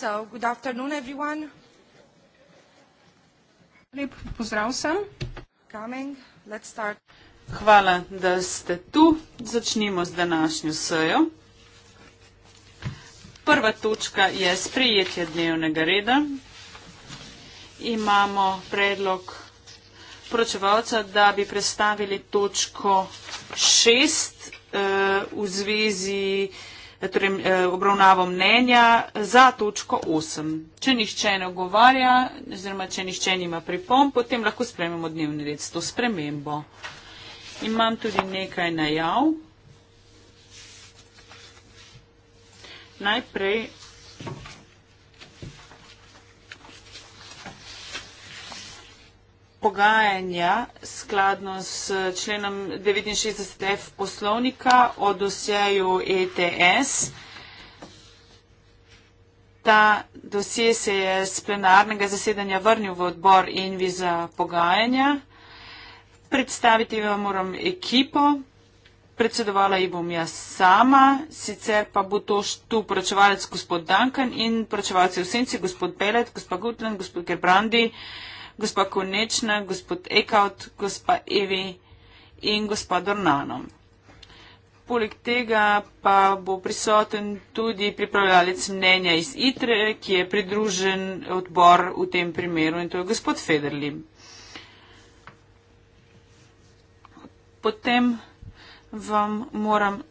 So, good afternoon, everyone. Lep pozdrav sem. Coming. Let's start. Hvala, da ste tu. Začnimo z današnjo sejo. Prva točka je sprejetje dnevnega reda. Imamo predlog poročevalca, da bi predstavili točko šest eh, v zvezi eh, torej, eh, obravnavo mnenja za točko 8. Če nišče ne ogovarja, oziroma če nišče nima pripom, potem lahko sprememo dnevni red s to spremembo. Imam tudi nekaj najav. Najprej pogajanja skladno s členom 69F poslovnika o dosjeju ETS. Ta dosje se je z plenarnega zasedanja vrnil v odbor Envi za pogajanja. Predstaviti vam moram ekipo. Predsedovala ji bom jaz sama, sicer pa bo to tu poročevalec gospod Duncan in poročevalce v senci gospod Pelet, gospod Gutland, gospod Gerbrandi, uh, gospa Konečna, gospod Ekaut, gospa Evi in gospa Dornano. Poleg tega pa bo prisoten tudi pripravljalec mnenja iz ITRE, ki je pridružen odbor v tem primeru in to je gospod Federli. Potem vam moram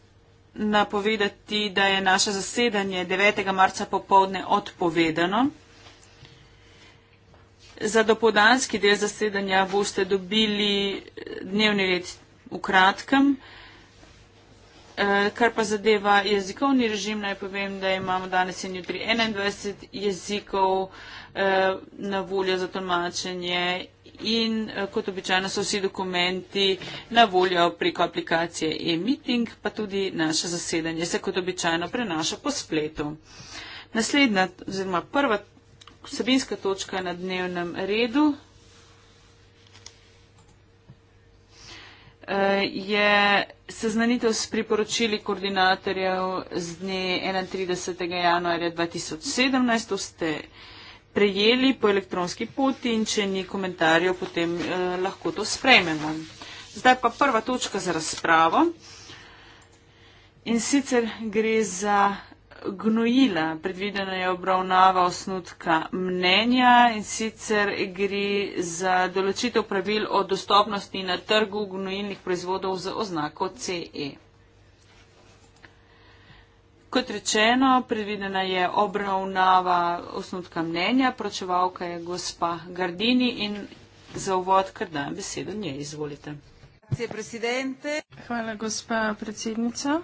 napovedati, da je naše zasedanje 9. marca popovdne odpovedano. Za dopoldanski del zasedanja boste dobili eh, dnevni red v kratkem. Eh, kar pa zadeva jezikovni režim, naj povem, da imamo danes in jutri 21 jezikov eh, na voljo za tolmačenje in kot običajno so vsi dokumenti na voljo preko aplikacije e-meeting, pa tudi naše zasedanje se kot običajno prenaša po spletu. Naslednja oziroma prva vsebinska točka na dnevnem redu, e, je seznanitev s priporočili koordinatorjev z dne 31. januarja 2017. Prejeli po elektronski poti in če ni komentarjev, potem eh, lahko to sprejmemo. Zdaj pa prva točka za razpravo. In sicer gre za gnojila. Predvidena je obravnava osnutka mnenja in sicer gre za določitev pravil o dostopnosti na trgu gnojilnih proizvodov z oznako CE. Kot rečeno, predvidena je obravnava osnutka mnenja, pročevalka je gospa Gardini in za uvod, ker dajem besedo njej, izvolite. Hvala, gospa predsednica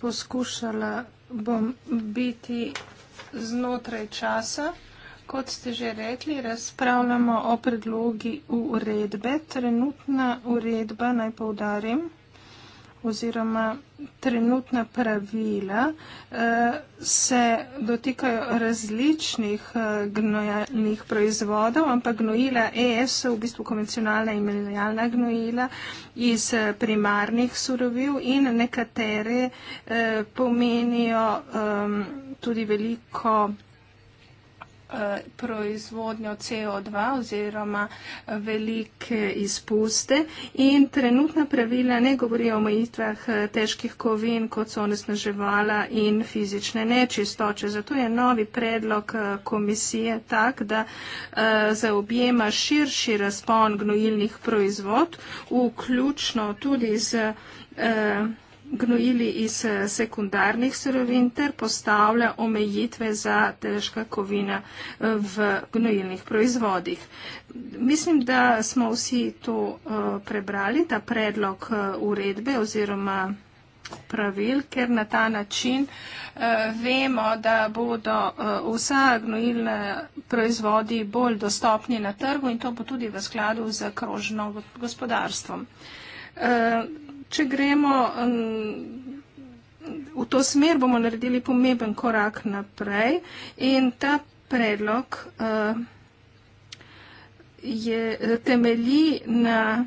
poskušala bom biti znotraj časa. Kot ste že rekli, razpravljamo o predlogi uredbe. Trenutna uredba, naj poudarim, oziroma trenutna pravila eh, se dotikajo različnih eh, gnojalnih proizvodov, ampak gnojila ES, v bistvu konvencionalna in mineralna gnojila iz eh, primarnih surovil in nekatere pomenijo ehm, tudi veliko Eh, proizvodnjo CO2 oziroma eh, velike izpuste in trenutna pravila ne govorijo o mojitvah eh, težkih kovin, kot so onesnaževala in fizične nečistoče. Zato je novi predlog komisije tak, da zaobjema širši razpon gnojilnih proizvod, vključno tudi z gnojili iz eh, sekundarnih surovin ter postavlja omejitve za težka kovina eh, v gnojilnih proizvodih. Mislim, da smo vsi to eh, prebrali, ta predlog uredbe oziroma pravil, ker na ta način vemo, da bodo vsa gnojilna proizvodi bolj dostopni na trgu in to bo tudi v skladu z krožno gospodarstvom če gremo v to smer, bomo naredili pomemben korak naprej in ta predlog je, eh, temelji na eh,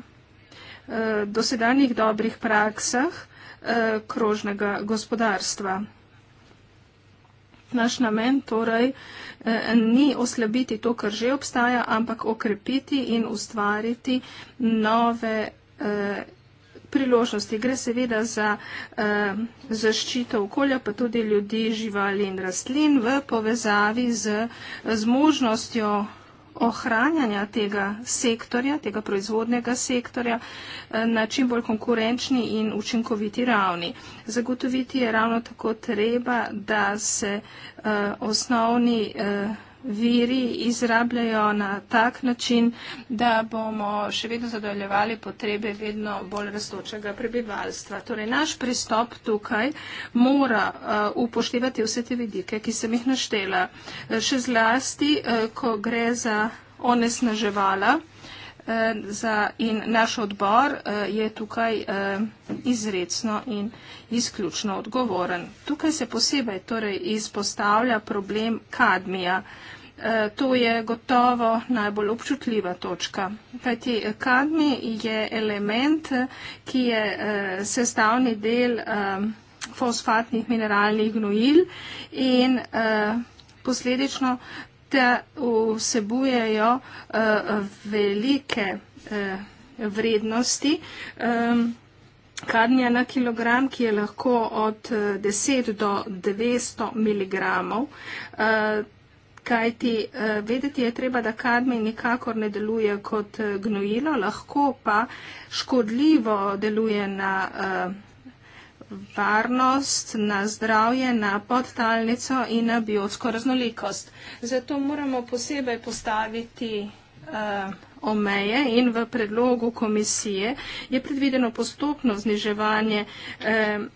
dosedanjih dobrih praksah eh, krožnega gospodarstva. Naš namen torej ni oslabiti to, kar že obstaja, ampak okrepiti in ustvariti nove priložnosti. Gre seveda za eh, zaščito okolja, pa tudi ljudi, živali in rastlin v povezavi z zmožnostjo ohranjanja tega sektorja, tega proizvodnega sektorja eh, na čim bolj konkurenčni in učinkoviti ravni. Zagotoviti je ravno tako treba, da se eh, osnovni eh, viri izrabljajo na tak način, da bomo še vedno zadovoljevali potrebe vedno bolj raztočega prebivalstva. Torej, naš pristop tukaj mora uh, upoštevati vse te vidike, ki sem jih naštela. Uh, še zlasti, uh, ko gre za onesnaževala. Eh, za, in naš odbor eh, je tukaj eh, izredno in izključno odgovoren. Tukaj se posebej torej izpostavlja problem kadmija. To je gotovo najbolj občutljiva točka. Kajti kadmi je element, ki je sestavni del fosfatnih mineralnih gnojil in posledično te vsebujejo eh, velike eh, vrednosti. Ehm, Kadnja na kilogram, ki je lahko od 10 eh, do 200 mg. Kajti vedeti je treba, da kadmij nikakor ne deluje kot gnojilo, lahko pa škodljivo deluje na varnost, na zdravje, na podtalnico in na biotsko raznolikost. Zato moramo posebej postaviti uh, omeje in v predlogu komisije je predvideno postopno zniževanje uh,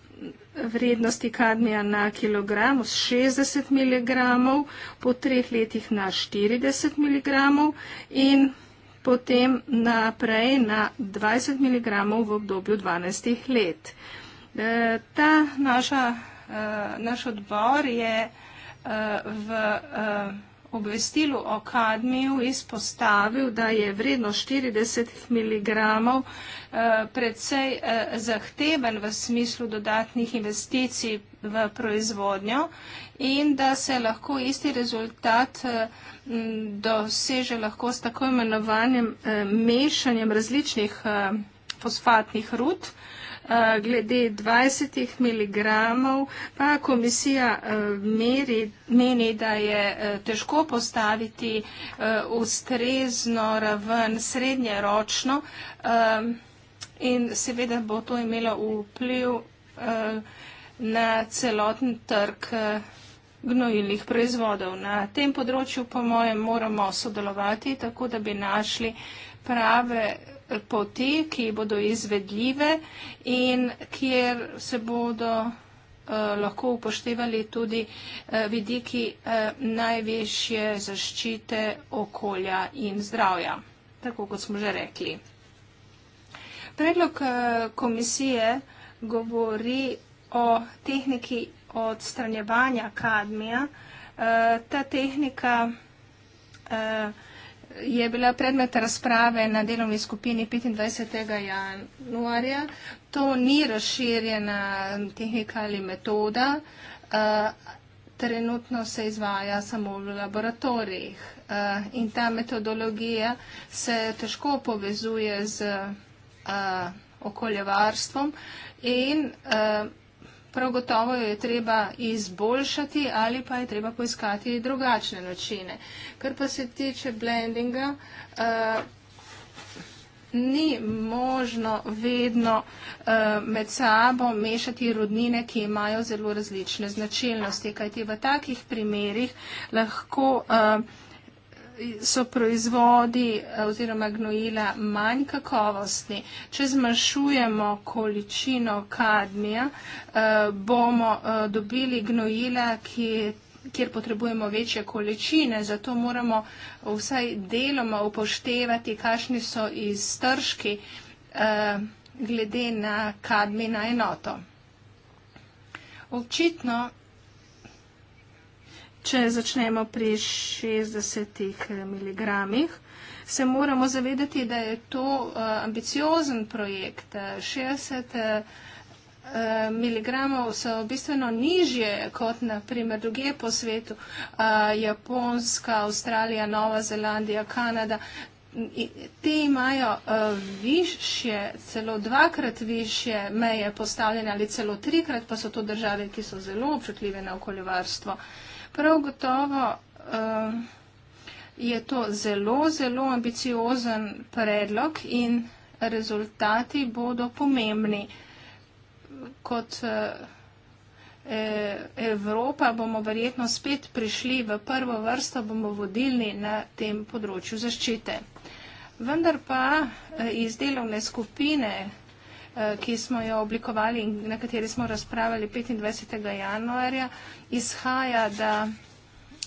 vrednosti kadnija na kilogram z 60 mg, po treh letih na 40 mg in potem naprej na 20 mg v obdobju 12 let. Uh, E, ta naša, e, naš odbor je e, v obvestilu o kadmiju izpostavil, da je vredno 40 mg predvsej zahteven v smislu dodatnih investicij v proizvodnjo in da se lahko isti rezultat doseže lahko s tako imenovanim mešanjem različnih fosfatnih rud. Eh, glede 20 mg, pa komisija eh, meri, meni, da je eh, težko postaviti ustrezno raven srednjeročno in seveda bo to imelo vpliv na celoten trg gnojilnih proizvodov. Na tem področju, po mojem, moramo sodelovati, tako da bi našli prave poti, ki bodo izvedljive in kjer se bodo eh, lahko upoštevali tudi eh, vidiki eh, najvišje zaščite okolja in zdravja, tako kot smo že rekli. Predlog komisije govori o tehniki odstranjevanja kadmija. Ta tehnika je bila predmet razprave na delovni skupini 25. januarja. To ni razširjena tehnika ali metoda. Trenutno se izvaja samo v laboratorijih in ta metodologija se težko povezuje z okoljevarstvom in Prav gotovo jo je treba izboljšati ali pa je treba poiskati drugačne načine. Kar pa se tiče blendinga, uh, ni možno vedno uh, med sabo mešati rodnine, ki imajo zelo različne značilnosti, kajti v takih primerjih lahko uh, so proizvodi eh, oziroma gnojila manj kakovostni, če zmanjšujemo količino kadmija, eh, bomo eh, dobili gnojila, ki kjer potrebujemo večje količine, zato moramo vsaj deloma upoštevati, kakšni so iztržki glede na kadmi na enoto. Očitno Če začnemo pri 60 mg, se moramo zavedati, da je to eh, ambiciozen projekt. 60 eh, mg so bistveno nižje kot naprimer druge po svetu, Japonska, Avstralija, Nova Zelandija, Kanada. Te imajo eh, višje, celo dvakrat višje meje postavljene ali celo trikrat, pa so to države, ki so zelo občutljive na okoljevarstvo. Prav gotovo eh, je to zelo, zelo ambiciozen predlog in rezultati bodo pomembni. Kot eh, eh, Evropa bomo verjetno spet prišli v prvo vrsto, bomo vodilni na tem področju zaščite. Vendar pa iz delovne skupine, ki je vsega, Eh, ki smo jo oblikovali in na kateri smo razpravili 25. januarja, izhaja, da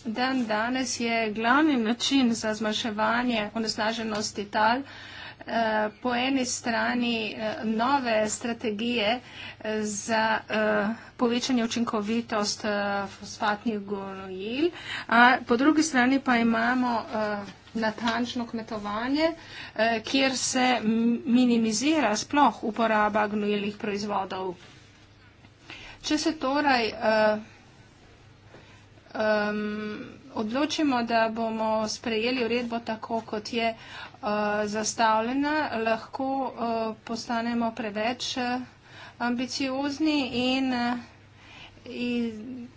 dan danes je glavni način za zmanjševanje onesnaženosti tal eh, po eni strani eh, nove strategije za povečanje učinkovitost fosfatnih gonojil, po drugi strani pa imamo natančno kmetovanje, eh, kjer se minimizira sploh uporaba gnojilnih proizvodov. Če se torej um, odločimo, da bomo sprejeli uredbo tako, kot je uh, zastavljena, lahko uh, postanemo preveč uh, ambiciozni in, uh, in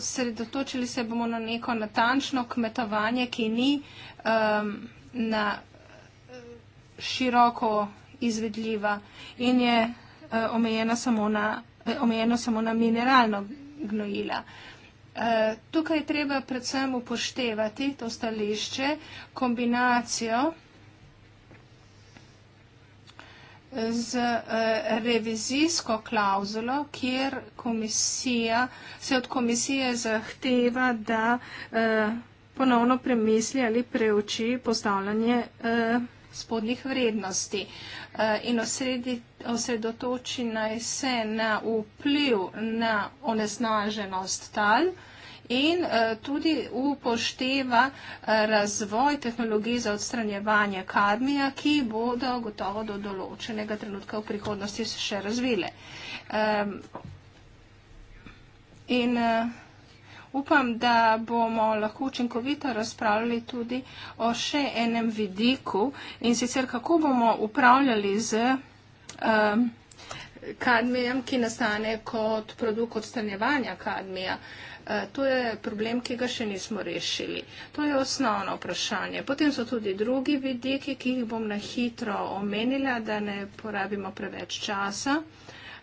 sredotočili se bomo na neko natančno kmetovanje, ki ni um, na eh, široko izvedljiva in je uh, eh, omejeno, samo na, uh, eh, omejeno samo na mineralno gnojila. Uh, tukaj je treba predvsem upoštevati to stališče, kombinacijo z eh, revizijsko klauzulo, kjer komisija, se od komisije zahteva, da eh, ponovno premisli ali preuči postavljanje eh, spodnjih vrednosti in osredi, osredotoči naj se na vpliv na onesnaženost tal, in eh, tudi upošteva eh, razvoj tehnologij za odstranjevanje kadmija, ki bodo gotovo do določenega trenutka v prihodnosti še razvile. In eh, upam, da bomo lahko učinkovito razpravljali tudi o še enem vidiku in sicer kako bomo upravljali z kadmijem, ki nastane kot produkt odstranjevanja kadmija. Eh, to je problem, ki ga še nismo rešili. To je osnovno vprašanje. Potem so tudi drugi vidiki, ki jih bom na hitro omenila, da ne porabimo preveč časa.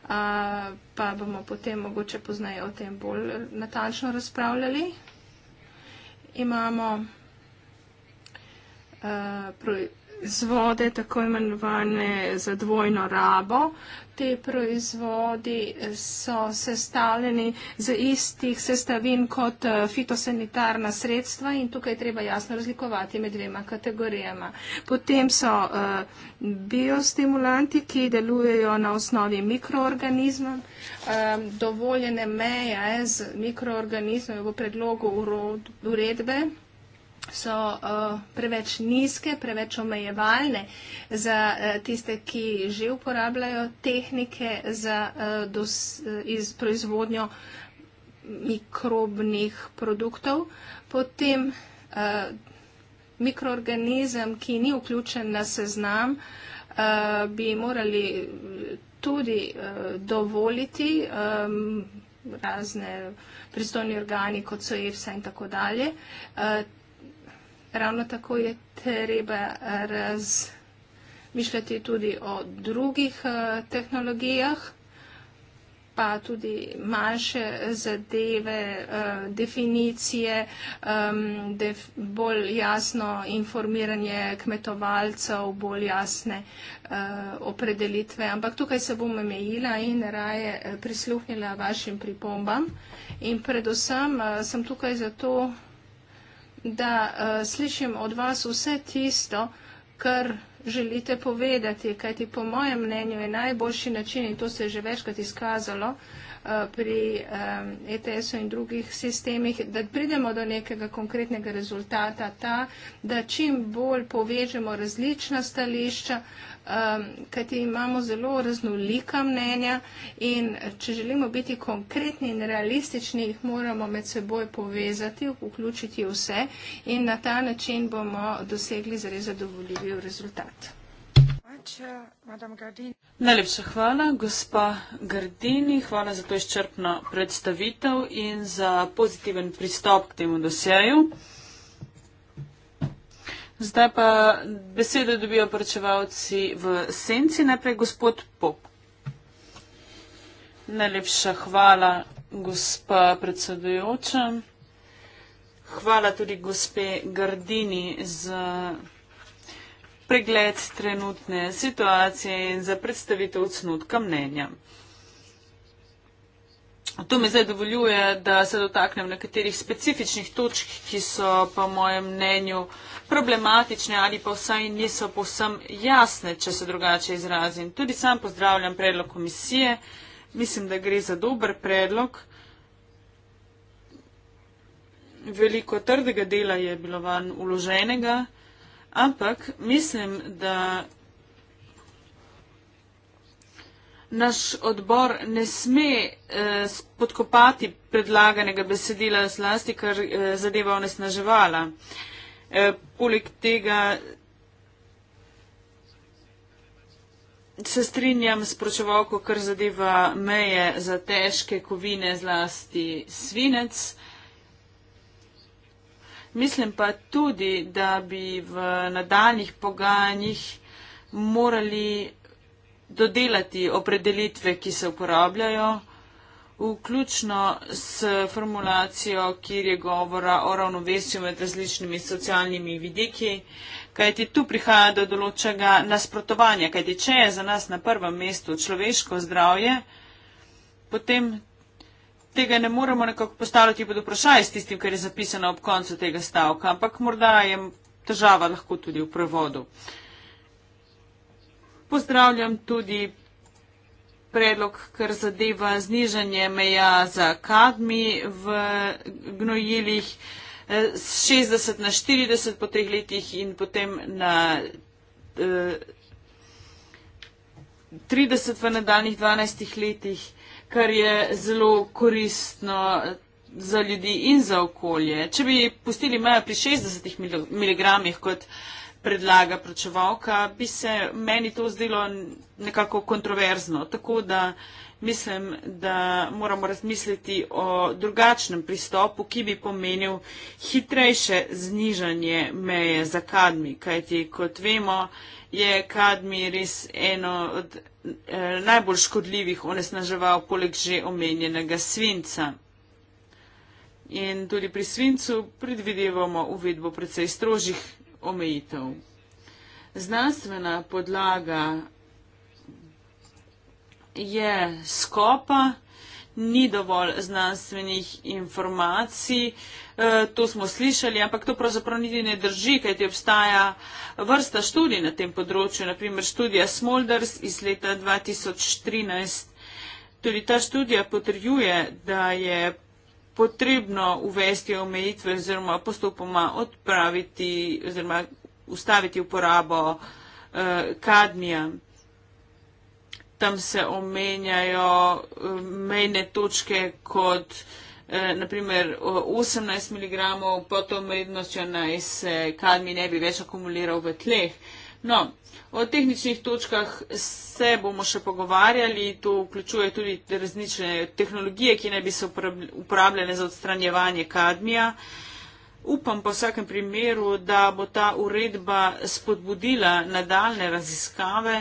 Pa bomo potem mogoče poznaje o tem bolj natančno razpravljali. Imamo uh, proizvode, tako imenovane za dvojno rabo. Te proizvodi so sestavljeni z istih sestavin kot eh, fitosanitarna sredstva in tukaj treba jasno razlikovati med dvema kategorijama. Potem so uh, biostimulanti, ki delujejo na osnovi mikroorganizmov. Um, dovoljene meje z mikroorganizmom v predlogu uredbe. Ured, so uh, preveč nizke, preveč omejevalne za uh, tiste, ki že uporabljajo tehnike za uh, dos, uh, iz proizvodnjo mikrobnih produktov. Potem uh, mikroorganizem, ki ni vključen na seznam, uh, bi morali tudi uh, dovoliti. Um, razne pristojni organi, kot so EFSA in tako dalje. Uh, ravno tako je treba razmišljati tudi o drugih eh, tehnologijah, pa tudi manjše zadeve, eh, definicije, bolj jasno informiranje kmetovalcev, bolj jasne eh, opredelitve. Ampak tukaj se bom omejila in raje prisluhnila vašim pripombam. In predvsem sem tukaj zato, da uh, slišim od vas vse tisto, kar želite povedati, kajti po mojem mnenju je najboljši način, in to se je že večkrat izkazalo uh, pri um, eh, ETS-u in drugih sistemih, da pridemo do nekega konkretnega rezultata, ta, da čim bolj povežemo različna stališča, uh, um, kajti imamo zelo raznolika mnenja in če želimo biti konkretni in realistični, jih moramo med seboj povezati, vključiti vse in na ta način bomo dosegli zares zadovoljivi rezultat. Najlepša hvala, gospa Gardini. Hvala za to izčrpno predstavitev in za pozitiven pristop k temu dosjeju. Zdaj pa besedo dobijo poročevalci v senci. Najprej gospod Pop. Najlepša hvala, gospa predsedujoča. Hvala tudi gospe Gardini za pregled trenutne situacije in za predstavitev odsnutka mnenja. To mi zdaj dovoljuje, da se dotaknem nekaterih specifičnih točk, ki so po mojem mnenju problematične ali pa vsaj niso povsem jasne, če se drugače izrazim. Tudi sam pozdravljam predlog komisije. Mislim, da gre za dober predlog. Veliko trdega dela je bilo van uloženega, ampak mislim, da naš odbor ne sme eh, podkopati predlaganega besedila zlasti, kar eh, zadeva onesnaževala. Eh, poleg eh, tega se strinjam s pročevalko, kar zadeva meje za težke kovine zlasti svinec. Mislim pa tudi, da bi v nadaljnih pogajanjih morali dodelati opredelitve, ki se uporabljajo, vključno s formulacijo, kjer je govora o ravnovesju med različnimi socialnimi vidiki, kajti tu prihaja do določega nasprotovanja, kajti če je za nas na prvem mestu človeško zdravje, potem tega ne moremo nekako postavljati pod vprašaj s tistim, kar je zapisano ob koncu tega stavka, ampak morda je. Težava lahko tudi v prevodu pozdravljam tudi predlog, kar zadeva znižanje meja za kadmi v gnojilih z eh, 60 na 40 po treh letih in potem na eh, 30 v nadaljnih 12 letih, kar je zelo koristno eh, za ljudi in za okolje. Če bi pustili meja pri 60 mg kot eh, predlaga pročevalka, bi se meni to zdelo nekako kontroverzno. Tako da mislim, da moramo razmisliti o drugačnem pristopu, ki bi pomenil hitrejše znižanje meje za kadmi. Kajti, kot vemo, je kadmi res eno od eh, najbolj škodljivih onesnaževal, poleg že omenjenega svinca. In tudi pri svincu predvidevamo uvedbo precej strožjih omejitev. Znanstvena podlaga je skopa, ni dovolj znanstvenih informacij, e, to smo slišali, ampak to pravzaprav niti ne drži, kajti obstaja vrsta študij na tem področju, naprimer študija Smolders iz leta 2013. Tudi ta študija potrjuje, da je potrebno uvesti omejitve oziroma postopoma odpraviti oziroma ustaviti uporabo eh, kadmija. Tam se omenjajo eh, mejne točke kot eh, naprimer 18 mg, potem vrednostjo naj se kadmi ne bi več akumuliral v tleh. No, O tehničnih točkah se bomo še pogovarjali, to vključuje tudi različne tehnologije, ki naj bi se uporabljale za odstranjevanje kadmija. Upam pa v vsakem primeru, da bo ta uredba spodbudila nadaljne raziskave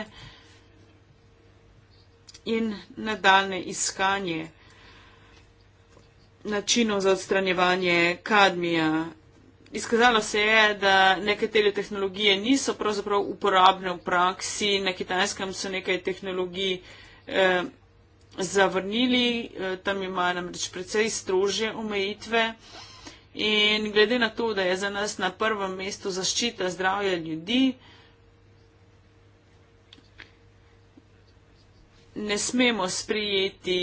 in nadaljne iskanje načinov za odstranjevanje kadmija. Izkazalo se je, da nekatere tehnologije niso pravzaprav uporabne v praksi. Na kitajskem so nekaj tehnologij eh, zavrnili, eh, tam imajo namreč precej strože omejitve. In glede na to, da je za nas na prvem mestu zaščita zdravja ljudi, ne smemo sprijeti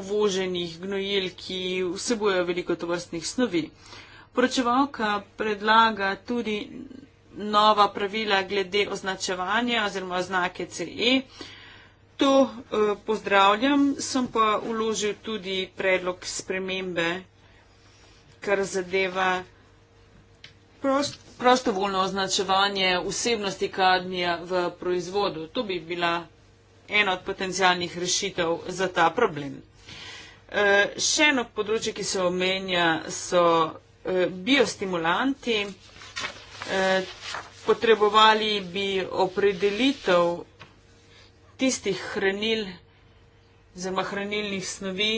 uvoženih gnojil, ki vsebujejo veliko tovrstnih snovi. Eh, Poročevalka predlaga tudi nova pravila glede označevanja oziroma znake CE. To eh, pozdravljam, sem pa uložil tudi predlog spremembe, kar zadeva prost, prostovoljno označevanje vsebnosti kadnija v proizvodu. To bi bila ena od potencijalnih rešitev za ta problem. Eh, še eno področje, ki se omenja, so Eh, biostimulanti, eh, potrebovali bi opredelitev tistih hranil, oziroma hranilnih snovi,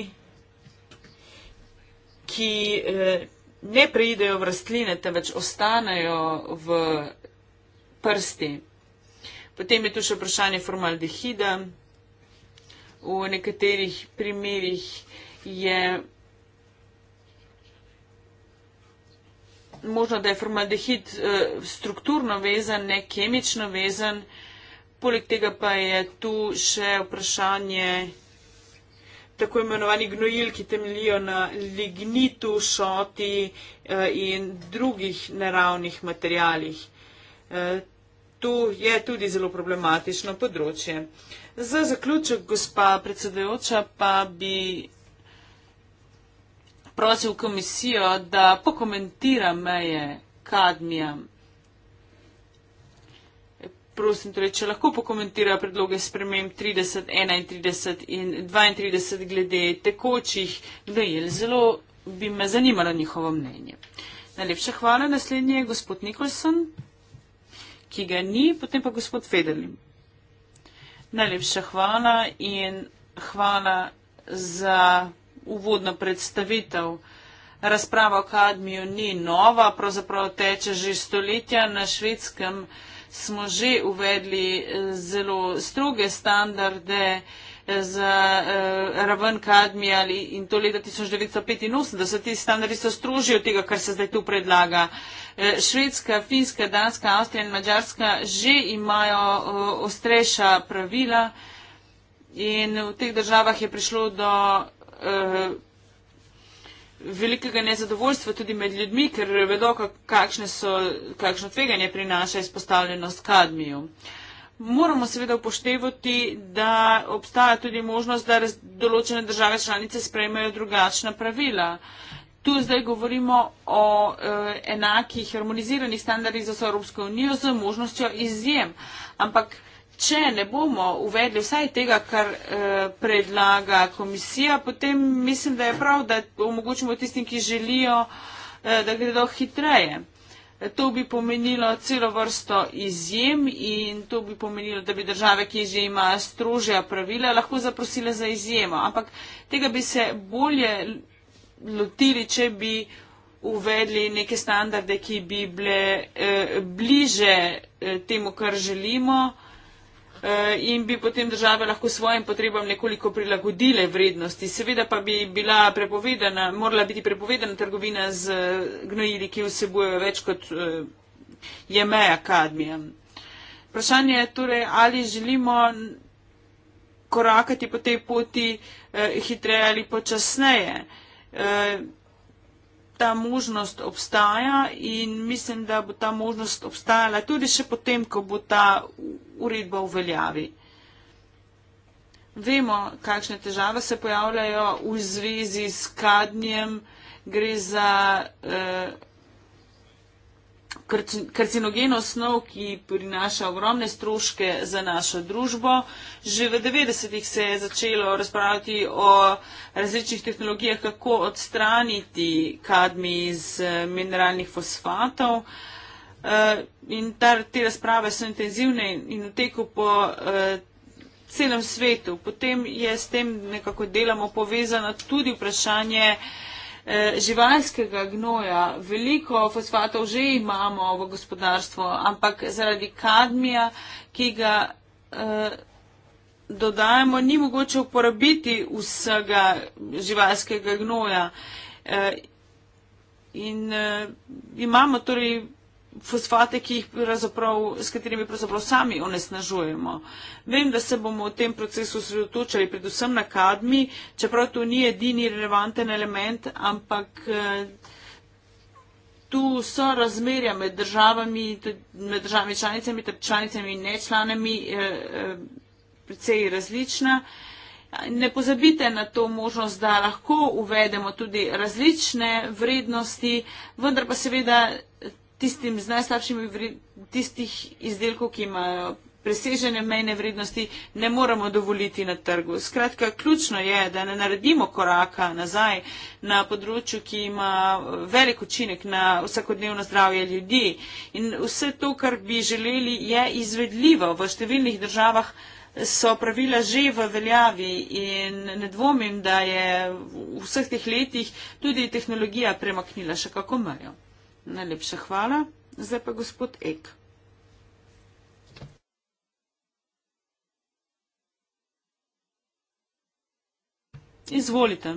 ki eh, ne preidejo v rastline, temveč ostanejo v prsti. Potem je tu še vprašanje formaldehida. V nekaterih primerjih je možno, da je formaldehid uh, strukturno vezan, ne kemično vezan. Poleg tega pa je tu še vprašanje tako imenovanih gnojil, ki temeljijo na lignitu, šoti uh, in drugih naravnih materijalih. Uh, eh, Tu je tudi zelo problematično področje. Za zaključek, gospa predsedajoča, pa bi prosil komisijo, da pokomentira meje kadmija. Prosim, torej, če lahko pokomentira predloge sprememb 30, 31 in 32 glede tekočih gnojil. Zelo bi me zanimalo njihovo mnenje. Najlepša hvala. Naslednji je gospod Nikolson, ki ga ni, potem pa gospod Federlin. Najlepša hvala in hvala za uvodno predstavitev. Razprava o kadmiju ni nova, pravzaprav teče že stoletja. Na švedskem smo že uvedli eh, zelo stroge standarde eh, za eh, raven kadmija ali, in to leta 1985. Ti standardi so strožji od tega, kar se zdaj tu predlaga. Eh, švedska, finska, danska, avstrija in mađarska že imajo eh, ostrejša pravila in v teh državah je prišlo do Eh, velikega nezadovoljstva tudi med ljudmi, ker vedo, kakšne so, kakšno tveganje prinaša izpostavljenost kadmiju. Moramo seveda upoštevati, da obstaja tudi možnost, da določene države članice sprejmejo drugačna pravila. Tu zdaj govorimo o eh, enakih harmoniziranih standardih za Evropsko unijo z možnostjo izjem. Ampak če ne bomo uvedli vsaj tega, kar eh, predlaga komisija, potem mislim, da je prav, da omogočimo tistim, ki želijo, eh, da gredo hitreje. To bi pomenilo celo vrsto izjem in to bi pomenilo, da bi države, ki že ima strožja pravila, lahko zaprosile za izjemo. Ampak tega bi se bolje lotili, če bi uvedli neke standarde, ki bi bile eh, bliže eh, temu, kar želimo. Eh, Eh, in bi potem države lahko svojim potrebam nekoliko prilagodile vrednosti. Seveda pa bi bila prepovedana, morala biti prepovedana trgovina z eh, gnojili, ki vsebujejo več kot eh, je meja kadmija. Vprašanje je torej, ali želimo korakati po tej poti eh, hitreje ali počasneje. Eh, ta možnost obstaja in mislim, da bo ta možnost obstajala tudi še potem, ko bo ta uredba v veljavi. Vemo, kakšne težave se pojavljajo v zvezi s kadnjem, gre za. Eh, karcinogeno snov, ki prinaša ogromne stroške za našo družbo. Že v 90-ih se je začelo razpravljati o različnih tehnologijah, kako odstraniti kadmi iz eh, mineralnih fosfatov. Eh, in tar, te razprave so intenzivne in v teku po eh, celem svetu. Potem je s tem nekako delamo povezano tudi vprašanje, Eh, živalskega gnoja, veliko fosfatov že imamo v gospodarstvu, ampak zaradi kadmija, ki ga eh, dodajamo, ni mogoče uporabiti vsega živalskega gnoja. Eh, in eh, imamo torej fosfate, s katerimi pravzaprav sami onesnažujemo. Vem, da se bomo v tem procesu sredotočali predvsem na kadmi, čeprav to ni edini relevanten element, ampak eh, tu so razmerja med državami, med državami članicami, ter članicami in nečlanami eh, eh, precej različna. Ne pozabite na to možnost, da lahko uvedemo tudi različne vrednosti, vendar pa seveda tistim z najslabšimi vrednostmi, tistih izdelkov, ki imajo presežene mejne vrednosti, ne moramo dovoliti na trgu. Skratka, ključno je, da ne naredimo koraka nazaj na področju, ki ima eh, velik učinek na vsakodnevno zdravje ljudi. In vse to, kar bi želeli, je izvedljivo. V številnih državah so pravila že v veljavi in ne dvomim, da je v vseh teh letih tudi tehnologija premaknila še kako mejo. Najlepša hvala. Zdaj pa gospod Ek. Izvolite.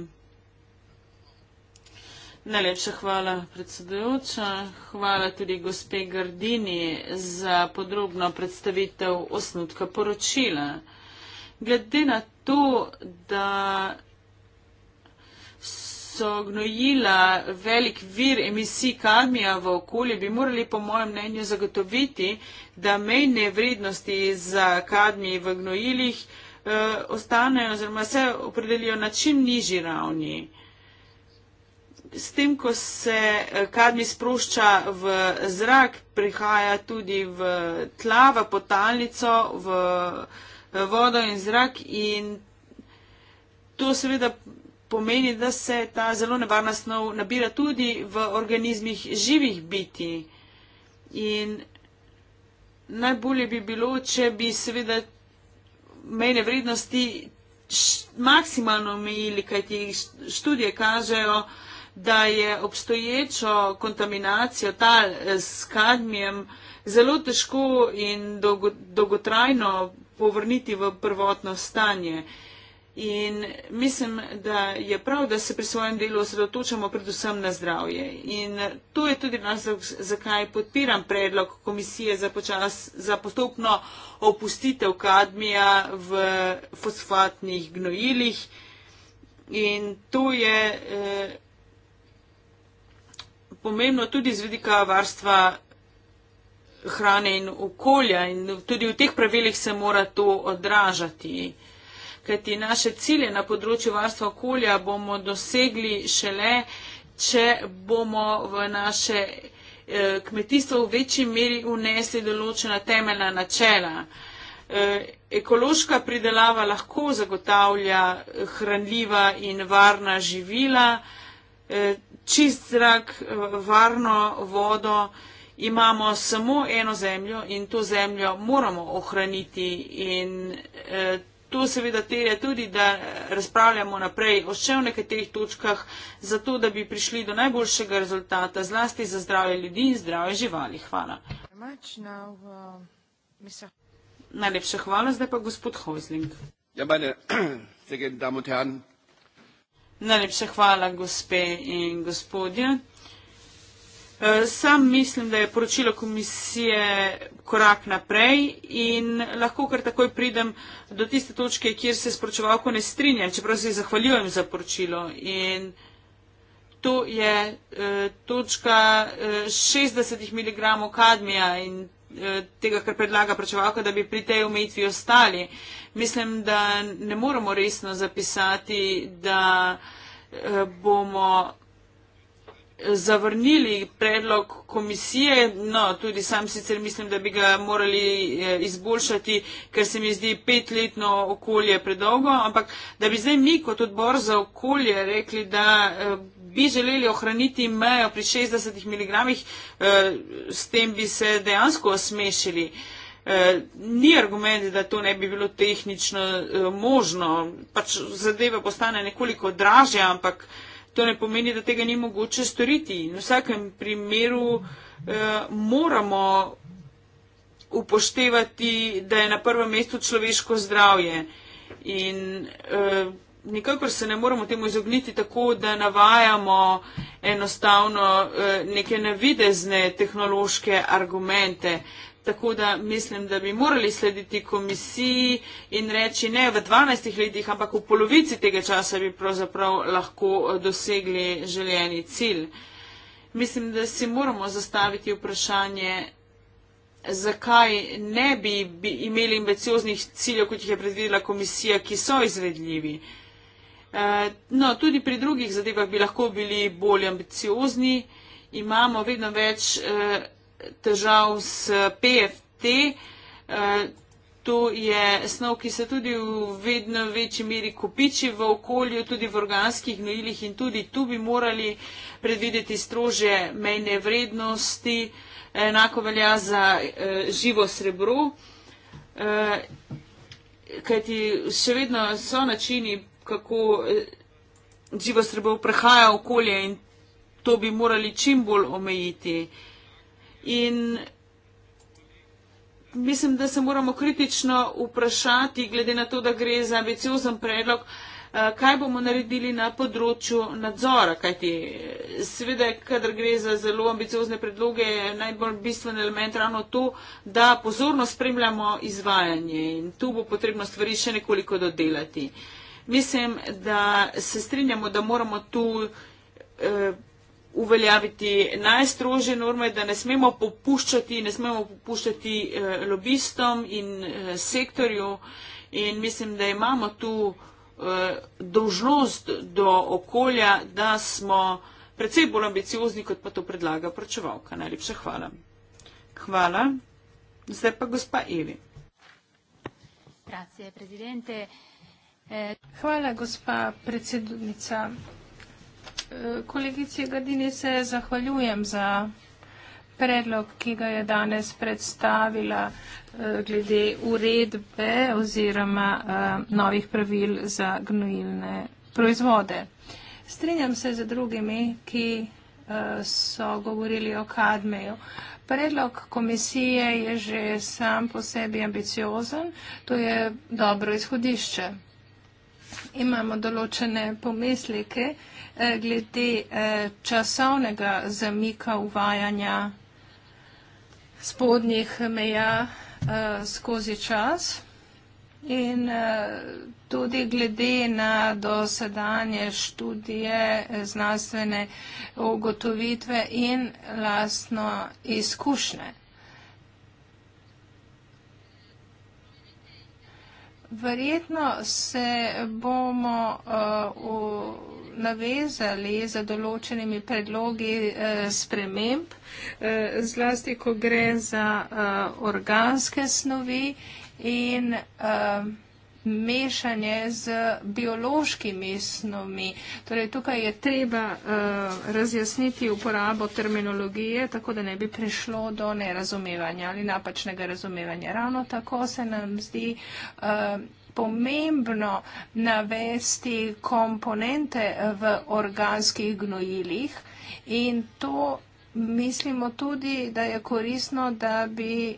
Najlepša hvala, predsedujoča. Hvala tudi gospe Gardini za podrobno predstavitev osnutka poročila. Glede na to, da so gnojila velik vir emisij kadmija v okolje, bi morali po mojem mnenju zagotoviti, da mejne vrednosti za kadmij v gnojilih eh, ostanejo oziroma se opredelijo na čim nižji ravni. S tem, ko se eh, kadmi sprošča v zrak, prihaja tudi v tla, v potalnico, v eh, vodo in zrak in to seveda pomeni, da se ta zelo nevarna snov nabira tudi v organizmih živih biti. In najbolje bi bilo, če bi seveda mejne vrednosti maksimalno omejili, kajti študije kažejo, da je obstoječo kontaminacijo tal eh, s kadmijem zelo težko in dolgotrajno povrniti v prvotno stanje. Uh, In mislim, da je prav, da se pri svojem delu osredotočamo predvsem na zdravje. In to je tudi razlog, zakaj podpiram predlog komisije za, počas, za postopno opustitev kadmija v fosfatnih gnojilih. In to je eh, pomembno tudi z vidika varstva hrane in okolja. In tudi v teh pravilih se mora to odražati. Eh, kajti naše cilje na področju varstva okolja bomo dosegli šele, če bomo v naše eh, kmetijstvo v večji meri unesli določena temeljna načela. Eh, ekološka pridelava lahko zagotavlja eh, hranljiva in varna živila, čist zrak, varno vodo. Imamo samo eno zemljo in to zemljo moramo ohraniti in eh, To seveda terja tudi, da razpravljamo naprej o še v nekaterih točkah, zato da bi prišli do najboljšega rezultata, zlasti za zdravje ljudi in zdravje živali. Hvala. Najlepša hvala, zdaj pa gospod Hozling. Ja, meine, Sie gehen, Damen und Herren. Najlepša hvala, gospe in gospodje. Eh, sam mislim, da je poročilo komisije korak naprej in lahko kar takoj pridem do tiste točke, kjer se sporočevalko ne strinjam, čeprav se zahvaljujem za poročilo. In to je eh, točka 60 eh, mg kadmija in tega, kar predlaga poročevalka, da bi pri tej omejitvi ostali. Mislim, da ne moramo resno zapisati, da bomo zavrnili predlog komisije, no tudi sam sicer mislim, da bi ga morali eh, izboljšati, ker se mi zdi petletno okolje predolgo, ampak da bi zdaj mi kot odbor za okolje rekli, da eh, bi želeli ohraniti mejo pri 60 mg, eh, s tem bi se dejansko osmešili. Ni argument, da to ne bi bilo tehnično možno, pač zadeva postane nekoliko dražja, ampak to ne pomeni, da tega ni mogoče storiti. In v vsakem primeru eh, moramo upoštevati, da je na prvem mestu človeško zdravje. In eh, nikakor se ne moramo temu izogniti tako, da navajamo enostavno eh, neke navidezne tehnološke argumente. Tako da mislim, da bi morali slediti komisiji in reči ne v 12 letih, ampak v polovici tega časa bi pravzaprav lahko eh, dosegli željeni cilj. Mislim, da si moramo zastaviti vprašanje, zakaj ne bi imeli ambicioznih ciljev, kot jih je predvidela komisija, ki so izvedljivi. Eh, no, tudi pri drugih zadevah bi lahko bili bolj ambiciozni. Imamo vedno več eh, težav s PFT. Eh, to je snov, ki se tudi v vedno večji meri kopiči v okolju, tudi v organskih gnojilih in tudi tu bi morali predvideti strože mejne vrednosti. Enako velja za eh, živo srebro, eh, kajti še vedno so načini, kako živo srebro prehaja okolje in to bi morali čim bolj omejiti. In mislim, da se moramo kritično vprašati, glede na to, da gre za ambiciozen predlog, eh, kaj bomo naredili na področju nadzora. Kajti, eh, seveda, kadar gre za zelo ambiciozne predloge, je najbolj bistven element ravno to, da pozorno spremljamo izvajanje in tu bo potrebno stvari še nekoliko dodelati. Mislim, da se strinjamo, da moramo tu. Eh, uveljaviti najstrožje norme, da ne smemo popuščati, ne smemo popuščati eh, lobistom in eh, sektorju in mislim, da imamo tu eh, dožnost do okolja, da smo predvsej bolj ambiciozni, kot pa to predlaga pročevalka. Najlepša hvala. Hvala. Zdaj pa gospa Evi. Hvala, gospa predsednica kolegici Gardini se zahvaljujem za predlog, ki ga je danes predstavila eh, glede uredbe oziroma eh, novih pravil za gnojilne proizvode. Strinjam se z drugimi, ki eh, so govorili o kadmeju. Predlog komisije je že sam po sebi ambiciozen, to je dobro izhodišče. Imamo določene pomisleke, uh, glede eh, časovnega zamika uvajanja spodnjih meja eh, skozi čas in eh, tudi glede na dosedanje študije, znanstvene ugotovitve in lastno izkušnje. Verjetno se bomo uh, v navezali za določenimi predlogi eh, sprememb, eh, zlasti, ko gre za eh, organske snovi in mešanje z biološkimi snovmi. Torej, tukaj je treba razjasniti uporabo terminologije, tako da ne bi prišlo do nerazumevanja ali napačnega razumevanja. Ravno tako se nam zdi pomembno navesti komponente v organskih gnojilih in to mislimo tudi, da je korisno, da bi eh,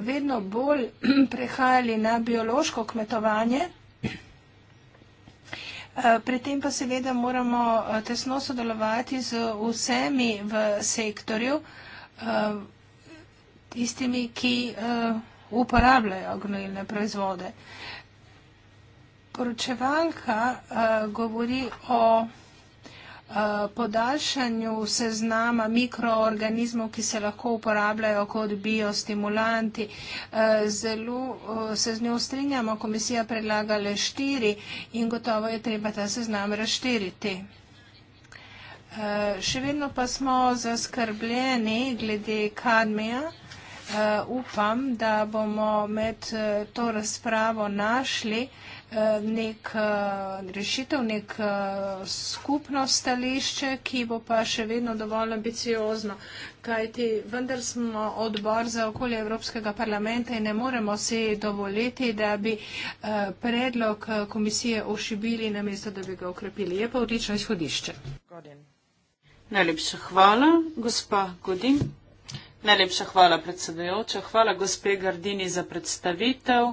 vedno bolj prehajali na biološko kmetovanje. Eh, pri tem pa seveda moramo eh, tesno sodelovati z vsemi v sektorju, tistimi, ki vsemi uporabljajo gnojilne proizvode. Poročevalka uh, govori o eh, podaljšanju seznama mikroorganizmov, ki se lahko uporabljajo kot biostimulanti. Eh, zelo se z njo strinjamo, komisija predlaga le štiri in gotovo je treba ta seznam razširiti. Še vedno pa smo zaskrbljeni glede kadmeja. Eh, upam, da bomo med eh, to razpravo našli eh, nek rešitev, nek skupno stališče, ki bo pa še vedno dovolj ambiciozno. Kajti vendar smo odbor za okolje Evropskega parlamenta in ne moremo si dovoliti, da bi predlog komisije ošibili na mesto, da bi ga ukrepili. Je pa odlično izhodišče. Najlepša hvala, gospa Godin. Najlepša hvala predsedujoča, hvala gospe Gardini za predstavitev.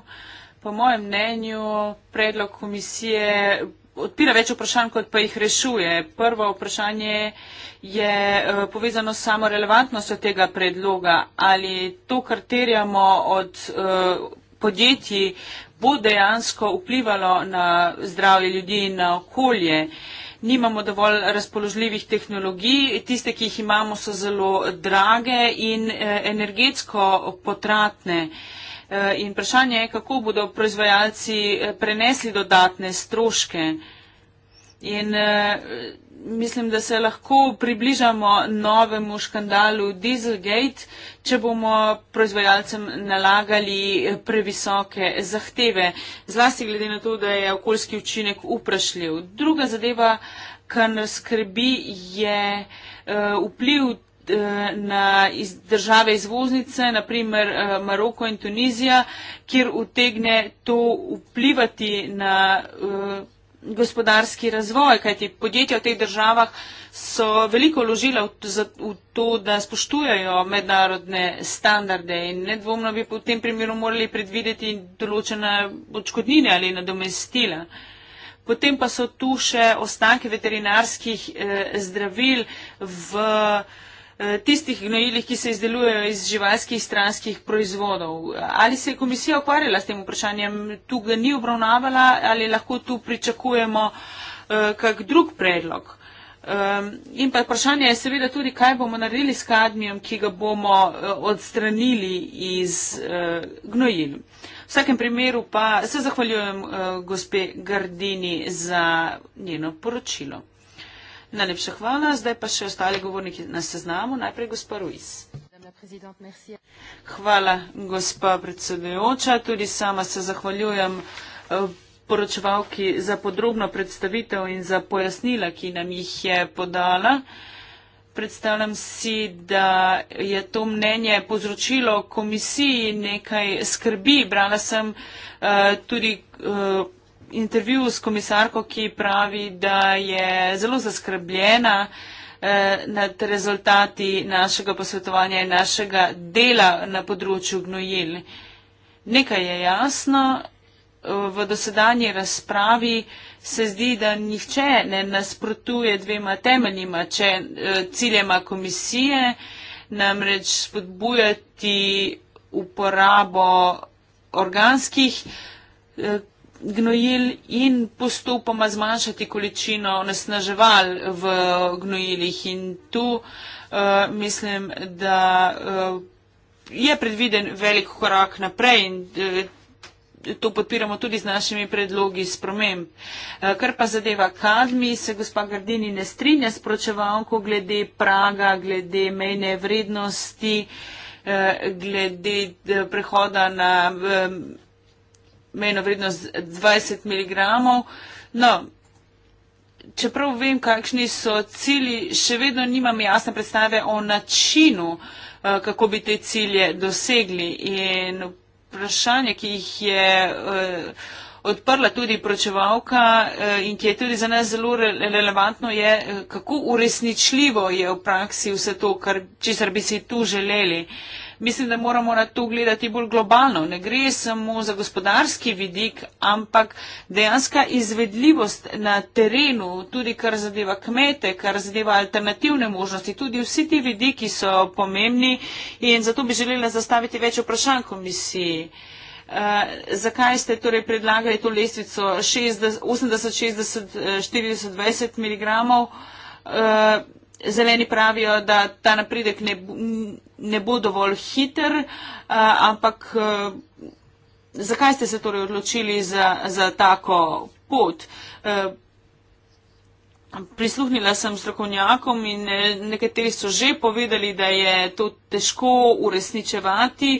Po mojem mnenju predlog komisije odpira več vprašanj, kot pa jih rešuje. Prvo vprašanje je eh, povezano s samo relevantnostjo tega predloga. Ali to, kar terjamo od eh, podjetij, bo dejansko vplivalo na zdravje ljudi in na okolje? nimamo dovolj razpoložljivih tehnologij, tiste, ki jih imamo, so zelo drage in eh, energetsko potratne. Eh, in vprašanje je, kako bodo proizvajalci eh, prenesli dodatne stroške. In mislim, da se lahko približamo novemu škandalu Dieselgate, če bomo proizvajalcem nalagali previsoke zahteve, zlasti glede na to, da je okoljski učinek uprašljiv. Druga zadeva, kar nas skrbi, je eh, vpliv eh, na države izvoznice, naprimer eh, Maroko in Tunizija, kjer utegne to vplivati na. Uh gospodarski razvoj, kajti podjetja v teh državah so veliko vložila v, v to, da spoštujajo mednarodne standarde in nedvomno bi v tem primeru morali predvideti določene odškodnine ali nadomestila. Potem pa so tu še ostanke veterinarskih eh, zdravil v eh, Eh, tistih gnojilih, ki se izdelujejo iz živalskih stranskih proizvodov. Ali se je komisija ukvarjala s tem vprašanjem, tu ga ni obravnavala ali lahko tu pričakujemo eh, kak drug predlog? Ehm, in pa vprašanje je seveda tudi, kaj bomo naredili s kadmijem, ki ga bomo eh, odstranili iz gnojil. V vsakem primeru pa se zahvaljujem gospe Gardini za njeno poročilo. Najlepša hvala. Zdaj pa še ostali govorniki na seznamu. Najprej gospod Ruiz. Hvala, gospa predsedujoča. Tudi sama se zahvaljujem eh, poročevalki za podrobno predstavitev in za pojasnila, ki nam jih je podala. Predstavljam si, da je to mnenje povzročilo komisiji nekaj skrbi. Brala sem uh, tudi. Uh, intervju s komisarko, ki pravi, da je zelo zaskrbljena eh, nad rezultati našega posvetovanja in našega dela na področju gnojil. Nekaj je jasno, v dosedanji razpravi se zdi, da nihče ne nasprotuje dvema temeljima če, eh, ciljema komisije, namreč spodbujati uporabo organskih eh, gnojil in postopoma zmanjšati količino nasnaževal v gnojilih. In tu uh, mislim, da uh, je predviden velik korak naprej in uh, to podpiramo tudi z našimi predlogi sprememb. Uh, kar pa zadeva kadmi, se gospa Gardini ne strinja s pročevalko glede praga, glede mejne vrednosti, uh, glede prehoda na. Um, mejno vrednost 20 mg. No, čeprav vem, kakšni so cilji, še vedno nimam jasne predstave o načinu, eh, kako bi te cilje dosegli. In vprašanje, ki jih je eh, odprla tudi pročevalka eh, in ki je tudi za nas zelo relevantno, je, kako uresničljivo je v praksi vse to, kar, česar bi si tu želeli mislim, da moramo na to gledati bolj globalno. Ne gre samo za gospodarski vidik, ampak dejanska izvedljivost na terenu, tudi kar zadeva kmete, kar zadeva alternativne možnosti, tudi vsi ti vidiki so pomembni in zato bi želela zastaviti več vprašanj komisiji. Uh, zakaj ste torej predlagali to lestvico 80-60-40-20 mg? Uh, Zeleni pravijo, da ta napredek ne, ne bo dovolj hiter, ampak e, zakaj ste se torej odločili za, za tako pot? E, prisluhnila sem strokovnjakom in e, nekateri so že povedali, da je to težko uresničevati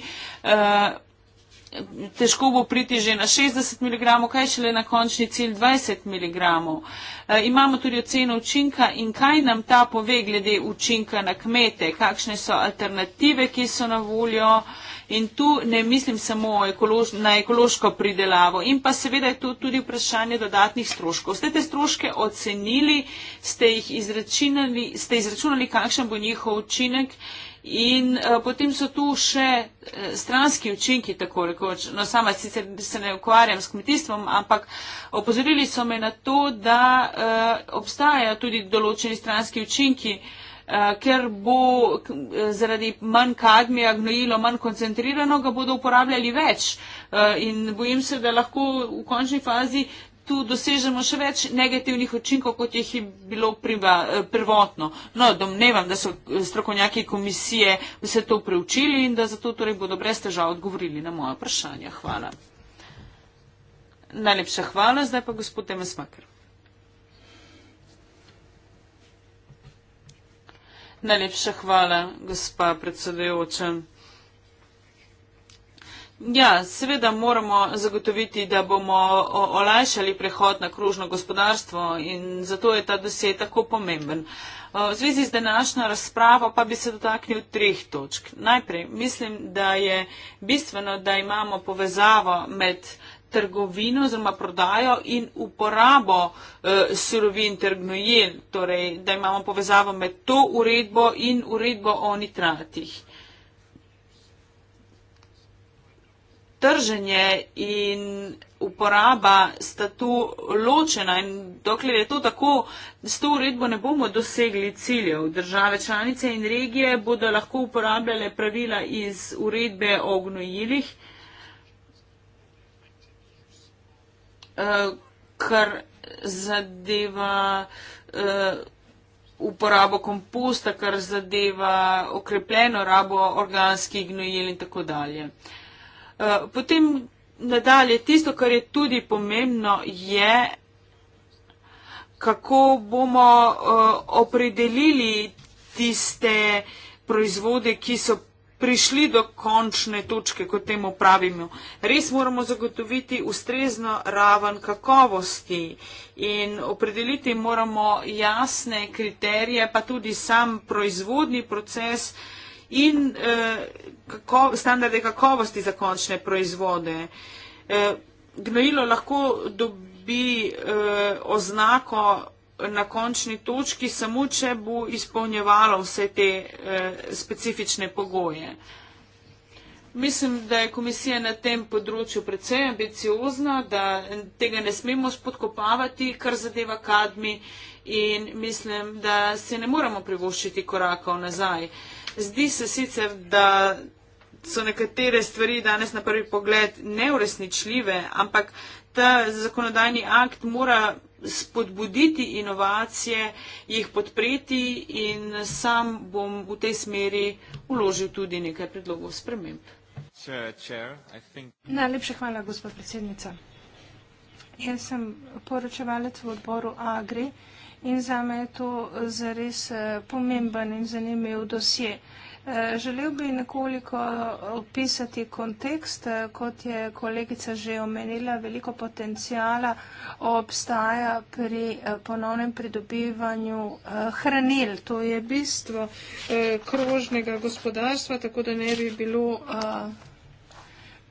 težko bo priti že na 60 mg, kaj šele na končni cilj 20 mg. E, imamo tudi oceno učinka in kaj nam ta pove glede učinka na kmete, kakšne so alternative, ki so na voljo. In tu ne mislim samo ekolož na ekološko pridelavo. In pa seveda je tu tudi vprašanje dodatnih stroškov. Ste te stroške ocenili, ste, ste izračunali, kakšen bo njihov učinek In uh, potem so tu še uh, stranski učinki, tako rekoč. No, sama sicer se ne ukvarjam s kmetijstvom, ampak opozorili so me na to, da uh, obstajajo tudi določeni stranski učinki, uh, ker bo k, zaradi manj kadmija gnojilo manj koncentrirano, ga bodo uporabljali več. Uh, in bojim se, da lahko v končni fazi tu dosežemo še več negativnih učinkov, kot jih je bilo priva, eh, prvotno. No, domnevam, da so eh, strokovnjaki komisije vse to preučili in da zato torej bodo brez težav odgovorili na moja vprašanja. Hvala. Najlepša hvala. Zdaj pa gospod Temes Makar. Najlepša hvala, gospa predsedujoča. Ja, seveda moramo zagotoviti, da bomo olajšali prehod na kružno gospodarstvo in zato je ta dosej tako pomemben. V zvezi z današnjo razpravo pa bi se dotaknil treh točk. Najprej mislim, da je bistveno, da imamo povezavo med trgovino oziroma prodajo in uporabo eh, surovin trgnojil, torej da imamo povezavo med to uredbo in uredbo o nitratih. Eh, trženje in uporaba sta tu ločena in dokler je to tako, s to uredbo ne bomo dosegli ciljev. Države članice in regije bodo lahko uporabljale pravila iz uredbe o gnojilih, eh, kar zadeva eh, uporabo komposta, kar zadeva okrepljeno rabo organskih gnojil in tako dalje. Eh, potem nadalje, tisto, kar je tudi pomembno, je, kako bomo uh, opredelili tiste proizvode, ki so prišli do končne točke, kot temu pravimo. Res moramo zagotoviti ustrezno raven kakovosti in opredeliti moramo jasne kriterije, pa tudi sam proizvodni proces uh, in eh, kako, standarde kakovosti za končne proizvode. Eh, gnojilo lahko dobi eh, oznako na končni točki, samo če bo izpolnjevalo vse te eh, specifične pogoje. Mislim, da je komisija na tem področju precej ambiciozna, da tega ne smemo spodkopavati, kar zadeva kadmi in mislim, da se ne moramo privoščiti korakov nazaj. Eh, Zdi se sicer, da so nekatere stvari danes na prvi pogled neuresničljive, ampak ta zakonodajni akt mora spodbuditi inovacije, jih podpreti in sam bom v tej smeri uložil tudi nekaj predlogov sprememb. Najlepša hvala, gospod predsednica. Jaz sem poročevalec v odboru Agri in zame je to zares eh, pomemben in zanimiv dosje. Eh, želel bi nekoliko eh, opisati kontekst, kot je kolegica že omenila, veliko potencijala obstaja pri ponovnem pridobivanju hranil. To je bistvo krožnega gospodarstva, tako da ne bi bilo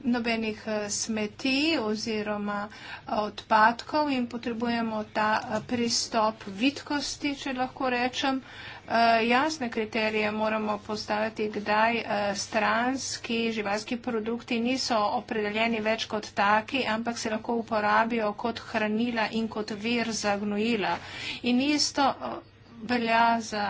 nobenih eh, smeti oziroma eh, odpadkov in potrebujemo ta eh, pristop vidkosti, če lahko rečem. Jasne kriterije moramo postaviti, kdaj stranski živalski produkti niso opredeljeni več kot taki, ampak se lahko uporabijo kot hranila in kot vir za gnojila. In isto velja za.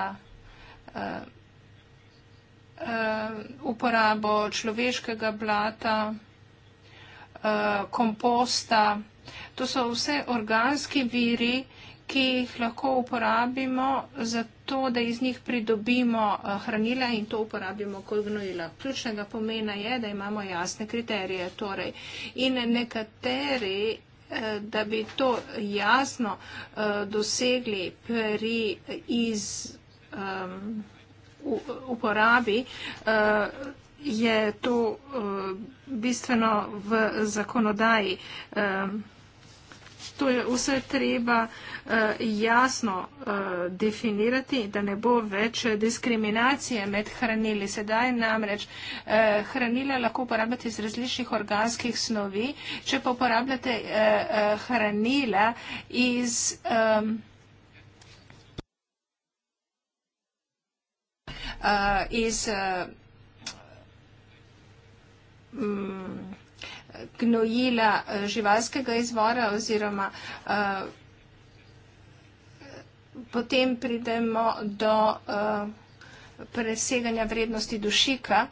Eh, uporabo človeškega blata, eh, komposta. To so vse organski viri, ki jih lahko uporabimo za to, da iz njih pridobimo eh, hranila in to uporabimo kot gnojila. Ključnega pomena je, da imamo jasne kriterije. Torej. In nekateri, da bi to jasno dosegli pri iz. Um, uporabi, eh, je to eh, bistveno v zakonodaji. Eh, to je vse treba jasno definirati, da ne bo več diskriminacije med hranili. Sedaj namreč hranila lahko uporabljate iz različnih organskih snovi, če pa uporabljate hranila iz um, uh, iz uh, um, gnojila uh, živalskega izvora oziroma uh, potem pridemo do uh, preseganja vrednosti dušika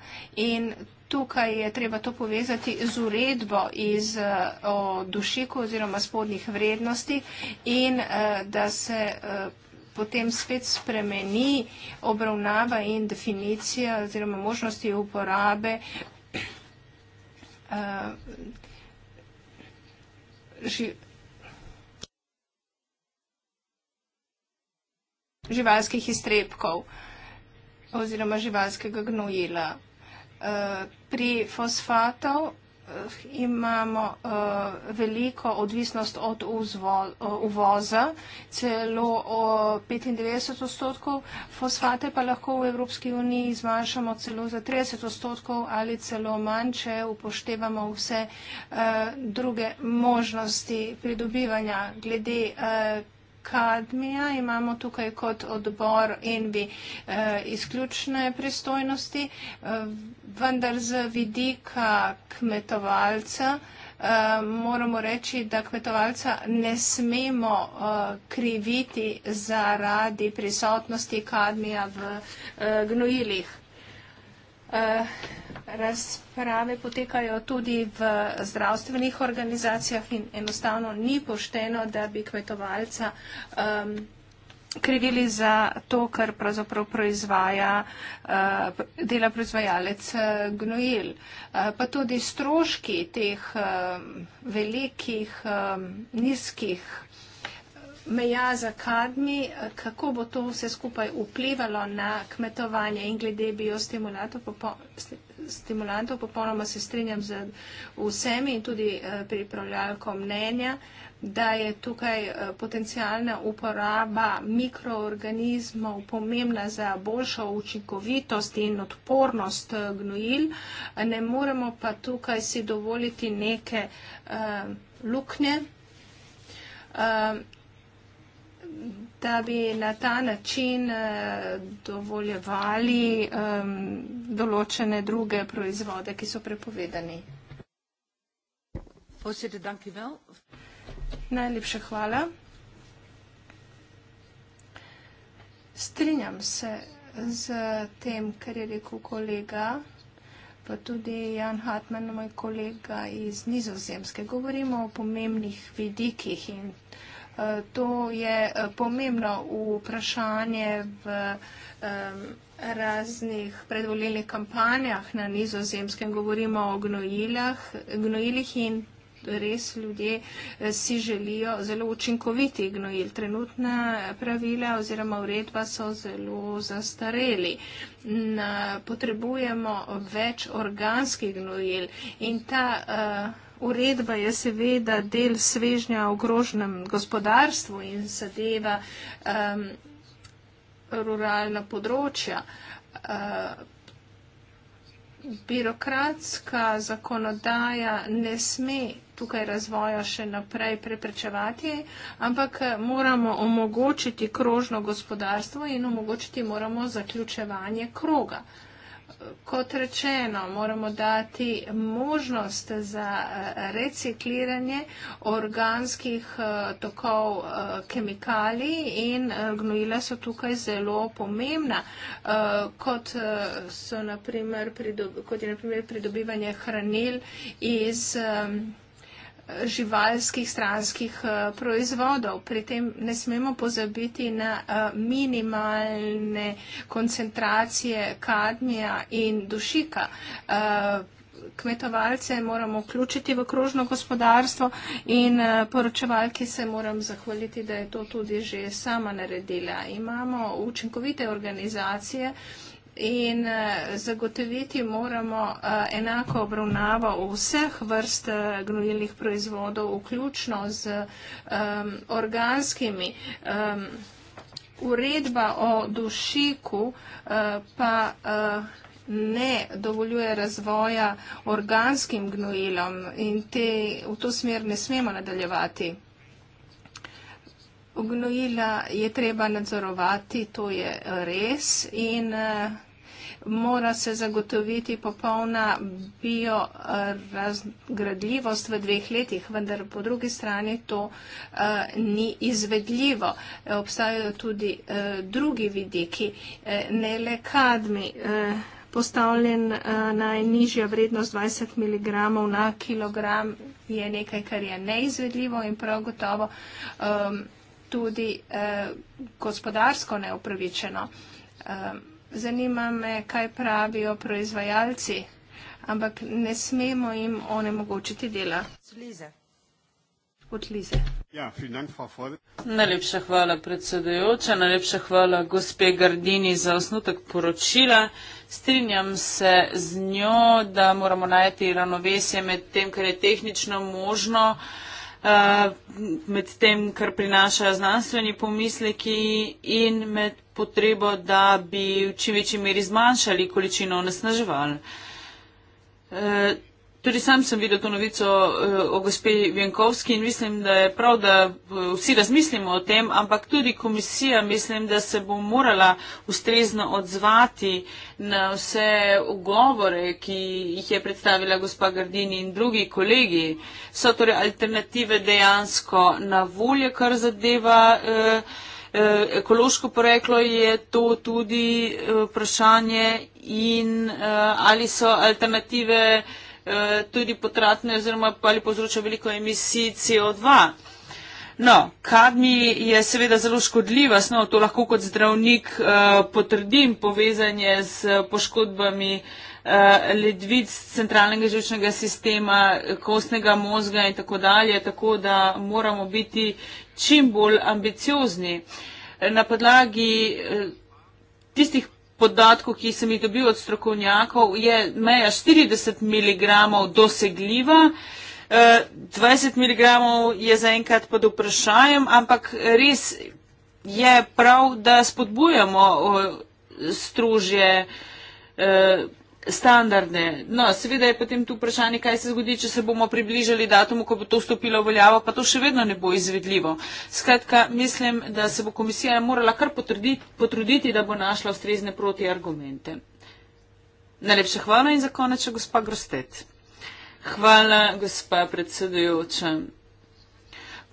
in tukaj je treba to povezati z uredbo iz, uh, o dušiku oziroma spodnjih vrednosti in uh, da se. Uh, potem spet spremeni obravnava in definicija oziroma možnosti uporabe uh, ži živalskih iztrebkov oziroma živalskega gnojila. Uh, pri fosfatov Eh, imamo uh, veliko odvisnost od uzvo, uh, uvoza, celo o eh, 95 odstotkov fosfate pa lahko v Evropski uniji zmanjšamo celo za 30 odstotkov ali celo manj, če upoštevamo vse uh, druge možnosti pridobivanja glede. Uh, kadmija, imamo tukaj kot odbor NB eh, izključne pristojnosti, eh, vendar z vidika kmetovalca eh, moramo reči, da kmetovalca ne smemo kriviti zaradi prisotnosti kadmija v gnojilih. Eh, razprave potekajo tudi v zdravstvenih organizacijah in enostavno ni pošteno, da bi kmetovalca um, krivili za to, kar pravzaprav proizvaja, uh, dela proizvajalec uh, gnojil. Uh, pa tudi stroški teh uh, velikih, um, nizkih meja za kadmi, kako bo to vse skupaj vplivalo na kmetovanje in glede biostimulantov, popo stimulantov, popolnoma se strinjam z vsemi in tudi eh, pripravljalko mnenja, da je tukaj eh, potencijalna uporaba mikroorganizmov pomembna za boljšo učinkovitost in odpornost eh, gnojil, ne moremo pa tukaj si dovoliti neke uh, luknje. Uh, da bi na ta način eh, dovoljevali um, določene druge proizvode, ki so prepovedani. Najlepša hvala. Strinjam se z tem, kar je rekel kolega, pa tudi Jan Hartmann, moj kolega iz Nizozemske. Govorimo o pomembnih vidikih in Eh, to je eh, pomembno vprašanje v raznih predvolilnih kampanjah na nizozemskem. Govorimo o gnojilah, gnojilih in res ljudje eh, si želijo zelo učinkoviti gnojil. Trenutna pravila oziroma uredba so zelo zastareli. Potrebujemo več organskih gnojil in ta. Uh, Uredba je seveda del svežnja o grožnem gospodarstvu in zadeva um, ruralna področja. Uh, birokratska zakonodaja ne sme tukaj razvoja še naprej preprečevati, ampak eh, moramo omogočiti krožno gospodarstvo in omogočiti moramo zaključevanje kroga. Uh, kot rečeno, moramo dati možnost za eh, recikliranje organskih eh, tokov eh, kemikalij in gnojila so tukaj zelo pomembna, kot, naprimer, kot je naprimer pridobivanje hranil iz živalskih stranskih eh, proizvodov. Pri tem ne smemo pozabiti na eh, minimalne koncentracije kadmija in dušika. Eh, kmetovalce moramo vključiti v krožno gospodarstvo in poročevalki se moram zahvaliti, da je to tudi že sama naredila. Imamo učinkovite organizacije, in eh, zagotoviti moramo eh, enako obravnavo vseh vrst eh, gnojilnih proizvodov, vključno z organskimi. Uredba o dušiku pa ne dovoljuje razvoja organskim gnojilom in te, v to smer ne smemo nadaljevati. Gnojila je treba nadzorovati, to je eh, res in eh, mora se zagotoviti popolna biorazgradljivost eh, v dveh letih, vendar po drugi strani to ni izvedljivo. Obstajajo tudi drugi vidiki, ne le kadmi postavljen najnižja vrednost 20 mg na kilogram je nekaj, kar je neizvedljivo in prav gotovo um, tudi eh, gospodarsko neupravičeno. Eh, zanima me, kaj pravijo proizvajalci, ampak ne smemo jim onemogočiti dela. Slize. Ja, najlepša hvala predsedujoča, najlepša hvala gospe Gardini za osnutek poročila. Strinjam se z njo, da moramo najti ravnovesje med tem, kar je tehnično možno. Uh, Eh, med tem, kar prinašajo znanstveni pomisleki in med potrebo, da bi v čim večji meri zmanjšali količino onesnaževal. Eh, Tudi sam sem videl to novico eh, o gospe Vjankovski in mislim, da je prav, da eh, vsi razmislimo o tem, ampak tudi komisija mislim, da se bo morala ustrezno odzvati na vse ugovore, ki jih je predstavila gospa Gardini in drugi kolegi. So torej alternative dejansko na volje, kar zadeva. Eh, ekološko poreklo je to tudi vprašanje in ali so alternative. Eh, tudi potratne oziroma ali povzroča veliko emisij CO2. No, kadmi je seveda zelo škodljiva snov, to lahko kot zdravnik uh, potrdim, povezanje z poškodbami uh, ledvic centralnega žilčnega sistema, kostnega možga in tako dalje, tako da moramo biti čim bolj ambiciozni. Na podlagi uh, tistih podatku, ki sem jih dobil od strokovnjakov, je meja 40 mg dosegljiva. 20 eh, mg je zaenkrat pod vprašanjem, ampak res je prav, da spodbujamo eh, strožje eh, standarde. No, seveda je potem tu vprašanje, kaj se zgodi, če se bomo približali datumu, ko bo to vstopilo v veljavo, pa to še vedno ne bo izvedljivo. Skratka, mislim, da se bo komisija morala kar potruditi, da bo našla ustrezne protiargumente. Najlepša hvala in za konec, gospa Grostet. Hvala, gospa predsedujoča.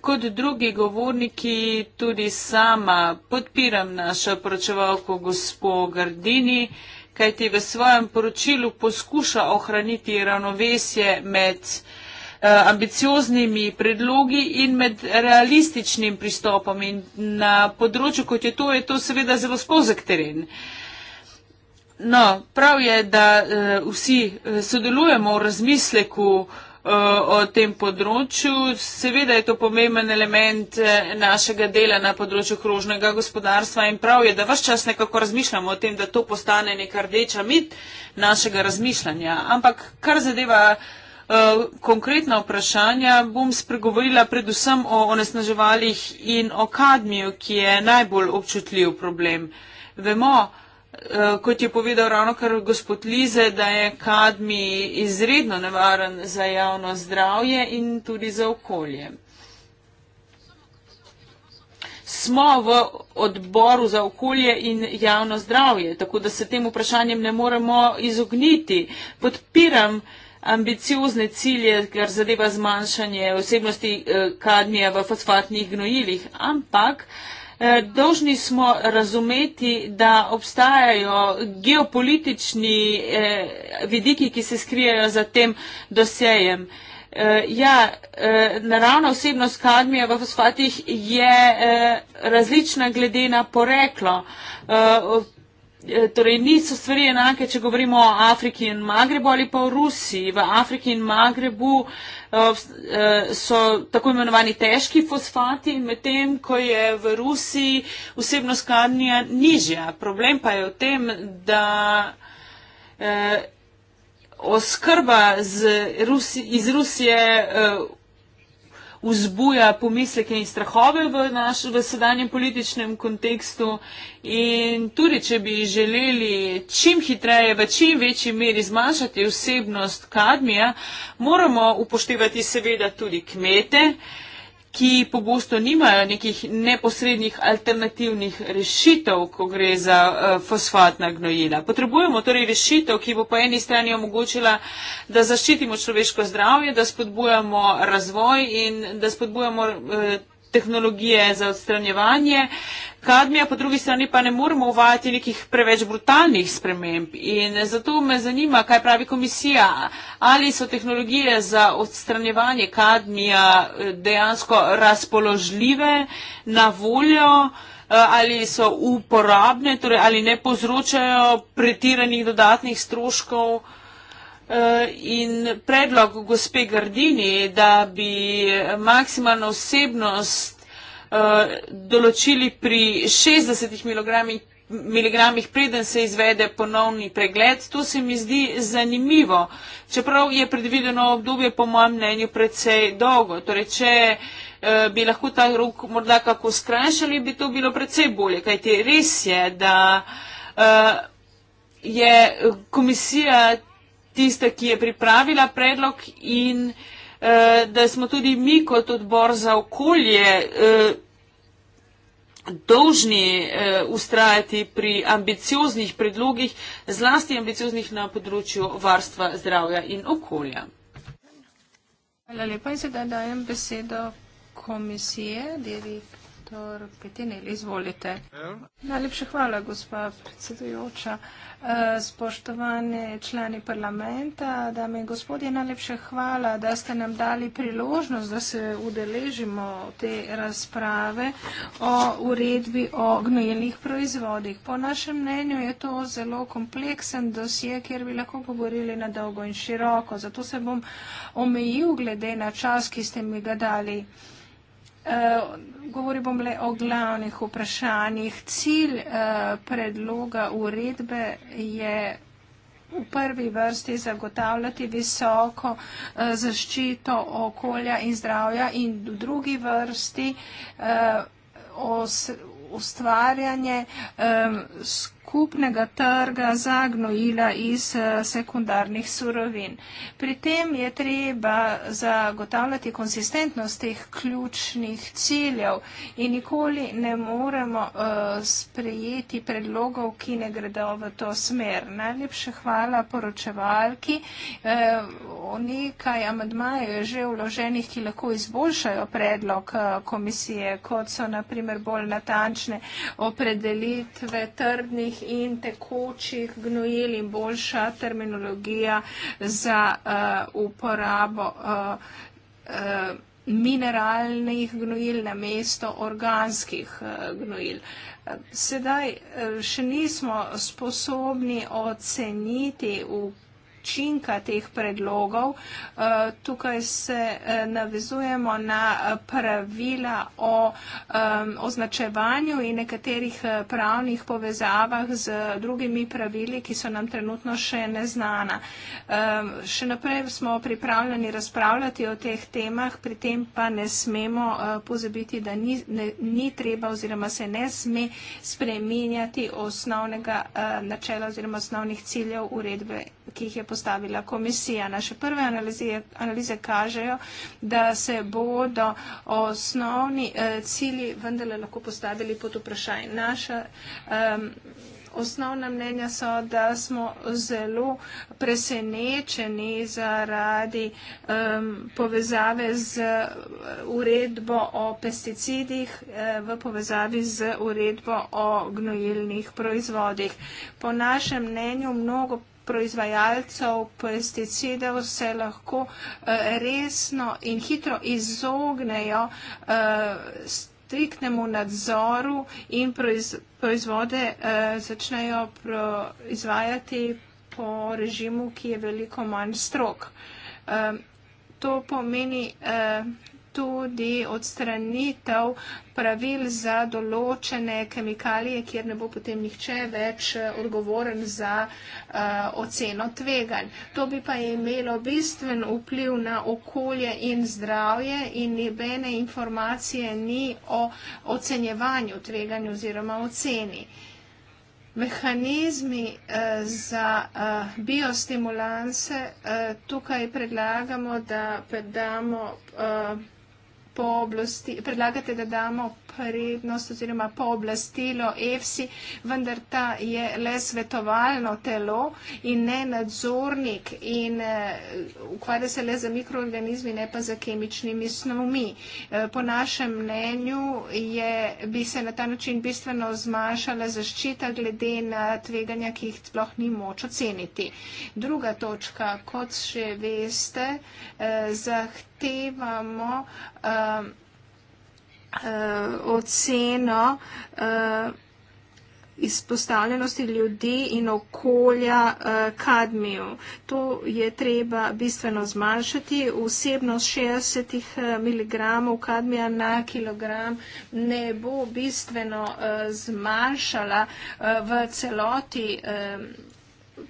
Kot drugi govorniki tudi sama podpiram našo poročevalko gospo Gardini kajti v svojem poročilu poskuša ohraniti ravnovesje med eh, ambicioznimi predlogi in med realističnim pristopom in na področju, kot je to, je to seveda zelo spozek teren. No, prav je, da eh, vsi eh, sodelujemo v razmisleku, o tem področju. Seveda je to pomemben element eh, našega dela na področju krožnega gospodarstva in prav je, da vse čas nekako razmišljamo o tem, da to postane neka rdeča mit našega razmišljanja. Ampak kar zadeva uh, konkretna vprašanja, bom spregovorila predvsem o onesnaževalih in o kadmiju, ki je najbolj občutljiv problem. Vemo, Eh, kot je povedal ravno kar gospod Lize, da je kadmi izredno nevaren za javno zdravje in tudi za okolje. Smo v odboru za okolje in javno zdravje, tako da se tem vprašanjem ne moremo izogniti. Podpiram ambiciozne cilje, kar zadeva zmanjšanje vsebnosti eh, kadmija v fosfatnih gnojilih, ampak Eh, Dožni smo razumeti, da obstajajo geopolitični eh, vidiki, ki se skrijejo za tem dosejem. Eh, ja, naravna osebnost kadmija v fosfatih je različna glede na poreklo. Torej, niso stvari enake, če govorimo o Afriki in Magrebu ali pa o Rusiji. V Afriki in Magrebu eh, Eh, eh, so tako imenovani težki fosfati, medtem ko je v Rusiji vsebnost kadnija nižja. Problem pa je v tem, da eh, oskrba z Rusi, iz Rusije. Uh, vzbuja pomisleke in strahove v, naš, v sedanjem političnem kontekstu. In tudi, če bi želeli čim hitreje, v čim večji meri zmanjšati vsebnost kadmija, moramo upoštevati seveda tudi kmete ki pogosto nimajo nekih neposrednih alternativnih rešitev, ko gre za uh, fosfatna gnojila. Potrebujemo torej rešitev, ki bo po eni strani omogočila, da zaščitimo človeško zdravje, da spodbujamo razvoj in da spodbujamo uh, tehnologije za odstranjevanje kadmija, po drugi strani pa ne moremo uvajati nekih preveč brutalnih sprememb. In zato me zanima, kaj pravi komisija, ali so tehnologije za odstranjevanje kadmija eh, dejansko razpoložljive na voljo eh, ali so uporabne, torej ali ne povzročajo pretiranih dodatnih stroškov. Eh, in predlog gospe Gardini, da bi maksimalno osebnost eh, določili pri 60 mg, preden se izvede ponovni pregled, to se mi zdi zanimivo. Čeprav je predvideno obdobje, po mojem mnenju, precej dolgo. Torej, če eh, bi lahko ta rok morda kako skrajšali, bi to bilo precej bolje. Kajti res je, da je komisija tiste, ki je pripravila predlog in eh, da smo tudi mi kot odbor za okolje eh, dolžni eh, ustrajati pri ambicioznih predlogih, zlasti ambicioznih na področju varstva zdravja in okolja. Hvala lepa in sedaj dajem besedo komisije, direktor. Doktor Petinil, izvolite. Evo. Ja. Najlepša hvala, gospa predsedujoča. Eh, Spoštovani člani parlamenta, dame in gospodje, najlepša hvala, da ste nam dali priložnost, da se udeležimo te razprave o uredbi o gnojenih proizvodih. Po našem mnenju je to zelo kompleksen dosje, kjer bi lahko pogovorili na dolgo in široko. Zato se bom omejil glede na čas, ki ste mi ga dali. Eh, govoril bom le o glavnih vprašanjih. Cilj eh, predloga uredbe je v prvi vrsti zagotavljati visoko eh, zaščito okolja in zdravja in v drugi vrsti ustvarjanje skupaj skupnega trga za gnojila iz eh, sekundarnih surovin. Pri tem je treba zagotavljati konsistentnost teh ključnih ciljev in nikoli ne moremo eh, sprejeti predlogov, ki ne gredo v to smer. Najlepše hvala poročevalki. Eh, nekaj amadmajev je že vloženih, ki lahko izboljšajo predlog komisije, kot so naprimer bolj natančne opredelitve trdnih in tekočih gnojil in boljša terminologija za uh, uporabo uh, uh, mineralnih gnojil na mesto organskih gnojil. Sedaj še nismo sposobni oceniti, učinka teh predlogov. Eh, tukaj se eh, navezujemo na eh, pravila o označevanju in nekaterih pravnih povezavah z drugimi pravili, ki so nam trenutno še neznana. Še naprej smo pripravljeni razpravljati o teh temah, pri tem pa ne smemo pozabiti, da ni, ne, ni treba oziroma se ne sme spreminjati osnovnega načela oziroma osnovnih ciljev uredbe ki jih je postavila komisija. Naše prve analize, analize kažejo, da se bodo osnovni eh, cilji vendarle lahko postavili pod vprašanje. Naša eh, osnovna mnenja so, da smo zelo presenečeni zaradi eh, povezave z eh, uredbo o pesticidih eh, v povezavi z uredbo o gnojilnih proizvodih. Po našem mnenju mnogo proizvajalcev pesticidov se lahko eh, resno in hitro izognejo eh, striknemu nadzoru in proizvode eh, začnejo proizvajati po režimu, ki je veliko manj strok. To pomeni tudi odstranitev pravil za določene kemikalije, kjer ne bo potem nihče več eh, odgovoren za uh, oceno tveganj. To bi pa imelo bistven vpliv na okolje in zdravje in nebene informacije ni o ocenjevanju tveganj oziroma oceni. Mehanizmi eh, za eh, biostimulanse, eh, tukaj predlagamo, da damo eh, pooblasti, predlagate, da damo prednost oziroma pooblastilo EFSI, vendar ta je le svetovalno telo in ne nadzornik in uh, ukvarja se le za mikroorganizmi, ne pa za kemičnimi snovmi. Uh, po našem mnenju je, bi se na ta način bistveno zmanjšala zaščita glede na tveganja, ki jih sploh ni moč oceniti. Druga točka, kot še veste, uh, zahteva zahtevamo uh, uh, oceno uh, izpostavljenosti ljudi in okolja uh, kadmiju. To je treba bistveno zmanjšati. Vsebnost 60 mg kadmija na kilogram ne bo bistveno uh, zmanjšala uh, v celoti. Uh,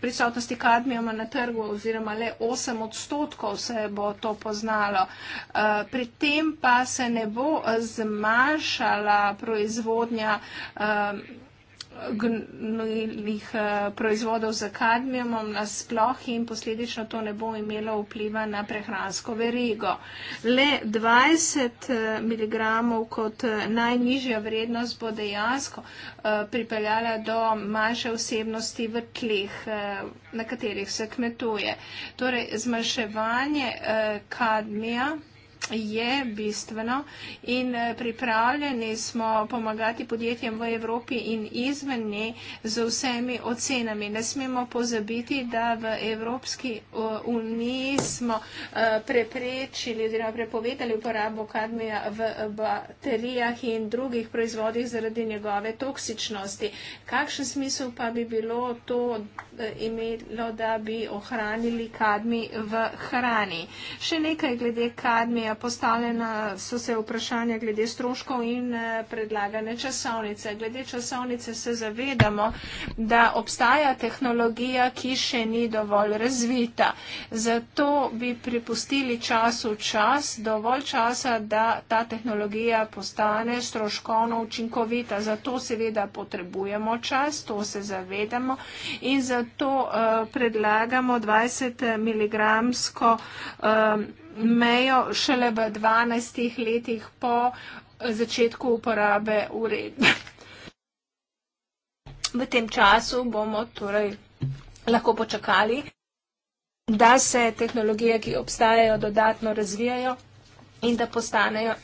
prisotnosti kadmijoma na trgu oziroma le 8 odstotkov se bo to poznalo. Eh, pri tem pa se ne bo zmanjšala proizvodnja eh, gnojnih eh, proizvodov z kadmijumom nasploh in posledično to ne bo imelo vpliva na prehransko verigo. Le 20 eh, mg kot eh, najnižja vrednost bo dejansko pripeljala do manjše vsebnosti v tleh, na katerih se kmetuje. Torej, zmanjševanje kadmija je bistveno in eh, pripravljeni smo pomagati podjetjem v Evropi in izven nje z vsemi ocenami. Ne smemo pozabiti, da v Evropski uniji smo eh, preprečili oziroma prepovedali uporabo kadmija v eh, baterijah in drugih proizvodih zaradi njegove toksičnosti. Kakšen smisel pa bi bilo to imelo, da bi ohranili kadmi v hrani? Še nekaj glede kadmija vprašanja. Postavljena so se vprašanja glede stroškov in eh, predlagane časovnice. Glede časovnice se zavedamo, da obstaja tehnologija, ki še ni dovolj razvita. Zato bi pripustili času čas, dovolj časa, da ta tehnologija postane stroškovno učinkovita. Zato seveda potrebujemo čas, to se zavedamo in zato uh, predlagamo 20 mg. Um, mejo šele v 12 letih po začetku uporabe uredbe. V tem času bomo torej lahko počakali, da se tehnologije, ki obstajajo, dodatno razvijajo in da postanejo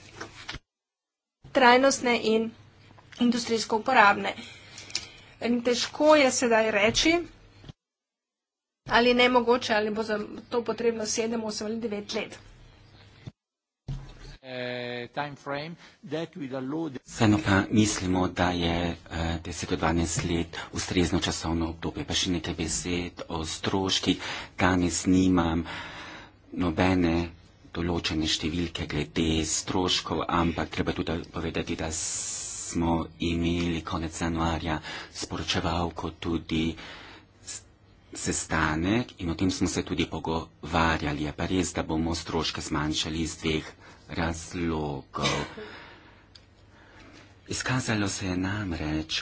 trajnostne in industrijsko uporabne. In težko je sedaj reči, ali ne mogoče, ali bo za to potrebno 7, 8 ali 9 let. Eh, Vse eno pa mislimo, da je 10-12 eh, let ustrezno časovno obdobje. Pa še nekaj besed o stroških. Danes nimam nobene določene številke glede stroškov, ampak treba tudi povedati, da smo imeli konec januarja sporočevalko tudi vsega, sestanek in o tem smo se tudi pogovarjali. Je pa res, da bomo stroške zmanjšali iz dveh razlogov. Izkazalo se je namreč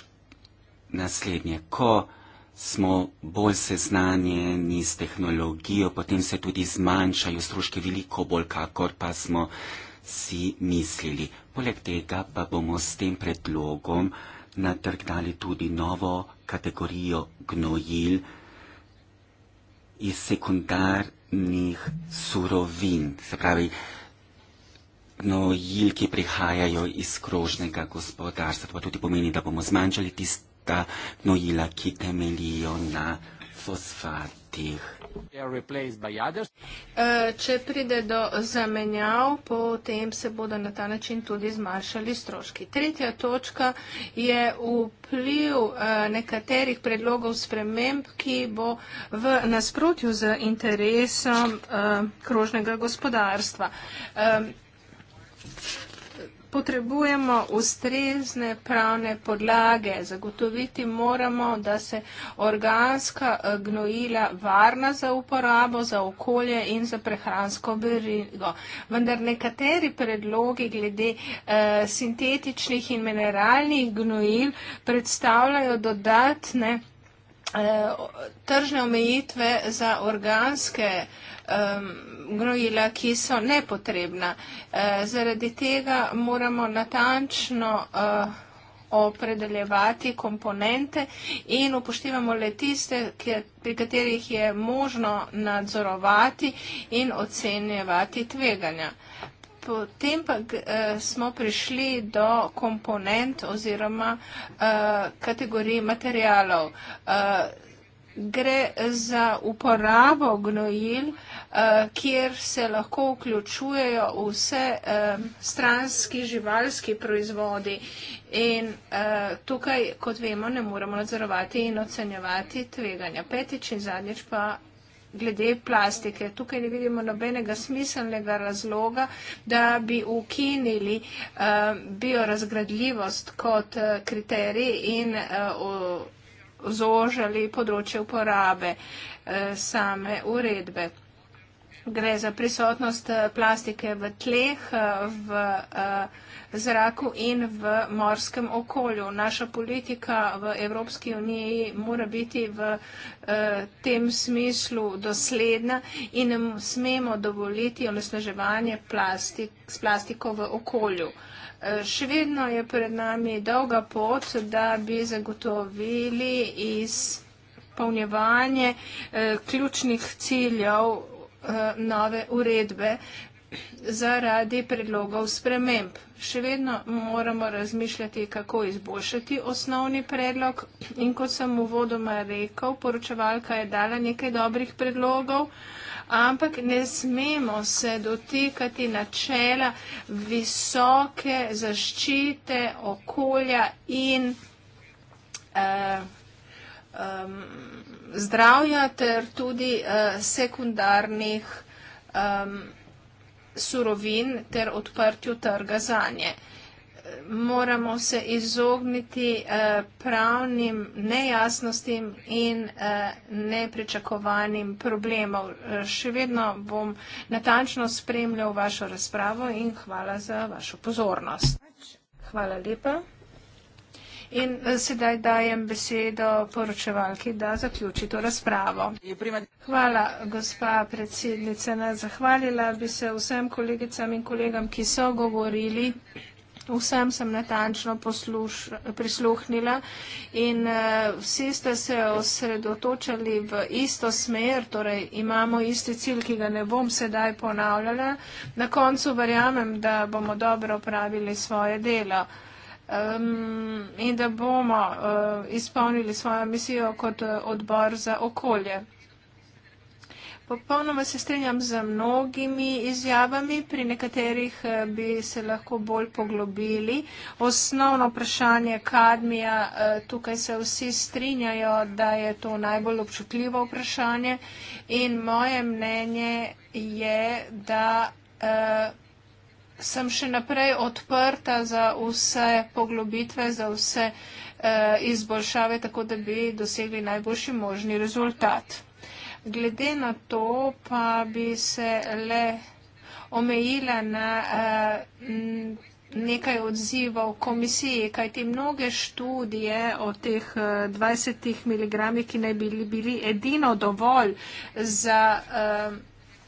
naslednje, ko smo bolj seznanjeni s tehnologijo, potem se tudi zmanjšajo stroške veliko bolj, kakor pa smo si mislili. Poleg tega pa bomo s tem predlogom na trg dali tudi novo kategorijo gnojil, iz sekundarnih surovin, se pravi, gnojil, ki prihajajo iz krožnega gospodarstva. To pa tudi pomeni, da bomo zmanjšali tista gnojila, ki temelijo na fosfatih. Eh, če pride do zamenjav, potem se bodo na ta način tudi zmanjšali stroški. Tretja točka je vpliv eh, nekaterih predlogov sprememb, ki bo v nasprotju z interesom eh, krožnega gospodarstva potrebujemo ustrezne pravne podlage. Zagotoviti moramo, da se organska eh, gnojila varna za uporabo, za okolje in za prehransko berigo. Vendar nekateri predlogi glede eh, sintetičnih in mineralnih gnojil predstavljajo dodatne tržne omejitve za organske um, gnojila, ki so nepotrebna. E, zaradi tega moramo natančno uh, opredeljevati komponente in upoštevamo le tiste, ki, pri katerih je možno nadzorovati in ocenjevati tveganja. Potem pa uh, smo prišli do komponent oziroma uh, eh, kategorij materialov. Uh, gre za uporabo gnojil, uh, kjer se lahko vključujejo vse uh, stranski živalski proizvodi. In uh, tukaj, kot vemo, ne moremo nadzorovati in ocenjevati tveganja. Petič in zadnjič pa glede plastike. Tukaj ne vidimo nobenega smiselnega razloga, da bi ukinili uh, biorazgradljivost kot uh, kriterij in uh, zožali področje uporabe uh, same uredbe. Gre za prisotnost eh, plastike v tleh, eh, v eh, zraku in v morskem okolju. Naša politika v Evropski uniji mora biti v tem smislu dosledna in ne smemo dovoliti onesnaževanje plastik, s plastiko v okolju. Še vedno je pred nami dolga pot, da bi zagotovili iz. Polnjevanje eh, ključnih ciljev Eh, nove uredbe zaradi predlogov sprememb. Še vedno moramo razmišljati, kako izboljšati osnovni predlog in kot sem v vodoma rekel, poročevalka je dala nekaj dobrih predlogov, ampak ne smemo se dotikati načela visoke zaščite okolja in eh, um, zdravja ter tudi uh, sekundarnih um, surovin ter odprtju trga za nje. Moramo se izogniti eh, pravnim nejasnostim in eh, nepričakovanim problemov. Še vedno bom natančno spremljal vašo razpravo in hvala za vašo pozornost. Hvala lepa. In eh, sedaj dajem besedo poročevalki, da zaključi to razpravo. Hvala, gospa predsednica. Zahvalila bi se vsem kolegicam in kolegam, ki so govorili. Vsem sem natančno posluš, prisluhnila in uh, vsi ste se osredotočali v isto smer, torej imamo isti cilj, ki ga ne bom sedaj ponavljala. Na koncu verjamem, da bomo dobro opravili svoje delo um, in da bomo uh, izpolnili svojo misijo kot uh, odbor za okolje. Popolnoma se strinjam z mnogimi izjavami, pri nekaterih e, bi se lahko bolj poglobili. Osnovno vprašanje kadmija, tukaj se vsi strinjajo, da je to najbolj občutljivo vprašanje in moje mnenje je, da. Uh, sem še naprej odprta za vse poglobitve, za vse eh, izboljšave, tako da bi dosegli najboljši možni rezultat. Glede na to pa bi se le omejila na eh, nekaj odzivov komisiji, kaj ti mnoge študije o teh 20 eh, mg, ki naj bi bili edino dovolj za eh,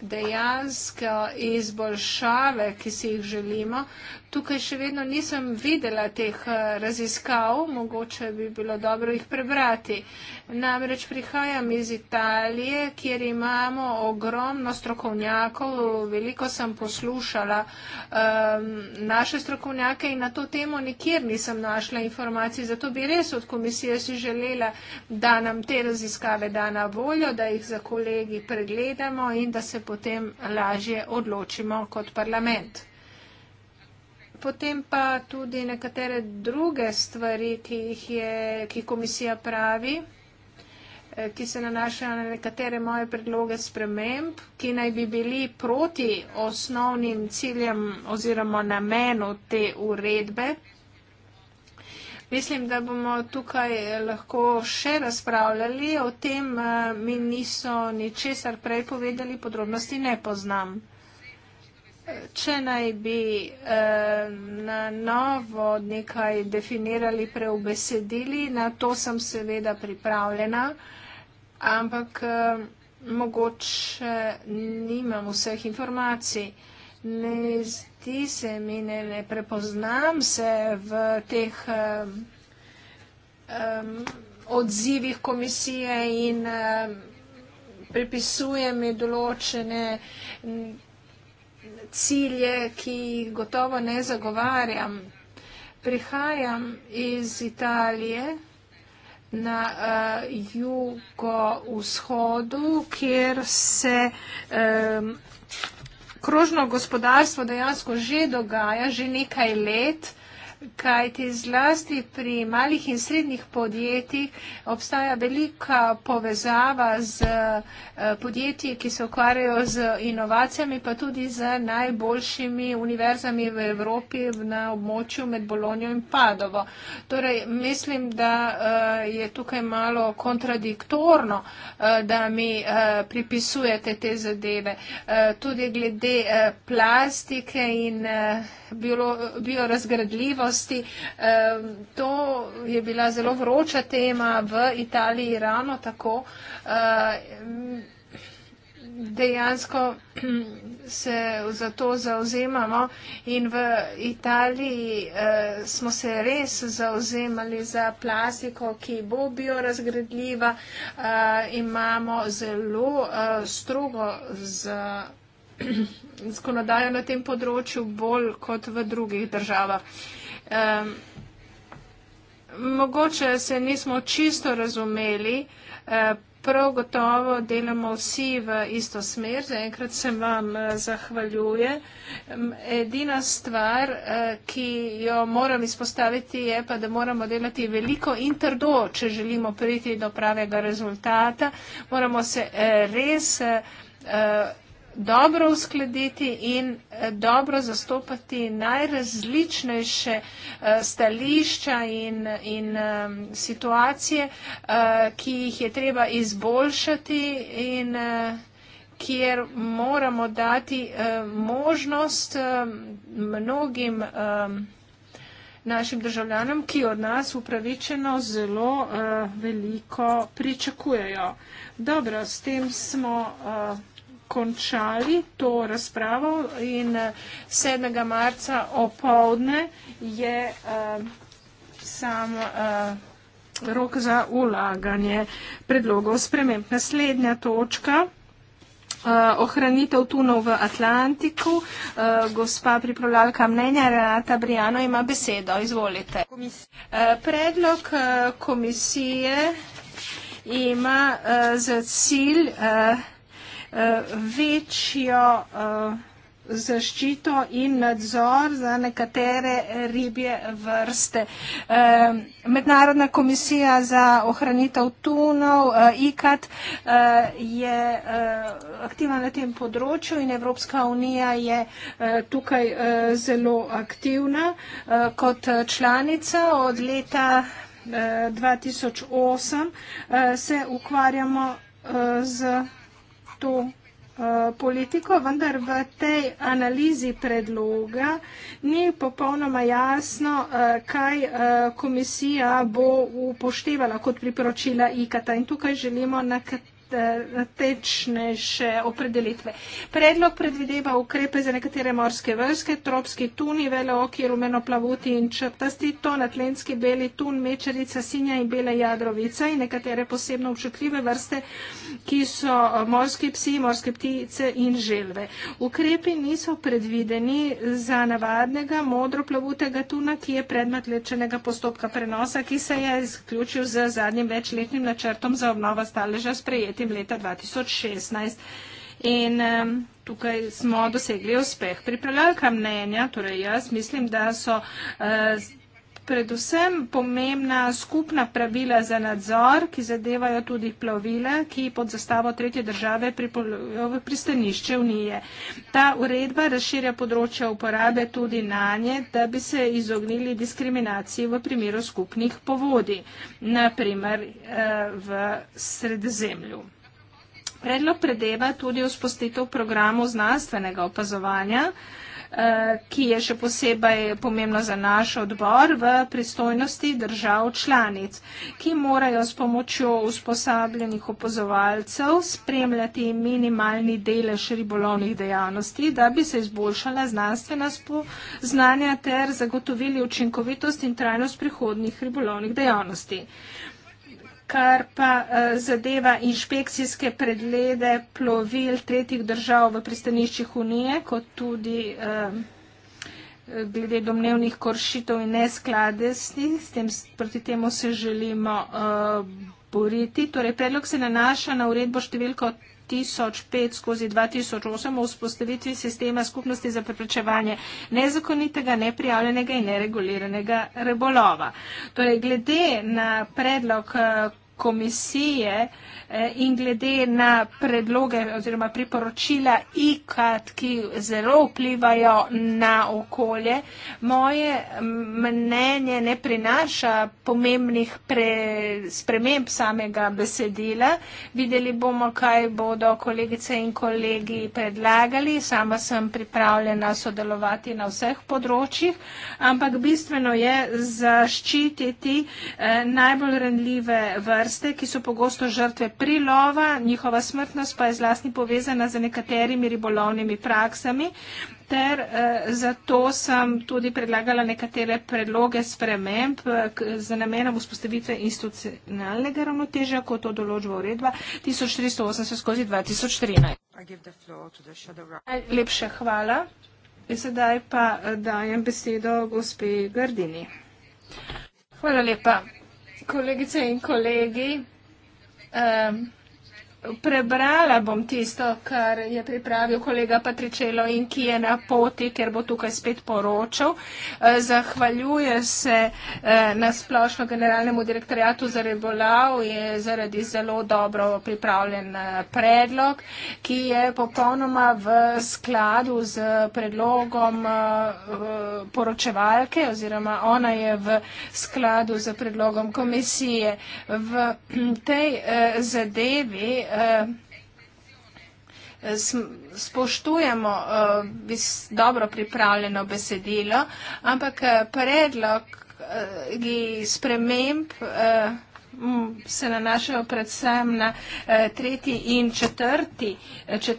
dejansko izboljšave, ki si jih želimo, tukaj še vedno nisem videla teh eh, raziskav, mogoče bi bilo dobro jih prebrati. Namreč prihajam iz Italije, kjer imamo ogromno strokovnjakov, veliko sem poslušala um, naše strokovnjake in na to temo nikjer nisem našla informacij, zato bi res od komisije si želela, da nam te raziskave da na voljo, da jih za kolegi pregledamo in da se potem lažje odločimo kot parlament. Potem pa tudi nekatere druge stvari, ki jih je, ki komisija pravi, eh, ki se nanašajo na nekatere moje predloge sprememb, ki naj bi bili proti osnovnim ciljem oziroma namenu te uredbe. Mislim, da bomo tukaj eh, lahko še razpravljali. O tem eh, mi niso ničesar prej povedali, podrobnosti ne poznam. Če naj bi eh, na novo nekaj definirali, preobesedili, na to sem seveda pripravljena, ampak eh, mogoče nimam vseh informacij. Ne zdi se mi, ne, ne prepoznam se v teh eh, eh, odzivih komisije in eh, pripisujem določene. Eh, cilje, ki jih gotovo ne zagovarjam. Prihajam iz Italije na uh, jugovzhodu, kjer se um, krožno gospodarstvo dejansko že dogaja, že nekaj let kajti zlasti pri malih in srednjih podjetjih obstaja velika povezava z eh, podjetji, ki se ukvarjajo z inovacijami, pa tudi z najboljšimi univerzami v Evropi na območju med Bolonjo in Padovo. Torej, mislim, da eh, je tukaj malo kontradiktorno, eh, da mi pripisujete te zadeve. Tudi glede plastike in biorazgradljivo preteklosti. To je bila zelo vroča tema v Italiji, Irano tako. Dejansko se za to zauzemamo in v Italiji eh, smo se res zauzemali za plastiko, ki bo biorazgradljiva. Eh, imamo zelo eh, strogo z, zakonodajo na tem področju, bolj kot v drugih državah. Eh, Um, mogoče se nismo čisto razumeli, e, prav gotovo delamo vsi v isto smer, zaenkrat se vam e, zahvaljuje. Edina stvar, e, ki jo moram izpostaviti, je pa, da moramo delati veliko in trdo, če želimo priti do pravega rezultata. Moramo se res dobro uskladiti in eh, dobro zastopati najrazličnejše eh, stališča in, in situacije, eh, ki jih je treba izboljšati in kjer moramo dati možnost mnogim našim državljanom, ki od nas upravičeno zelo uh, veliko pričakujejo. Dobro, s tem smo. Uh končali to razpravo in 7. Eh, marca opovdne je uh, sam uh, rok za ulaganje predlogov sprememb. Naslednja točka. Uh, ohranitev tunov v Atlantiku. Uh, gospa pripravljalka mnenja Renata Briano ima besedo. Izvolite. Komis uh, predlog uh, komisije ima uh, za cilj. Uh, večjo eh, zaščito in nadzor za nekatere ribje vrste. Eh, Mednarodna komisija za ohranitev tunov, eh, IKAT, je aktivna na tem področju in Evropska unija je tukaj zelo aktivna kot članica od leta 2008. Se ukvarjamo z to eh, politiko, vendar v tej analizi predloga ni popolnoma jasno, eh, kaj eh, komisija bo upoštevala kot priporočila IKT. In tukaj želimo nekatere natečnejše opredelitve. Predlog predvideva ukrepe za nekatere morske vrste, tropski tuni, veleoki, rumeno plavuti in črtasti ton, atlenski beli tun, mečerica, sinja in bela jadrovica in nekatere posebno občutljive vrste, ki so eh, morski psi, morske ptice in želve. Ukrepi niso predvideni za navadnega modro plavutega tuna, ki je predmet lečenega postopka prenosa, ki se je izključil z zadnjim večletnim načrtom za obnova staleža sprejeti sprejetim leta 2016. In um, tukaj smo dosegli uspeh. Pripravljalka mnenja, torej jaz mislim, da so uh, predvsem pomembna skupna pravila za nadzor, ki zadevajo tudi plovile, ki pod zastavo tretje države pripolujo v pristanišče Unije. Ta uredba razširja področje uporabe tudi na nje, da bi se izognili diskriminaciji v primeru skupnih povodi, naprimer eh, v sredozemlju. Predlog predeva tudi vzpostitev programov znanstvenega opazovanja, Eh, ki je še posebej pomembno za naš odbor v pristojnosti držav članic, ki morajo s pomočjo usposabljenih opozovalcev spremljati minimalni delež ribolovnih dejavnosti, da bi se izboljšala znanstvena spoznanja ter zagotovili učinkovitost in trajnost prihodnih ribolovnih dejavnosti kar pa uh, zadeva inšpekcijske preglede plovil tretjih držav v pristaniščih Unije, kot tudi uh, glede domnevnih koršitev in neskladesti. S tem, proti temu se želimo uh, boriti. Torej, predlog se nanaša na uredbo številko 2005 skozi 2008 o vzpostavitvi sistema skupnosti za preprečevanje nezakonitega, neprijavljenega in nereguliranega rebolova. Torej, glede na predlog eh, komisije eh, in glede na predloge oziroma priporočila IKAT, ki zelo vplivajo na okolje, moje mnenje ne prinaša pomembnih pre, sprememb samega besedila. Videli bomo, kaj bodo kolegice in kolegi predlagali. Sama sem pripravljena sodelovati na vseh področjih, ampak bistveno je zaščititi eh, najbolj renljive vrste vrste, ki so pogosto žrtve prilova, njihova smrtnost pa je zlasti povezana z nekaterimi ribolovnimi praksami. Ter eh, zato sem tudi predlagala nekatere predloge sprememb eh, k, z namenom vzpostavitve institucionalnega ravnotežja, kot to določba uredba 1380 skozi 2013. Lepše hvala. Sedaj pa eh, dajem besedo gospe Gardini. Hvala lepa kolegice in kolegi. Um, prebrala bom tisto, kar je pripravil kolega Patričelo in ki je na poti, ker bo tukaj spet poročal. Eh, zahvaljuje se eh, na splošno generalnemu direktorijatu za revolav, je zaradi zelo dobro pripravljen eh, predlog, ki je popolnoma v skladu z predlogom poročevalke oziroma ona je v skladu z predlogom komisije. V tej zadevi Eh, spoštujemo eh, dobro pripravljeno besedilo, ampak eh, predlog sprememb se nanašajo predvsem na tretji in četrti,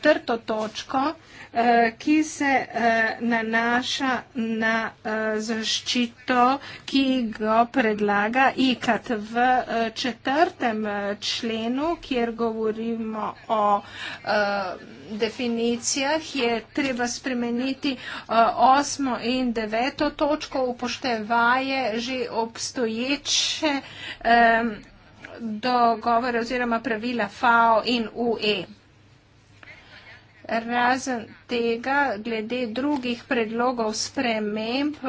četrto točko. Eh, ki se eh, nanaša na eh, zaščito, ki ga predlaga IKAT v četrtem členu, kjer govorimo o definicijah, je treba spremeniti osmo in deveto točko upoštevaje že obstoječe dogovore oziroma pravila FAO in UE. Razen tega, glede drugih predlogov sprememb,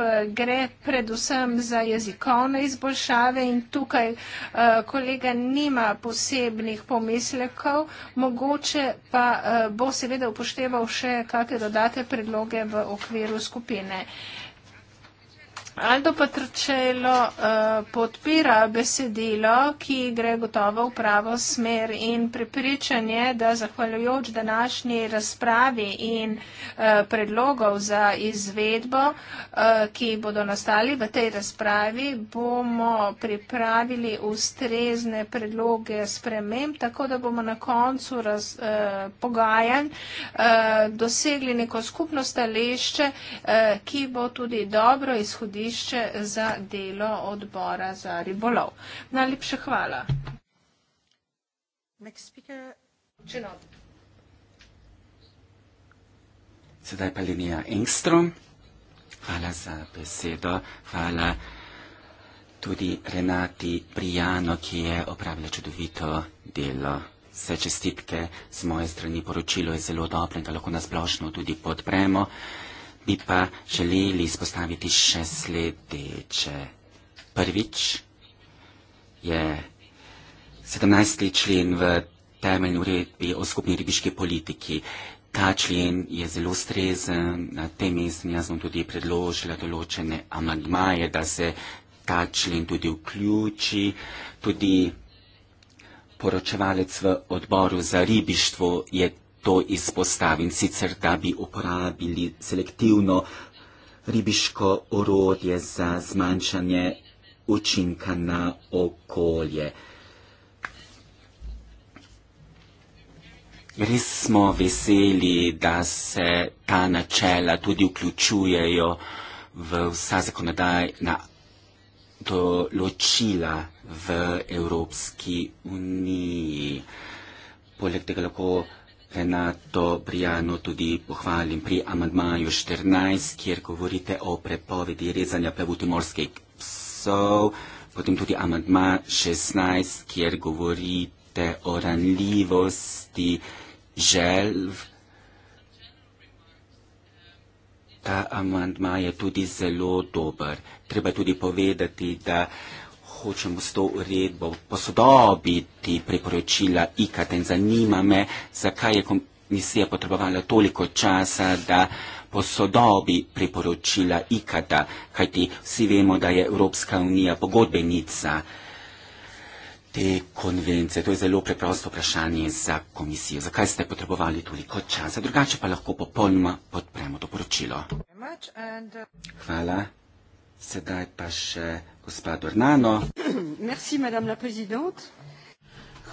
gre predvsem za jezikovne izboljšave in tukaj eh, kolega nima posebnih pomislekov, mogoče pa eh, bo seveda upošteval še kakre dodate predloge v okviru skupine. Aldo Patrčelo uh, eh, podpira besedilo, ki gre gotovo v pravo smer in pripričanje, da zahvaljujoč današnji razpravi in uh, predlogov za izvedbo, uh, ki bodo nastali v tej razpravi, bomo pripravili ustrezne predloge sprememb, tako da bomo na koncu raz, uh, pogajan uh, dosegli neko skupno stališče, uh, ki bo tudi dobro izhodišče stališče za delo odbora za ribolov. Najlepša hvala. Sedaj pa linija Engstrom. Hvala za besedo. Hvala tudi Renati Prijano, ki je opravila čudovito delo. Vse čestitke z moje strani poročilo je zelo dobro in ga lahko nasplošno tudi podpremo bi pa želeli izpostaviti še sledeče. Prvič je 17. člen v temeljni uredbi o skupni ribiški politiki. Ta člen je zelo strezen, na tem mestu jaz bom tudi predložila določene amagmaje, da se ta člen tudi vključi. Tudi poročevalec v odboru za ribištvo je to izpostavim, sicer da bi uporabili selektivno ribiško orodje za zmanjšanje učinka na okolje. Res smo veseli, da se ta načela tudi vključujejo v vsa zakonodajna določila v Evropski uniji. Poleg tega lahko Renato Briano tudi pohvalim pri amandmaju 14, kjer govorite o prepovedi rezanja pevuti morskih psov, potem tudi amandma 16, kjer govorite o ranljivosti želv. Ta amandma je tudi zelo dober. Treba tudi povedati, da hočemo s to uredbo posodobiti priporočila IKT in zanima me, zakaj je komisija potrebovala toliko časa, da posodobi priporočila IKT, kajti vsi vemo, da je Evropska unija pogodbenica te konvencije. To je zelo preprosto vprašanje za komisijo. Zakaj ste potrebovali toliko časa? Drugače pa lahko popolnoma podpremo to poročilo. Uh, Hvala. Sedaj pa še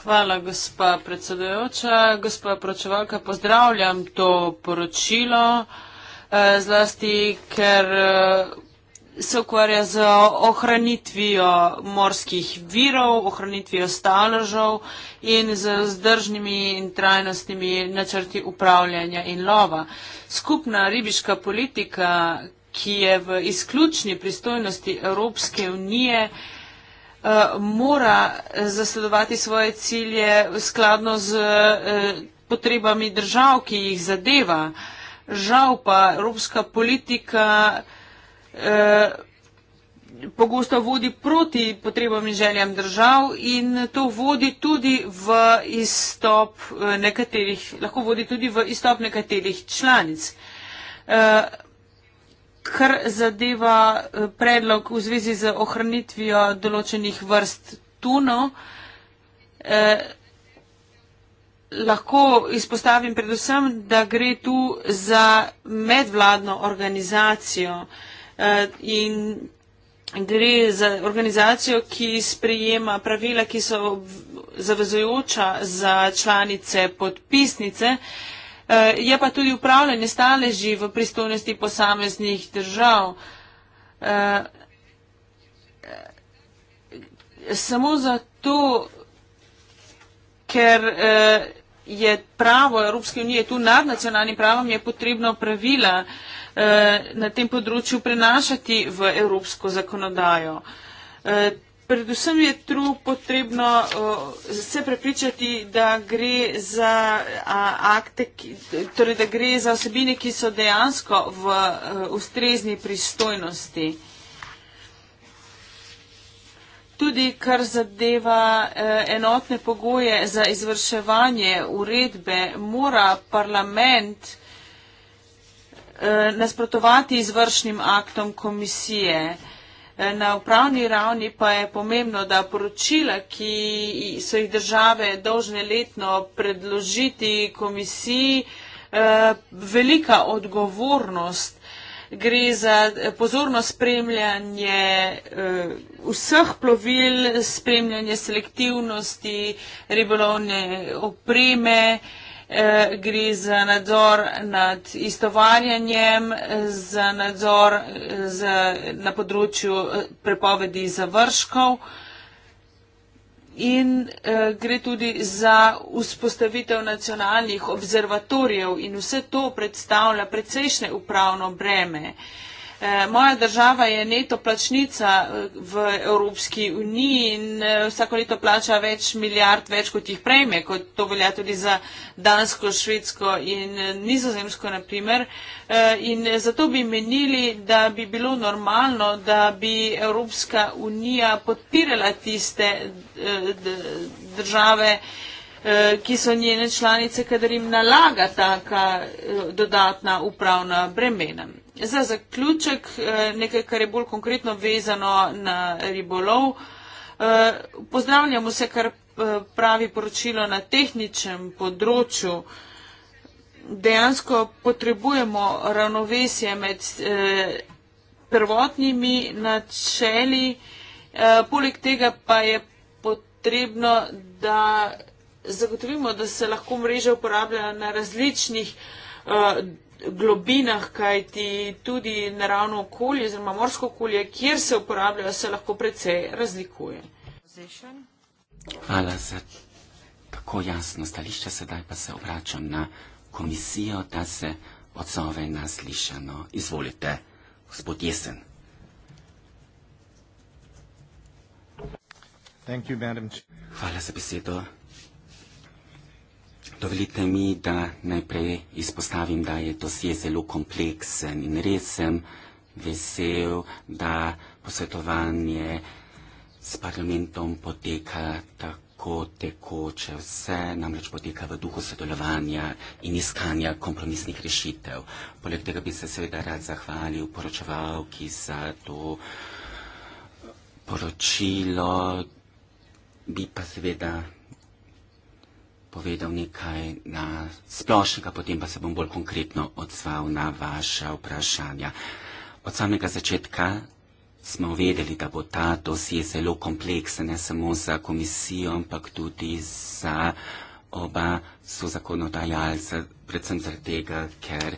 Hvala, gospa predsedujoča. Gospa poročevalka, pozdravljam to poročilo, eh, zlasti ker eh, se ukvarja z ohranitvijo morskih virov, ohranitvijo staležev in z zdržnimi in trajnostnimi načrti upravljanja in lova. Skupna ribiška politika, ki je v izključni pristojnosti Evropske unije, eh, mora zasledovati svoje cilje skladno z eh, potrebami držav, ki jih zadeva. Žal pa evropska politika eh, pogosto vodi proti potrebam in željam držav in to vodi tudi v izstop nekaterih, lahko vodi tudi v izstop nekaterih članic kar zadeva eh, predlog v zvezi z ohranitvijo določenih vrst tunov. Eh, lahko izpostavim predvsem, da gre tu za medvladno organizacijo eh, in gre za organizacijo, ki sprejema pravila, ki so zavezujoča za članice podpisnice. Eh, je pa tudi upravljanje staleži v pristojnosti posameznih držav. Eh, eh, samo zato, ker je pravo Evropske unije tu nad nacionalnim pravom, je potrebno pravila na tem področju prenašati v evropsko zakonodajo. Predvsem je tu potrebno uh, se prepričati, da gre, za, uh, akte, ki, torej, da gre za osebine, ki so dejansko v uh, ustrezni pristojnosti. Tudi kar zadeva uh, enotne pogoje za izvrševanje uredbe, mora parlament uh, nasprotovati izvršnim aktom komisije. Uh, Na upravni ravni pa je pomembno, da poročila, ki so jih države dolžne letno predložiti komisiji, eh, velika odgovornost. Gre za eh, pozorno spremljanje eh, vseh plovil, spremljanje selektivnosti ribolovne opreme. Eh, gre za nadzor nad istovarjanjem, za nadzor eh, za, na področju eh, prepovedi završkov in gre tudi za vzpostavitev nacionalnih observatorijev in vse to predstavlja precejšnje upravno breme. Eh, moja država je neto plačnica eh, v Evropski uniji in eh, vsako leto plača več milijard več, kot jih prejme, kot to velja tudi za Dansko, Švedsko in Nizozemsko, naprimer. In zato bi menili, da bi bilo normalno, da bi Evropska unija podpirala tiste države, ki so njene članice, kadar jim nalaga taka dodatna upravna bremena za zaključek, eh, nekaj, kar je bolj konkretno vezano na ribolov. Eh, pozdravljamo vse, kar eh, pravi poročilo na tehničnem področju. Dejansko potrebujemo ravnovesje med prvotnimi načeli, poleg tega pa je potrebno, da zagotovimo, da se lahko mreža uporablja na različnih globinah, kajti tudi naravno okolje, zelo morsko okolje, kjer se uporabljajo, se lahko precej razlikuje. Hvala za tako jasno stališče. Sedaj pa se obračam na komisijo, da se odzove na slišano. Izvolite, gospod Jesen. Hvala za besedo. Dovolite mi, da najprej izpostavim, da je dosje zelo kompleksen in res sem vesel, da posvetovanje s parlamentom poteka tako tekoče. Vse namreč poteka v duhu sodelovanja in iskanja kompromisnih rešitev. Poleg tega bi se seveda rad zahvalil poročevalki za to poročilo, bi pa seveda povedal nekaj na splošnega, potem pa se bom bolj konkretno odzval na vaše vprašanja. Od samega začetka smo vedeli, da bo ta dosje zelo kompleksen, ne samo za komisijo, ampak tudi za oba so zakonodajalce, predvsem zaradi tega, ker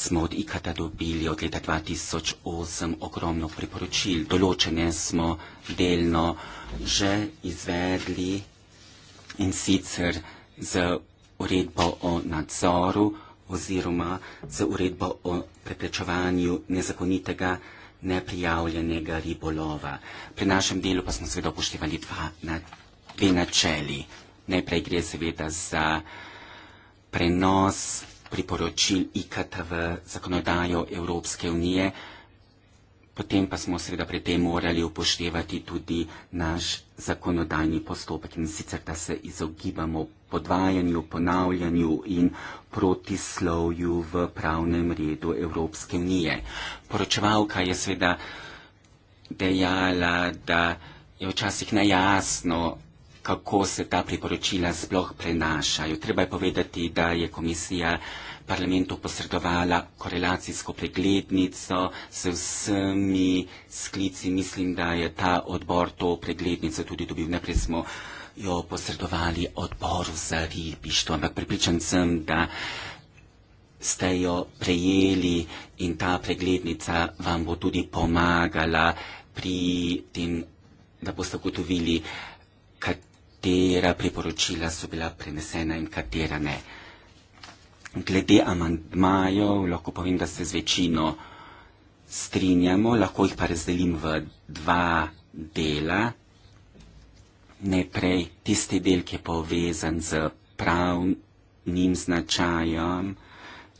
smo od IKATA dobili od leta 2008 ogromno priporočil. Določene smo delno že izvedli, in sicer z uredbo o nadzoru oziroma z uredbo o preprečevanju nezakonitega neprijavljenega ribolova. Pri našem delu pa smo seveda upoštevali dva, na, dve načeli. Najprej gre seveda za prenos priporočil IKTV zakonodajo Evropske unije, Potem pa smo seveda pri tem morali upoštevati tudi naš zakonodajni postopek in sicer, da se izogibamo podvajanju, ponavljanju in protislovju v pravnem redu Evropske unije. Poročevalka je seveda dejala, da je včasih nejasno, kako se ta priporočila sploh prenašajo. Treba je povedati, da je komisija parlamentu posredovala korelacijsko preglednico se vsemi sklici. Mislim, da je ta odbor to preglednico tudi dobil. Najprej smo jo posredovali odboru za ribištvo, ampak pripričan sem, da ste jo prejeli in ta preglednica vam bo tudi pomagala pri tem, da boste ugotovili, katera priporočila so bila prenesena in katera ne glede amantmajev lahko povem, da se z večino strinjamo, lahko jih pa razdelim v dva dela. Najprej tisti del, ki je povezan z pravnim značajem,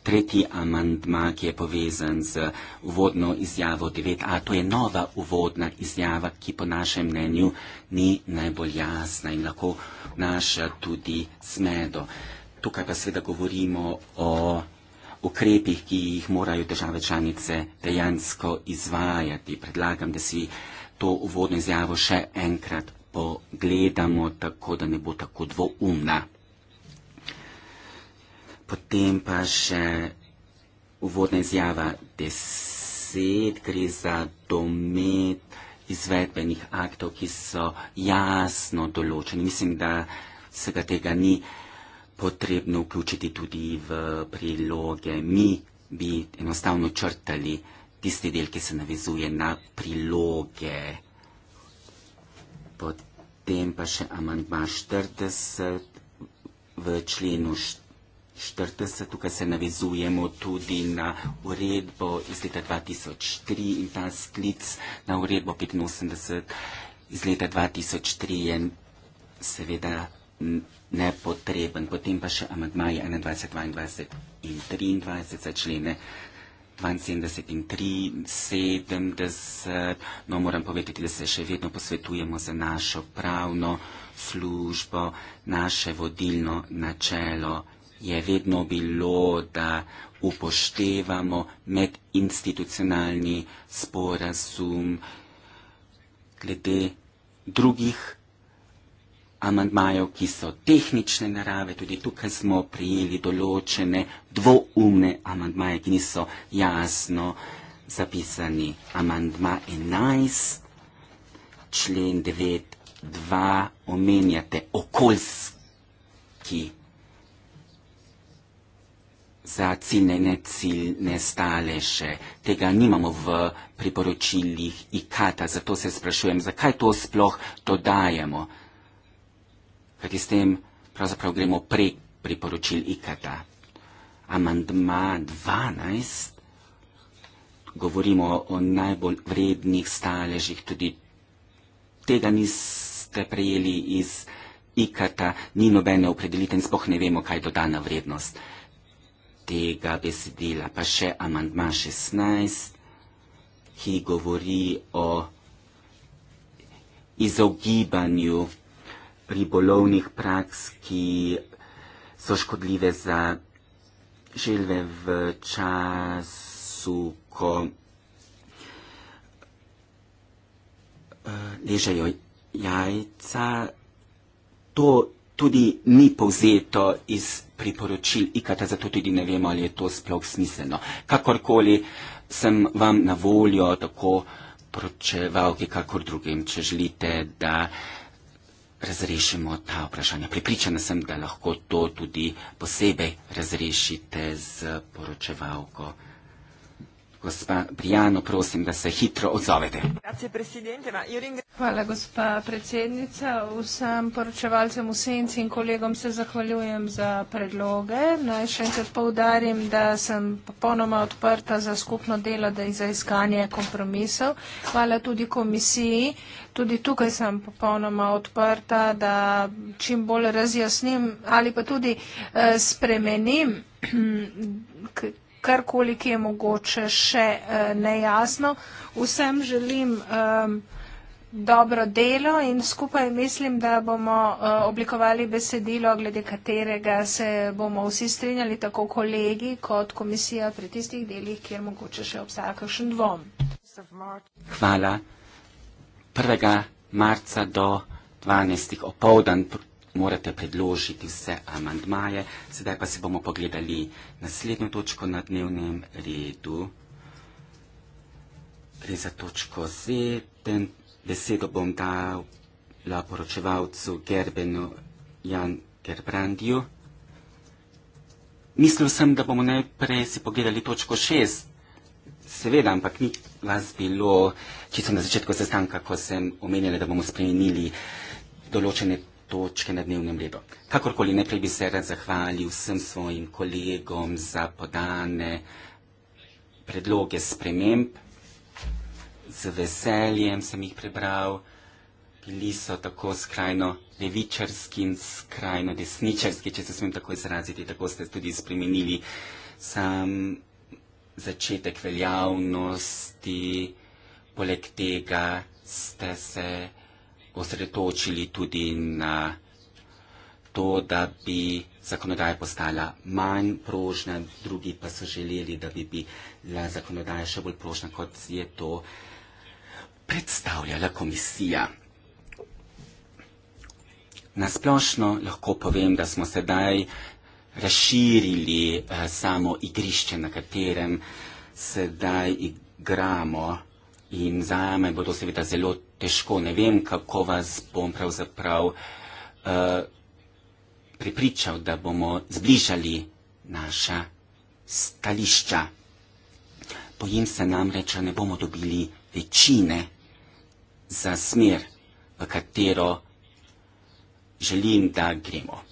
tretji amantma, ki je povezan z uvodno izjavo 9a, to je nova uvodna izjava, ki po našem mnenju ni najbolj jasna in lahko naša tudi smedo. Tukaj pa seveda govorimo o ukrepih, ki jih morajo države članice dejansko izvajati. Predlagam, da si to uvodno izjavo še enkrat pogledamo, tako da ne bo tako dvoumna. Potem pa še uvodna izjava deset gre za domet izvedbenih aktov, ki so jasno določeni. Mislim, da vsega tega ni potrebno vključiti tudi v priloge. Mi bi enostavno črtali tisti del, ki se navezuje na priloge. Potem pa še amandma 40 v členu 40, tukaj se navezujemo tudi na uredbo iz leta 2003 in ta sklic na uredbo 85 iz leta 2003 je seveda nepotreben. Potem pa še amadmaje 21, 22 in 23 za člene 72 in 73. No, moram povedati, da se še vedno posvetujemo za našo pravno službo, naše vodilno načelo je vedno bilo, da upoštevamo medinstitucionalni sporazum glede drugih amantmajev, ki so tehnične narave, tudi tukaj smo prijeli določene dvoumne amantmaje, ki niso jasno zapisani. Amantma 11, člen 9, 2, omenjate okoljski za ciljne, ne ciljne staleže. Tega nimamo v priporočilih IKATA, zato se sprašujem, zakaj to sploh dodajemo. To kajti s tem pravzaprav gremo prek priporočil IKTA. Amandma 12 govorimo o najbolj vrednih staležih, tudi tega niste prejeli iz IKTA, ni nobene opredelite in spoh ne vemo, kaj je dodana vrednost tega besedila. Pa še amandma 16, ki govori o izogibanju vrednosti ribolovnih praks, ki so škodljive za želve v času, ko eh, ležajo jajca. To tudi ni povzeto iz priporočil IKATA, zato tudi ne vemo, ali je to sploh smiselno. Kakorkoli sem vam na voljo, tako pročevalki, kakor drugim, če želite, da. Uh, razrešimo ta vprašanja. Pripričana sem, da lahko to tudi posebej razrešite z poročevalko. Gospa Brijano, prosim, da se hitro odzovete. Hvala, gospa predsednica. Vsem poročevalcem v senci in kolegom se zahvaljujem za predloge. Naj še enkrat povdarim, da sem popolnoma odprta za skupno delo, da je za iskanje kompromisov. Hvala tudi komisiji. Tudi tukaj sem popolnoma odprta, da čim bolj razjasnim ali pa tudi eh, spremenim. karkoli, ki je mogoče še eh, nejasno. Vsem želim dobro delo in skupaj mislim, da bomo eh, oblikovali besedilo, glede katerega se bomo vsi strinjali, tako kolegi kot komisija pri tistih delih, kjer mogoče še obstaja kakšen dvom. Hvala. 1. marca do 12. opovdan morate predložiti vse amandmaje. Sedaj pa si bomo pogledali naslednjo točko na dnevnem redu. Gre za točko Z. Ten besedo bom dala poročevalcu Gerbenu Jan Gerbrandiju. Mislil sem, da bomo najprej si pogledali točko 6. Seveda, ampak ni vas bilo čisto na začetku sestanka, ko sem omenjala, da bomo spremenili določene točke na dnevnem redu. Kakorkoli najprej bi se rad zahvalil vsem svojim kolegom za podane predloge sprememb. Z veseljem sem jih prebral. Bili so tako skrajno levičarski in skrajno desničarski, če se smem tako izraziti, tako ste tudi spremenili sam začetek veljavnosti. Poleg tega ste se osredotočili tudi na to, da bi zakonodaja postala manj prožna, drugi pa so želeli, da bi bila zakonodaja še bolj prožna, kot je to predstavljala komisija. Nasplošno lahko povem, da smo sedaj razširili eh, samo igrišče, na katerem sedaj igramo in za me bo to seveda zelo težko. Ne vem, kako vas bom pravzaprav uh, eh, pripričal, da bomo zbližali naša stališča. Bojim se namreč, da ne bomo dobili večine za smer, v katero želim, da gremo.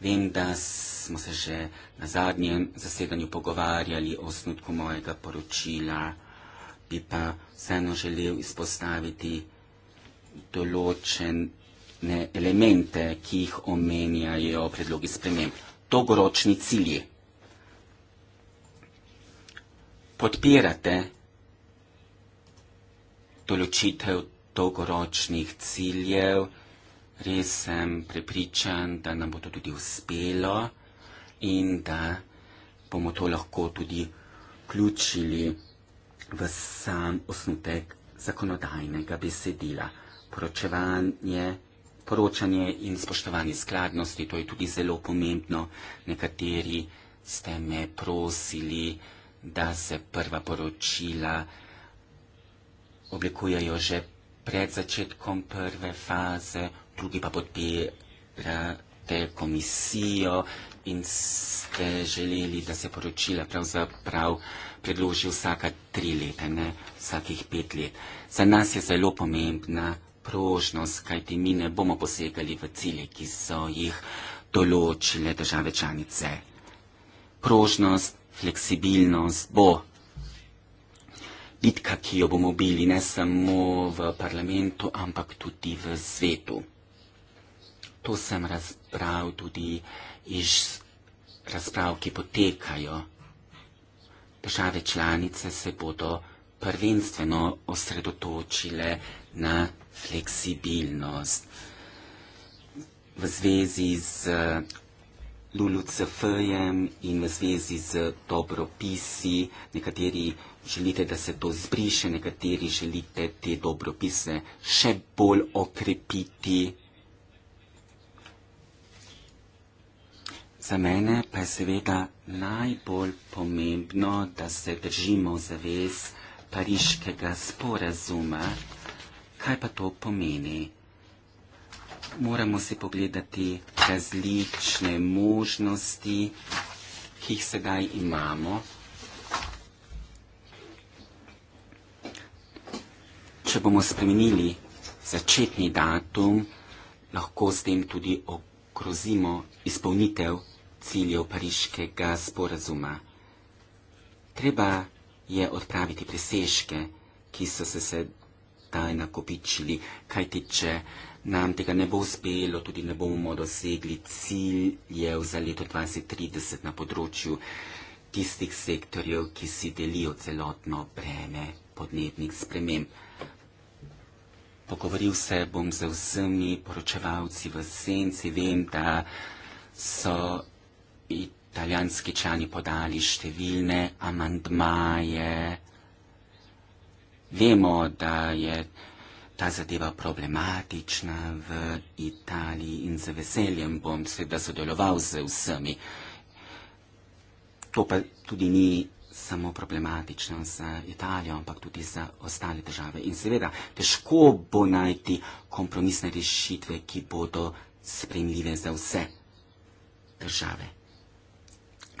Vem, da se smo se že na zadnjem zasedanju pogovarjali o osnutku mojega poročila, bi pa vseeno želel izpostaviti določene elemente, ki jih omenjajo predlogi sprememb. Dolgoročni cilji. Podpirate določitev dolgoročnih ciljev. Res sem prepričan, da nam bo to tudi uspelo in da bomo to lahko tudi vključili v sam osnutek zakonodajnega besedila. Poročevanje, poročanje in spoštovanje skladnosti, to je tudi zelo pomembno. Nekateri ste me prosili, da se prva poročila oblikujejo že pred začetkom prve faze, drugi pa podpirate komisijo, in ste želeli, da se poročila pravzaprav predloži vsaka tri leta, ne vsakih pet let. Za nas je zelo pomembna prožnost, kajti mi ne bomo posegali v cilje, ki so jih določile države članice. Prožnost, fleksibilnost bo bitka, ki jo bomo bili ne samo v parlamentu, ampak tudi v svetu. To sem razbral tudi iz razprav, ki potekajo. Države članice se bodo prvenstveno osredotočile na fleksibilnost. V zvezi z eh, LULUCF-jem in v zvezi z dobropisi, nekateri želite, da se to zbriše, nekateri želite te dobropise še bolj okrepiti. Za mene pa je seveda najbolj pomembno, da se držimo zavez pariškega sporazuma. Kaj pa to pomeni? Moramo si pogledati različne možnosti, ki jih sedaj imamo. Če bomo spremenili začetni datum, lahko s tem tudi okrozimo izpolnitev ciljev pariškega sporazuma. Treba je odpraviti presežke, ki so se sedaj nakopičili, kajti če nam tega ne bo uspelo, tudi ne bomo dosegli ciljev za leto 2030 na področju tistih sektorjev, ki si delijo celotno breme podnebnih sprememb. Pogovoril se bom z vsemi poročevalci v senci, vem, da so italijanski člani podali številne amandmaje. Vemo, da je ta zadeva problematična v Italiji in z veseljem bom seveda sodeloval z vsemi. To pa tudi ni samo problematično za Italijo, ampak tudi za ostale države. In seveda težko bo najti kompromisne rešitve, ki bodo spremljive za vse države.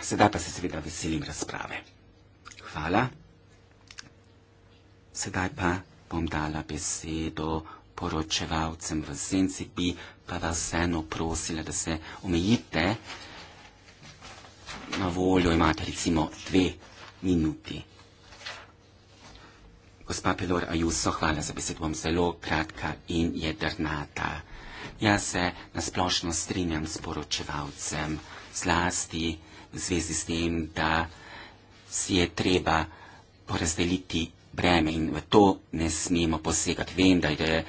Sedaj pa se seveda veselim razprave. Hvala. Sedaj pa bom dala besedo poročevalcem v senci, bi pa vas vseeno prosila, da se omejite. Na voljo imate recimo dve minuti. Gospa Pelor Ajuso, hvala za besedo, bom zelo kratka in jedrnata. Jaz se nasplošno strinjam s poročevalcem, zlasti v zvezi s tem, da si je treba porazdeliti breme in v to ne smemo posegati. Vem, da je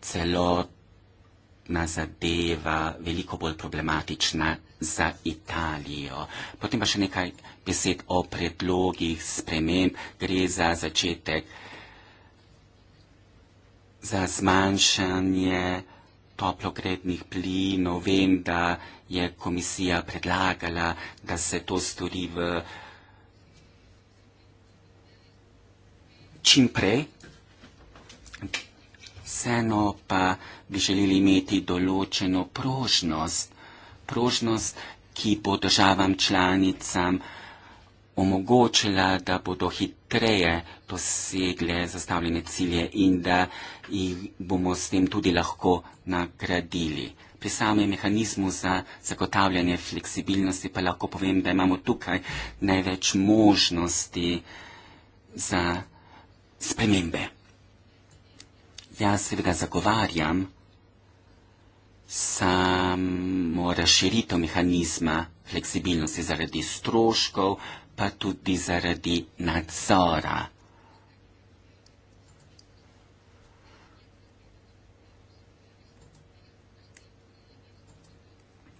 celotna zadeva veliko bolj problematična za Italijo. Potem pa še nekaj besed o predlogih sprememb. Gre za začetek za zmanjšanje toplogrednih plinov. Vem, da je komisija predlagala, da se to stori v čim prej. Vseeno pa bi želeli imeti določeno prožnost, prožnost, ki bo državam članicam omogočila, da bodo hitreje dosegle zastavljene cilje in da jih bomo s tem tudi lahko nagradili. Pri samem mehanizmu za zagotavljanje fleksibilnosti pa lahko povem, da imamo tukaj največ možnosti za spremembe. Jaz seveda zagovarjam samo razširitev mehanizma fleksibilnosti zaradi stroškov, pa tudi zaradi nadzora.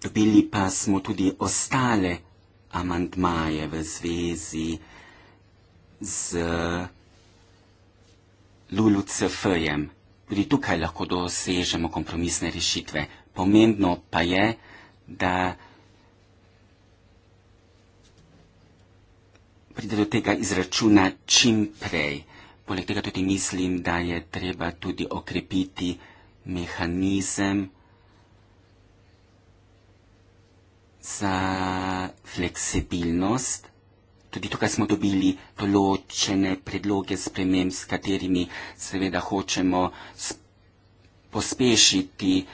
Dobili pa smo tudi ostale amantmaje v zvezi z LULUCF-jem. Tudi tukaj lahko dosežemo kompromisne rešitve. Pomembno pa je, da pride do tega izračuna čim prej. Poleg tega tudi mislim, da je treba tudi okrepiti mehanizem, za fleksibilnost. Tudi tukaj smo dobili določene predloge sprememb, s katerimi seveda hočemo pospešiti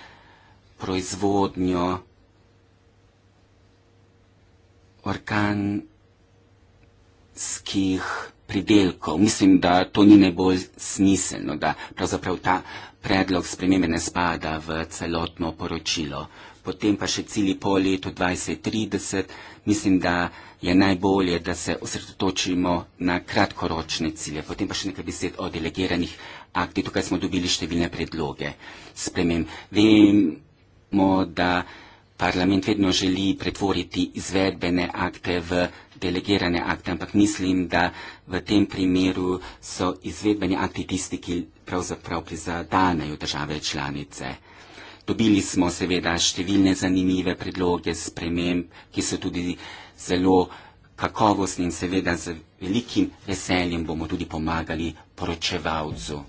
proizvodnjo organskih pridelkov. Mislim, da to ni najbolj smiselno, da pravzaprav ta predlog spremembe ne spada v celotno poročilo potem pa še cilji po letu 2030. Mislim, da je najbolje, da se osredotočimo na kratkoročne cilje, potem pa še nekaj besed o delegiranih aktih. Tukaj smo dobili številne predloge spremem. Vemo, da parlament vedno želi pretvoriti izvedbene akte v delegirane akte, ampak mislim, da v tem primeru so izvedbeni akti tisti, ki pravzaprav prizadanejo države članice. Dobili smo seveda številne zanimive predloge sprememb, ki so tudi zelo kakovostni in seveda z velikim veseljem bomo tudi pomagali poročevalcu.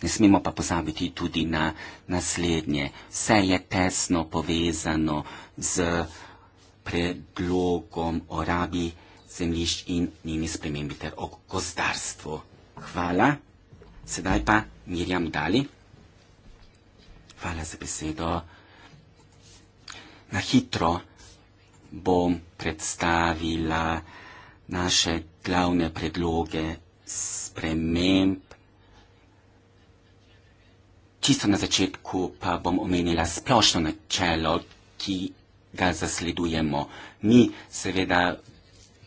Ne smemo pa pozabiti tudi na naslednje. Vse je tesno povezano z predlogom o rabi zemljišč in njimi spremembi ter o gozdarstvu. Hvala. Sedaj pa Mirjam Dali. Hvala za besedo. Na hitro bom predstavila naše glavne predloge sprememb. Čisto na začetku pa bom omenila splošno načelo, ki ga zasledujemo. Mi seveda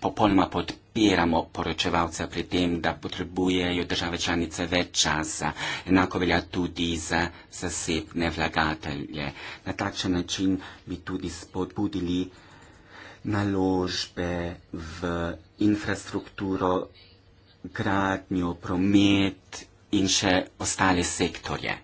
popolnoma podpiramo podpiramo poročevalce pri tem, da potrebujejo države članice več časa. Enako velja tudi za zasebne vlagatelje. Na takšen način bi tudi spodbudili naložbe v infrastrukturo, gradnjo, promet in še ostale sektorje.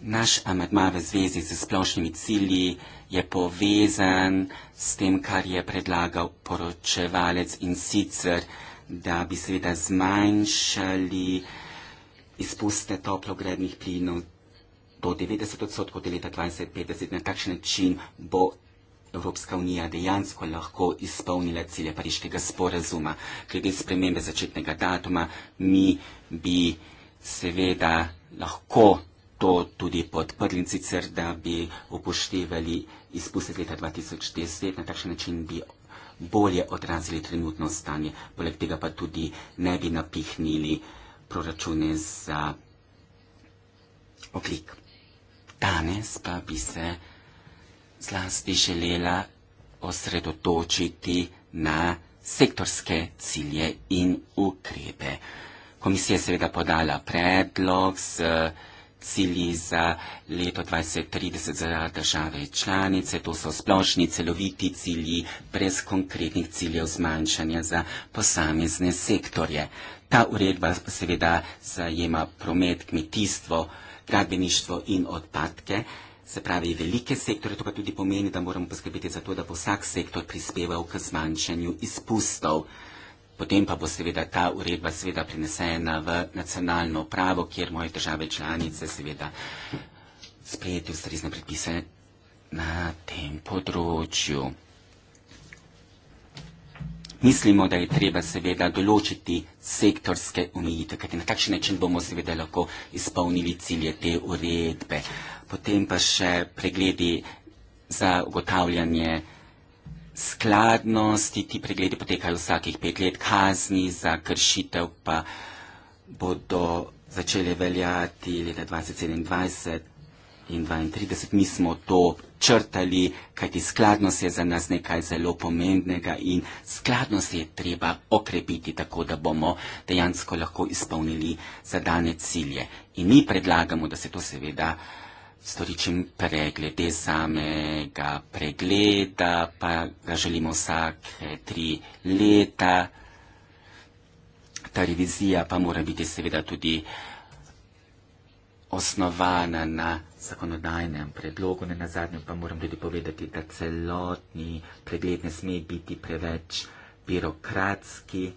Naš amatma v zvezi z splošnimi cilji je povezan s tem, kar je predlagal poročevalec in sicer, da bi seveda zmanjšali izpuste toplogrednih plinov do 90 odstotkov do leta 2050. Na takšen način bo Evropska unija dejansko lahko izpolnila cilje pariškega sporazuma. Glede spremembe začetnega datuma, mi bi seveda lahko to tudi podprli in sicer, da bi upoštevali izpustek leta 2010, na takšen način bi bolje odrazili trenutno stanje, poleg tega pa tudi ne bi napihnili proračune za oklik. Danes pa bi se zlasti želela osredotočiti na sektorske cilje in ukrepe. Komisija je seveda podala predlog z uh, cilji za leto 2030 za države članice. To so splošni celoviti cilji brez konkretnih ciljev zmanjšanja za posamezne sektorje. Ta uredba seveda zajema promet, kmetijstvo, gradbeništvo in odpadke. Se pravi, velike sektore, to pa tudi pomeni, da moramo poskrbeti za to, da bo vsak sektor prispeval k zmanjšanju izpustov. Potem pa bo seveda ta uredba seveda prenesena v nacionalno pravo, kjer moje države članice seveda sprejeti ustrezne predpise na tem področju. Mislimo, da je treba seveda določiti sektorske omejitve, kajti na takšen način bomo seveda lahko izpolnili cilje te uredbe. Potem pa še pregledi za ugotavljanje skladnosti, ti pregledi potekajo vsakih pet let, kazni za kršitev pa bodo začele veljati leta 2027 in 2032. Mi smo to črtali, kajti skladnost je za nas nekaj zelo pomembnega in skladnost je treba okrepiti tako, da bomo dejansko lahko izpolnili zadane cilje. In mi predlagamo, da se to seveda storičem preglede samega pregleda, pa ga želimo vsake tri leta. Ta revizija pa mora biti seveda tudi osnovana na zakonodajnem predlogu, ne na zadnjem pa moram tudi povedati, da celotni pregled ne sme biti preveč birokratski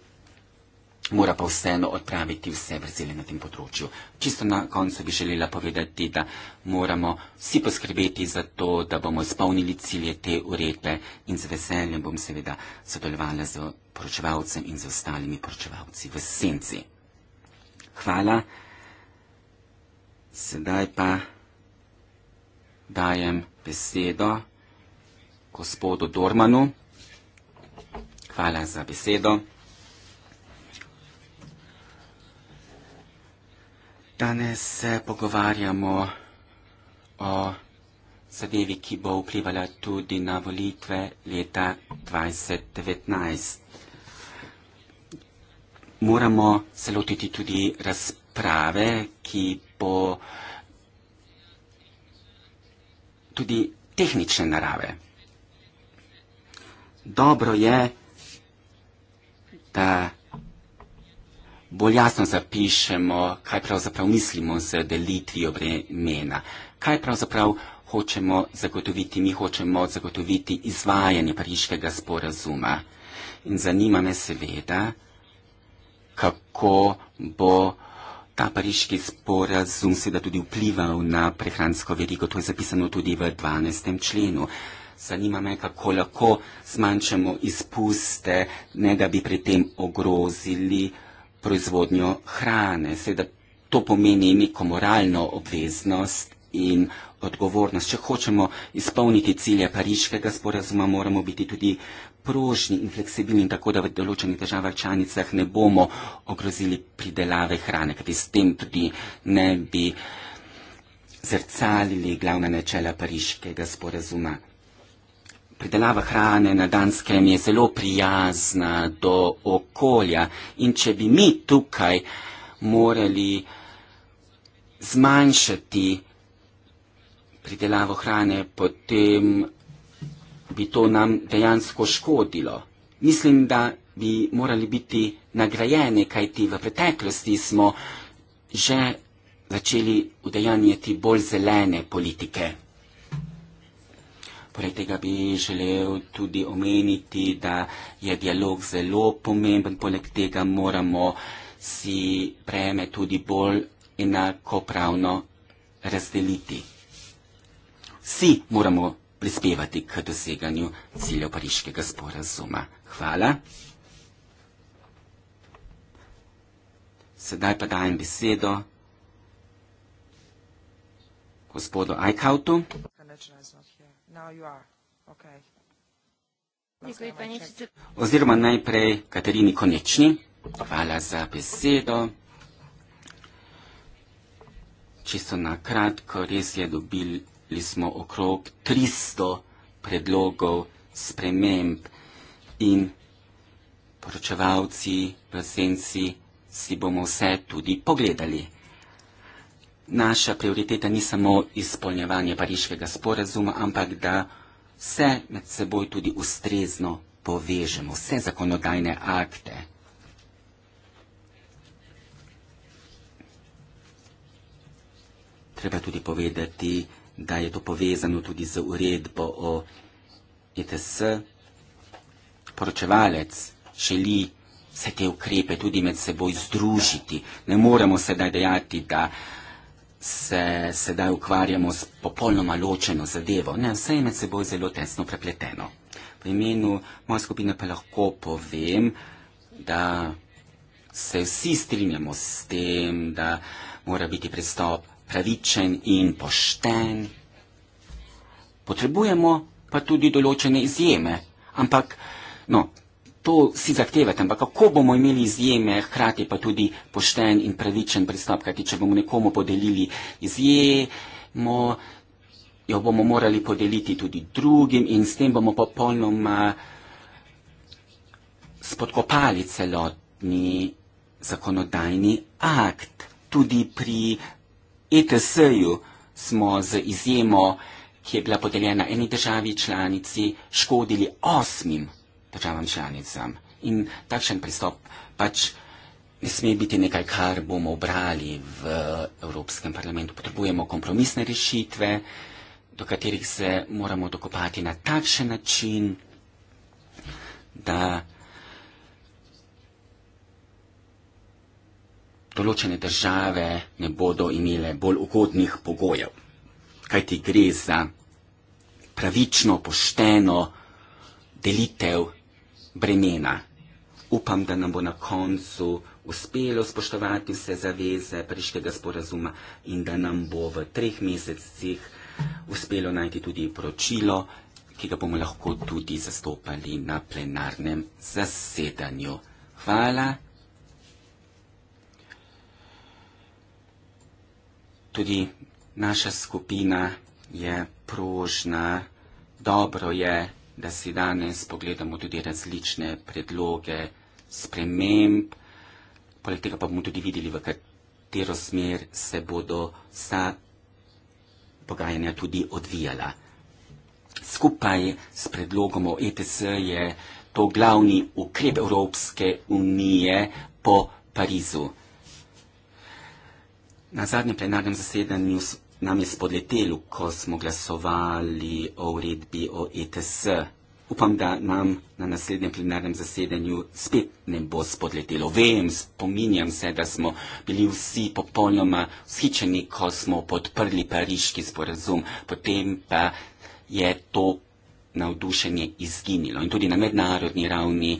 mora pa vseeno odpraviti vse vrzeli na tem področju. Čisto na koncu bi želela povedati, da moramo vsi poskrbeti za to, da bomo izpolnili cilje te uredbe in z veseljem bom seveda sodelovala z poročevalcem in z ostalimi poročevalci v senci. Hvala. Sedaj pa dajem besedo gospodu Dormanu. Hvala za besedo. Danes se pogovarjamo o zadevi, ki bo vplivala tudi na volitve leta 2019. Moramo se lotiti tudi razprave, ki bo tudi tehnične narave. Dobro je, da bolj jasno zapišemo, kaj pravzaprav mislimo z delitvijo bremena. Kaj pravzaprav hočemo zagotoviti, mi hočemo zagotoviti izvajanje pariškega sporazuma. In zanima me seveda, kako bo ta pariški sporazum seveda tudi vplival na prehransko verigo. To je zapisano tudi v 12. členu. Zanima me, kako lahko zmanjšamo izpuste, ne da bi pri tem ogrozili proizvodnjo hrane. Seveda to pomeni neko moralno obveznost in odgovornost. Če hočemo izpolniti cilje pariškega sporazuma, moramo biti tudi prožni in fleksibilni, tako da v določenih državah članicah ne bomo ogrozili pridelave hrane, kajti s tem tudi ne bi zrcalili glavna načela pariškega sporazuma pridelava hrane na Danskem je zelo prijazna do okolja in če bi mi tukaj morali zmanjšati pridelavo hrane, potem bi to nam dejansko škodilo. Mislim, da bi morali biti nagrajeni, kajti v preteklosti smo že začeli udejanjati bolj zelene politike. Poleg tega bi želel tudi omeniti, da je dialog zelo pomemben, poleg tega moramo si breme tudi bolj enakopravno razdeliti. Vsi moramo prispevati k doseganju ciljev pariškega sporazuma. Hvala. Sedaj pa dajem besedo gospodu Eichautu. Oziroma najprej Katerini Konečni. Hvala za besedo. Čisto na kratko, res je, dobili smo okrog 300 predlogov sprememb in poročevalci v senci si bomo vse tudi pogledali naša prioriteta ni samo izpolnjevanje pariškega sporazuma, ampak da vse med seboj tudi ustrezno povežemo, vse zakonodajne akte. Treba tudi povedati, da je to povezano tudi z uredbo o ETS. Poročevalec želi vse te ukrepe tudi med seboj združiti. Ne moremo sedaj dejati, da se sedaj ukvarjamo s popolnoma ločeno zadevo. Ne, vse je med seboj zelo tesno prepleteno. V imenu moje skupine pa lahko povem, da se vsi strinjamo s tem, da mora biti predstop pravičen in pošten. Potrebujemo pa tudi določene izjeme. Ampak, no, to si zahtevate, ampak kako bomo imeli izjeme, hkrati pa tudi pošten in pravičen pristop, kajti če bomo nekomu podelili izjemo, jo bomo morali podeliti tudi drugim in s tem bomo popolnoma spodkopali celotni zakonodajni akt. Tudi pri ETS-ju smo z izjemo, ki je bila podeljena eni državi članici, škodili osmim državam članicam. In takšen pristop pač ne sme biti nekaj, kar bomo obrali v Evropskem parlamentu. Potrebujemo kompromisne rešitve, do katerih se moramo dokopati na takšen način, da določene države ne bodo imele bolj ugodnih pogojev. Kajti gre za pravično, pošteno delitev bremena. Upam, da nam bo na koncu uspelo spoštovati vse zaveze priškega sporazuma in da nam bo v treh mesecih uspelo najti tudi poročilo, ki ga bomo lahko tudi zastopali na plenarnem zasedanju. Hvala. Tudi naša skupina je prožna, dobro je da si danes pogledamo tudi različne predloge sprememb. Poleg tega pa bomo tudi videli, v katero smer se bodo vsa pogajanja tudi odvijala. Skupaj s predlogom o ETS je to glavni ukrep Evropske unije po Parizu. Na zadnjem plenarnem zasedanju nam je spodletelo, ko smo glasovali o uredbi o ETS. Upam, da nam na naslednjem plenarnem zasedanju spet ne bo spodletelo. Vem, spominjam se, da smo bili vsi popolnoma vzhičeni, ko smo podprli pariški sporazum, potem pa je to navdušenje izginilo in tudi na mednarodni ravni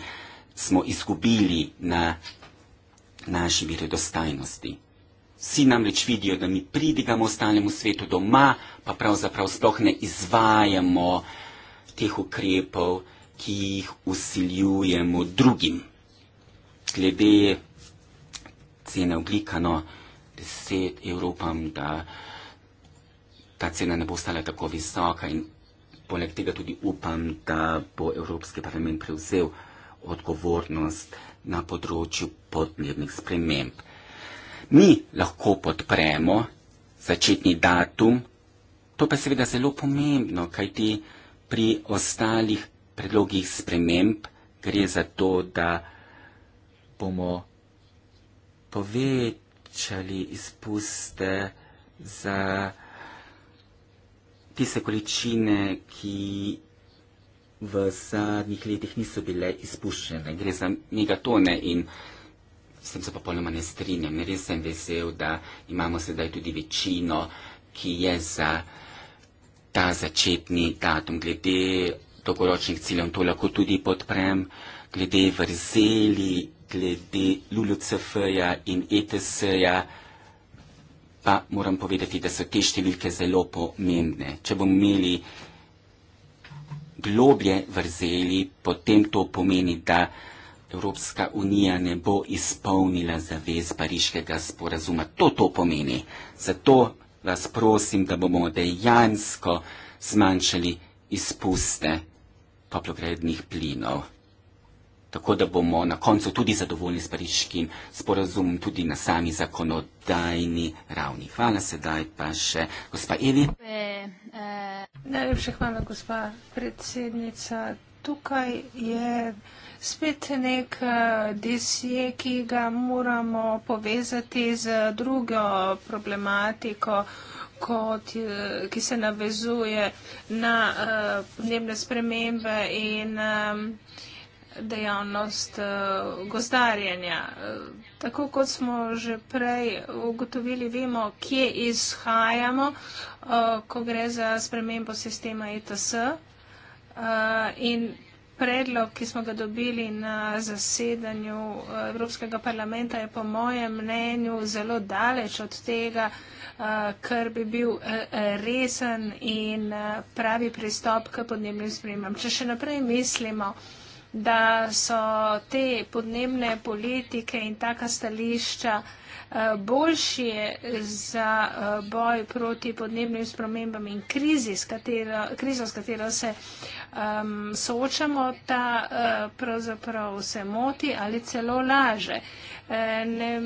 smo izgubili na naši verodostajnosti. Vsi namreč vidijo, da mi pridigamo ostalemu svetu doma, pa pravzaprav sploh ne izvajamo teh ukrepov, ki jih usiljujemo drugim. Glede cene oglika, no, 10 evrov upam, da ta cena ne bo stala tako visoka in poleg tega tudi upam, da bo Evropski parlament prevzel odgovornost na področju podnebnih sprememb mi lahko podpremo začetni datum, to pa je seveda zelo pomembno, kajti pri ostalih predlogih sprememb gre za to, da bomo povečali izpuste za tiste količine, ki v zadnjih letih niso bile izpuščene. Gre za megatone in S tem se popolnoma ne strinjam. Res sem vesel, da imamo sedaj tudi večino, ki je za ta začetni datum. Glede dolgoročnih ciljev to lahko tudi podprem, glede vrzeli, glede LULUCF-ja in ETS-ja pa moram povedati, da so te številke zelo pomembne. Če bomo imeli globlje vrzeli, potem to pomeni, da Evropska unija ne bo izpolnila zavez pariškega sporazuma. To to pomeni. Zato vas prosim, da bomo dejansko zmanjšali izpuste toplogrednih plinov. Tako da bomo na koncu tudi zadovoljni s pariškim sporazumom, tudi na sami zakonodajni ravni. Hvala sedaj pa še gospa Evi. E, e, najlepša hvala, gospa predsednica. Tukaj je spet nek eh, desje, ki ga moramo povezati z drugo problematiko, kot, eh, ki se navezuje na eh, podnebne spremembe in dejavnost gozdarjenja. Tako kot smo že prej ugotovili, vemo, kje izhajamo, ko gre za spremembo sistema ETS. In Predlog, ki smo ga dobili na zasedanju eh, Evropskega parlamenta, je po mojem mnenju zelo daleč od tega, eh, kar bi bil eh, resen in pravi pristop k podnebnim spremembam. Če še naprej mislimo, da so te podnebne politike in taka stališča uh, boljše za eh, boj proti podnebnim spremembam in krizi, s katero, krizo, s katero se um, soočamo, ta uh, pravzaprav se moti ali celo laže. Uh, ne,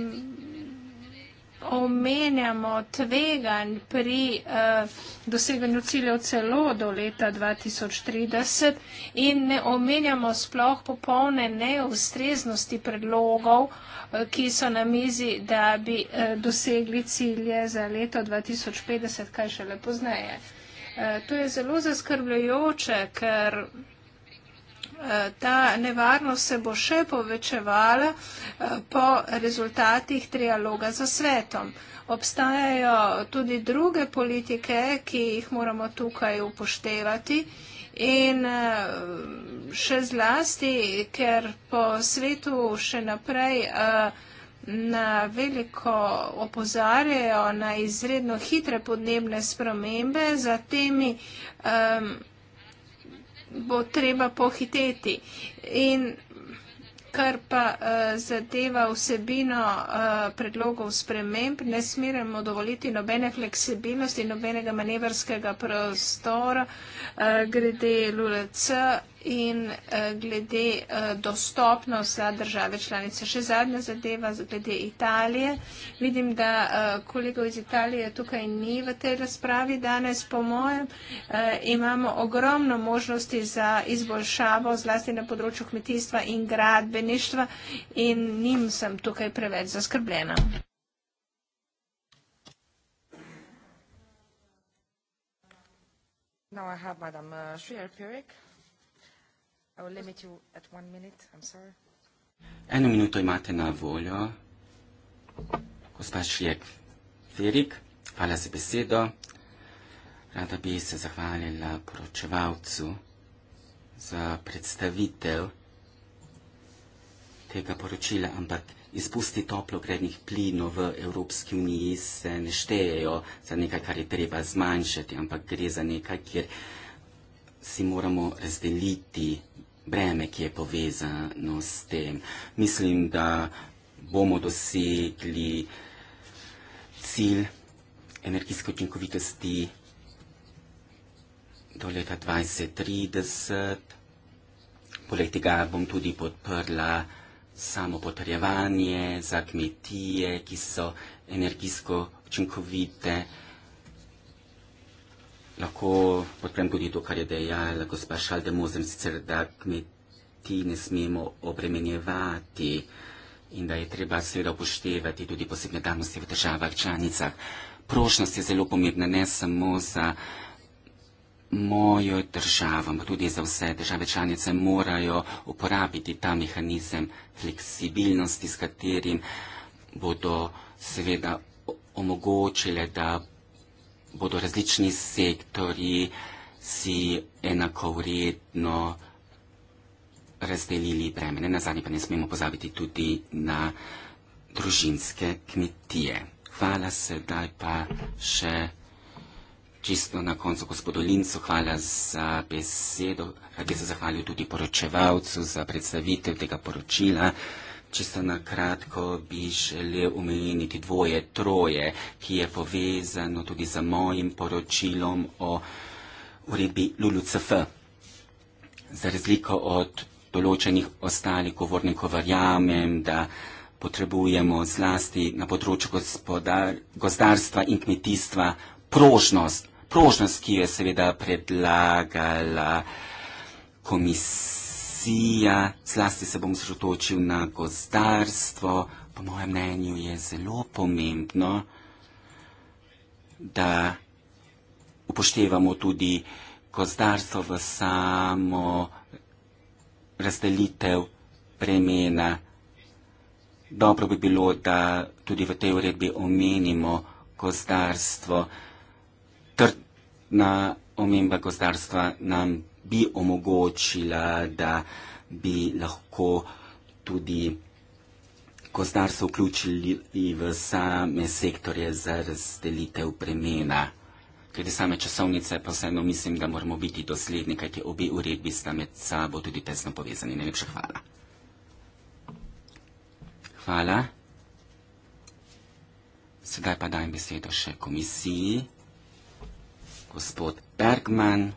omenjamo tveganj pri uh, doseganju ciljev celo do leta 2030 in ne omenjamo sploh popolne neustreznosti predlogov, uh, ki so na mizi, da bi uh, dosegli cilje za leto 2050, kaj še lepo znaje. Uh, to je zelo zaskrbljujoče, ker. Eh, ta nevarnost se bo še povečevala eh, po rezultatih trialoga za svetom. Obstajajo tudi druge politike, ki jih moramo tukaj upoštevati in eh, še zlasti, ker po svetu še naprej na veliko opozarjajo na izredno hitre podnebne spremembe, za temi um, bo treba pohiteti. In kar pa uh, zadeva vsebino uh, predlogov sprememb, ne smiremo dovoliti nobene fleksibilnosti, nobenega manevrskega prostora uh, glede LULC In eh, glede eh, dostopnost za države članice. Še zadnja zadeva glede Italije. Vidim, da eh, kolega iz Italije tukaj ni v tej razpravi danes. Po mojem imamo ogromno možnosti za izboljšavo, zlasti na področju kmetijstva in gradbeništva in njim sem tukaj preveč zaskrbljena. Now I have Madam uh, Schreier-Pyrick I will limit you at one minute. I'm sorry. Eno minuto imate na voljo. Gospa Šijek Ferik, hvala za besedo. Rada bi se zahvalila poročevalcu za predstavitev tega poročila, ampak izpusti toplogrednih plinov v Evropski uniji se ne štejejo za nekaj, kar je treba zmanjšati, ampak gre za nekaj, kjer si moramo razdeliti breme, ki je povezano s tem. Mislim, da bomo dosegli cilj energijske učinkovitosti do leta 2030. Poleg tega bom tudi podprla samo potrjevanje za kmetije, ki so energijsko učinkovite lahko podprem tudi to, kar je dejala gospa Šalde Mozem, sicer da kmeti ne smemo obremenjevati in da je treba seveda upoštevati tudi posebne danosti v državah, članicah. Prošnost je zelo pomembna, ne samo za mojo državo, ampak tudi za vse države članice morajo uporabiti ta mehanizem fleksibilnosti, s katerim bodo seveda omogočile, da bodo različni sektori si enakovredno razdelili bremene. Na zadnje pa ne smemo pozabiti tudi na družinske kmetije. Hvala sedaj pa še čisto na koncu gospodu Lincu. Hvala za besedo. Rad bi se zahvalil tudi poročevalcu za predstavitev tega poročila. Čisto na kratko bi želel omeniti dvoje, troje, ki je povezano tudi za mojim poročilom o uredbi LULUCF. Za razliko od določenih ostalih govornikov verjamem, da potrebujemo zlasti na področju gospodar, gozdarstva in kmetijstva prožnost, prožnost, ki jo je seveda predlagala komisija kmetija, zlasti se bom zrotočil na gozdarstvo. Po mojem mnenju je zelo pomembno, da upoštevamo tudi gozdarstvo v samo razdelitev premena. Dobro bi bilo, da tudi v tej uredbi omenimo gozdarstvo. Trdna omemba gozdarstva nam bi omogočila, da bi lahko tudi gozdarstvo vključili v same sektorje za razdelitev bremena. Glede same časovnice pa vseeno mislim, da moramo biti dosledni, kajti obe uredbi sta med sabo tudi tesno povezani. Najlepša hvala. Hvala. Sedaj pa dajem besedo še komisiji. Gospod Bergman.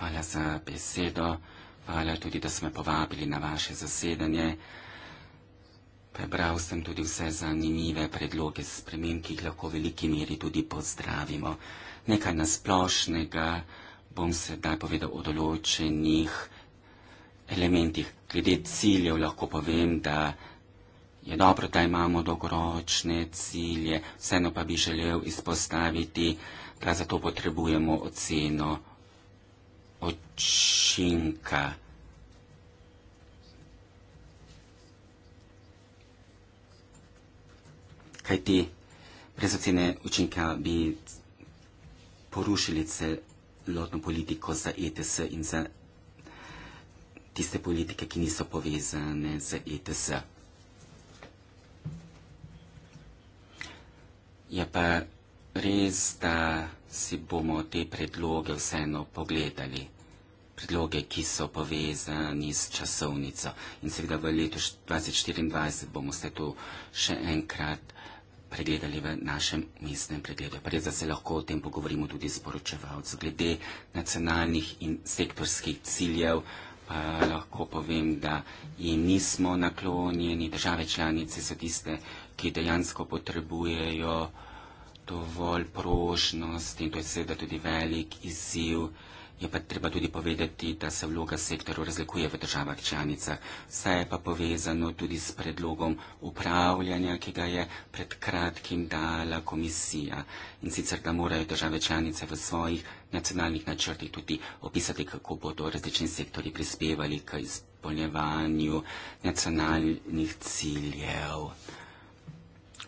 Hvala za besedo, hvala tudi, da ste me povabili na vaše zasedanje. Prebral sem tudi vse zanimive predloge spremem, ki jih lahko v veliki meri tudi pozdravimo. Nekaj nasplošnega bom sedaj povedal o določenih elementih. Glede ciljev lahko povem, da je dobro, da imamo dolgoročne cilje, vseeno pa bi želel izpostaviti, da za to potrebujemo oceno odcinka. Kaj ti brezocene učinka bi porušili celotno politiko za ETS in za tiste politike, ki niso povezane z ETS. Je pa res, da si bomo te predloge vseeno pogledali. Predloge, ki so povezani s časovnico. In seveda v letu 2024 bomo se to še enkrat pregledali v našem mestnem pregledu. Prej, da se lahko o tem pogovorimo tudi s poročevalcem. Glede nacionalnih in sektorskih ciljev, pa lahko povem, da jim nismo naklonjeni. Države članice so tiste, ki dejansko potrebujejo uh, dovolj prožnost in to je seveda tudi velik izziv. Je pa treba tudi povedati, da se vloga sektorov razlikuje v državah članicah. Vse je pa povezano tudi s predlogom upravljanja, ki ga je pred kratkim dala komisija. In sicer, da morajo države članice v svojih nacionalnih načrtih tudi opisati, kako bodo različni sektori prispevali k izpolnjevanju nacionalnih ciljev.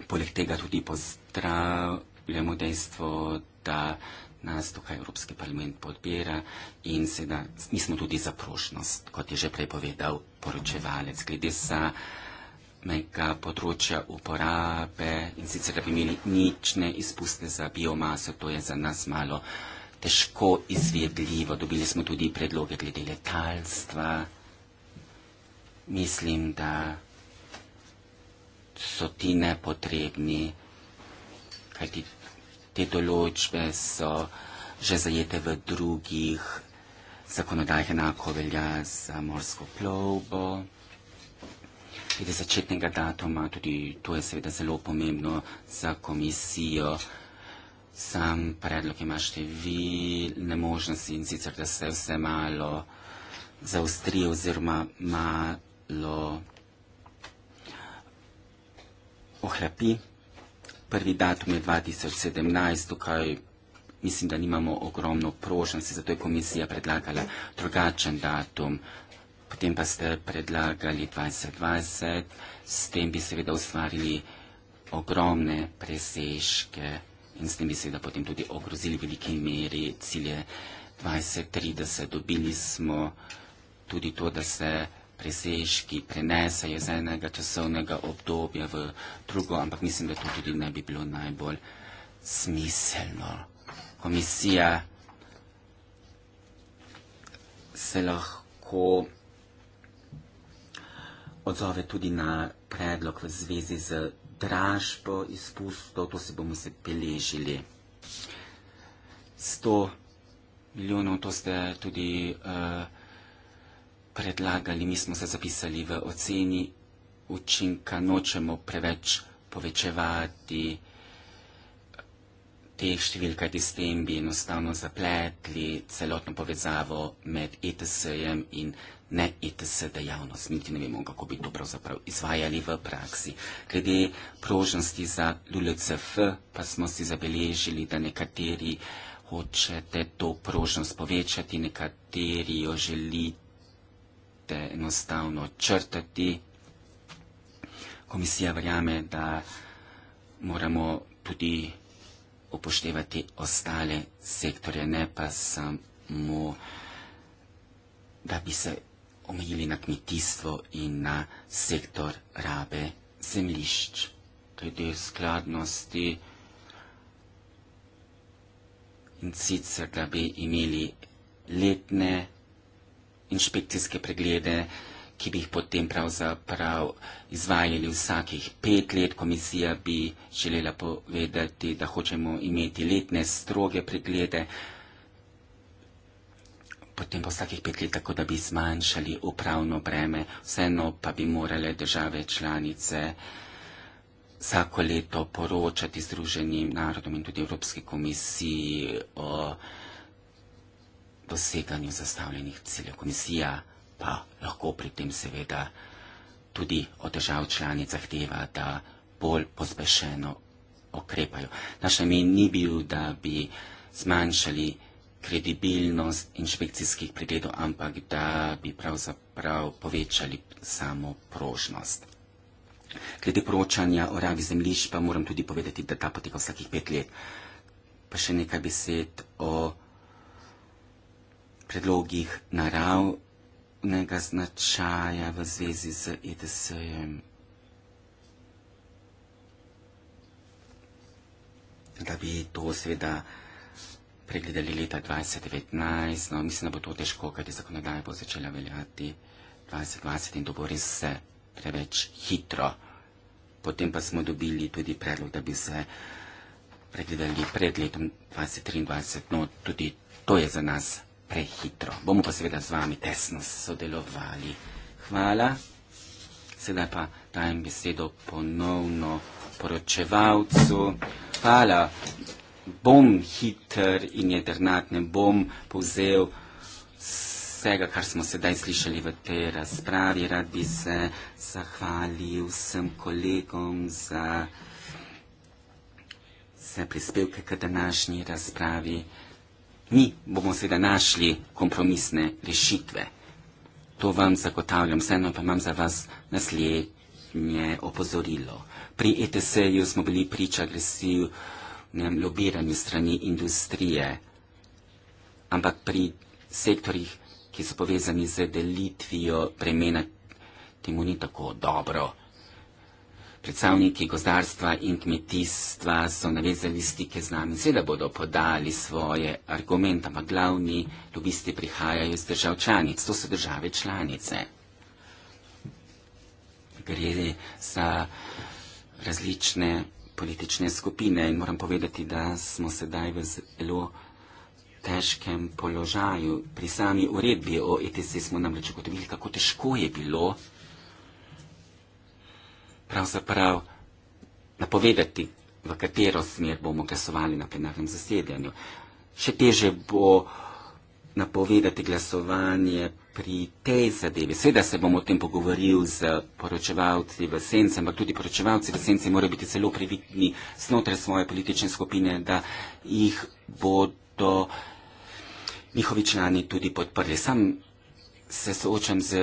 Poleg tega tudi pozdrav vemo dejstvo, da nas tukaj Evropski parlament podpira in seveda mi smo tudi za prošnost, kot je že prepovedal poročevalec, glede sa mega področja uporabe in sicer, da bi imeli nične izpuste za biomaso, to je za nas malo težko izvedljivo. Dobili smo tudi predloge glede letalstva. Mislim, da so ti nepotrebni kajti te določbe so že zajete v drugih zakonodajah, enako velja za morsko plovbo. Glede začetnega datuma, tudi to je seveda zelo pomembno za komisijo. Sam predlog ima številne možnosti in sicer, da se vse malo zaustri oziroma malo ohlapi prvi datum je 2017, tukaj mislim, da nimamo ogromno prožnosti, zato je komisija predlagala drugačen datum. Potem pa ste predlagali 2020, s tem bi seveda ustvarili ogromne presežke in s tem bi seveda potem tudi ogrozili veliki meri cilje 2030. Dobili smo tudi to, da se presežki prenesajo iz enega časovnega obdobja v drugo, ampak mislim, da to tudi ne bi bilo najbolj smiselno. Komisija se lahko odzove tudi na predlog v zvezi z dražbo izpustov, to se bomo se beležili. 100 milijonov, to ste tudi uh, predlagali, mi smo se zapisali v oceni učinka, nočemo preveč povečevati teh številk, kajti s tem bi enostavno zapletli celotno povezavo med ETS-jem in ne ETS dejavnost. Mi ti ne vemo, kako bi to pravzaprav izvajali v praksi. Glede prožnosti za LULCF pa smo si zabeležili, da nekateri hočete to prožnost povečati, nekateri jo želite morate enostavno črtati. Komisija verjame, da moramo tudi upoštevati ostale sektorje, ne pa samo, da bi se omejili na kmetijstvo in na sektor rabe zemljišč. Tudi v skladnosti in sicer, da bi imeli letne inšpekcijske preglede, ki bi jih potem pravzaprav izvajali vsakih pet let. Komisija bi želela povedati, da hočemo imeti letne stroge preglede, potem pa vsakih pet let, tako da bi zmanjšali upravno breme. Vseeno pa bi morale države članice vsako leto poročati Združenim narodom in tudi Evropski komisiji o. Uh, doseganju zastavljenih ciljev. Komisija pa lahko pri tem seveda tudi od držav članic zahteva, da bolj pospešeno okrepajo. Naš namen ni bil, da bi zmanjšali kredibilnost inšpekcijskih pregledov, ampak da bi pravzaprav povečali samo prožnost. Glede poročanja o rabi zemljišč pa moram tudi povedati, da ta poteka vsakih pet let. Pa še nekaj besed o predlogih naravnega značaja v zvezi z EDS-jem. Da bi to seveda pregledali leta 2019, no mislim, da bo to težko, kaj te zakonodaje bo začela veljati 2020 in to bo res vse preveč hitro. Potem pa smo dobili tudi predlog, da bi se pregledali pred letom 2023, no tudi to je za nas prehitro. Bomo pa seveda z vami tesno sodelovali. Hvala. Sedaj pa dajem besedo ponovno poročevalcu. Hvala. Bom hiter in jedrnat, ne bom povzel vsega, kar smo sedaj slišali v tej razpravi. Rad bi se zahvalil vsem kolegom za vse prispevke k današnji razpravi. Mi bomo seveda našli kompromisne rešitve. To vam zagotavljam, vseeno pa imam za vas naslednje opozorilo. Pri ETS-ju smo bili priča agresivnem lobiranju strani industrije, ampak pri sektorjih, ki so povezani z delitvijo premena, temu ni tako dobro predstavniki gozdarstva in kmetijstva so navezali stike z nami. Seveda bodo podali svoje argumente, ampak glavni lobisti prihajajo iz držav članic. To so države članice. Gre za različne politične skupine in moram povedati, da smo sedaj v zelo težkem položaju. Pri sami uredbi o ETC smo namreč ugotovili, kako težko je bilo pravzaprav napovedati, v katero smer bomo glasovali na plenarnem zasedanju. Še teže bo napovedati glasovanje pri tej zadevi. Seveda se bomo o tem pogovoril z poročevalci v sence, ampak tudi poročevalci v sence morajo biti zelo previdni znotraj svoje politične skupine, da jih bodo njihovi člani tudi podprli. Sam se soočam z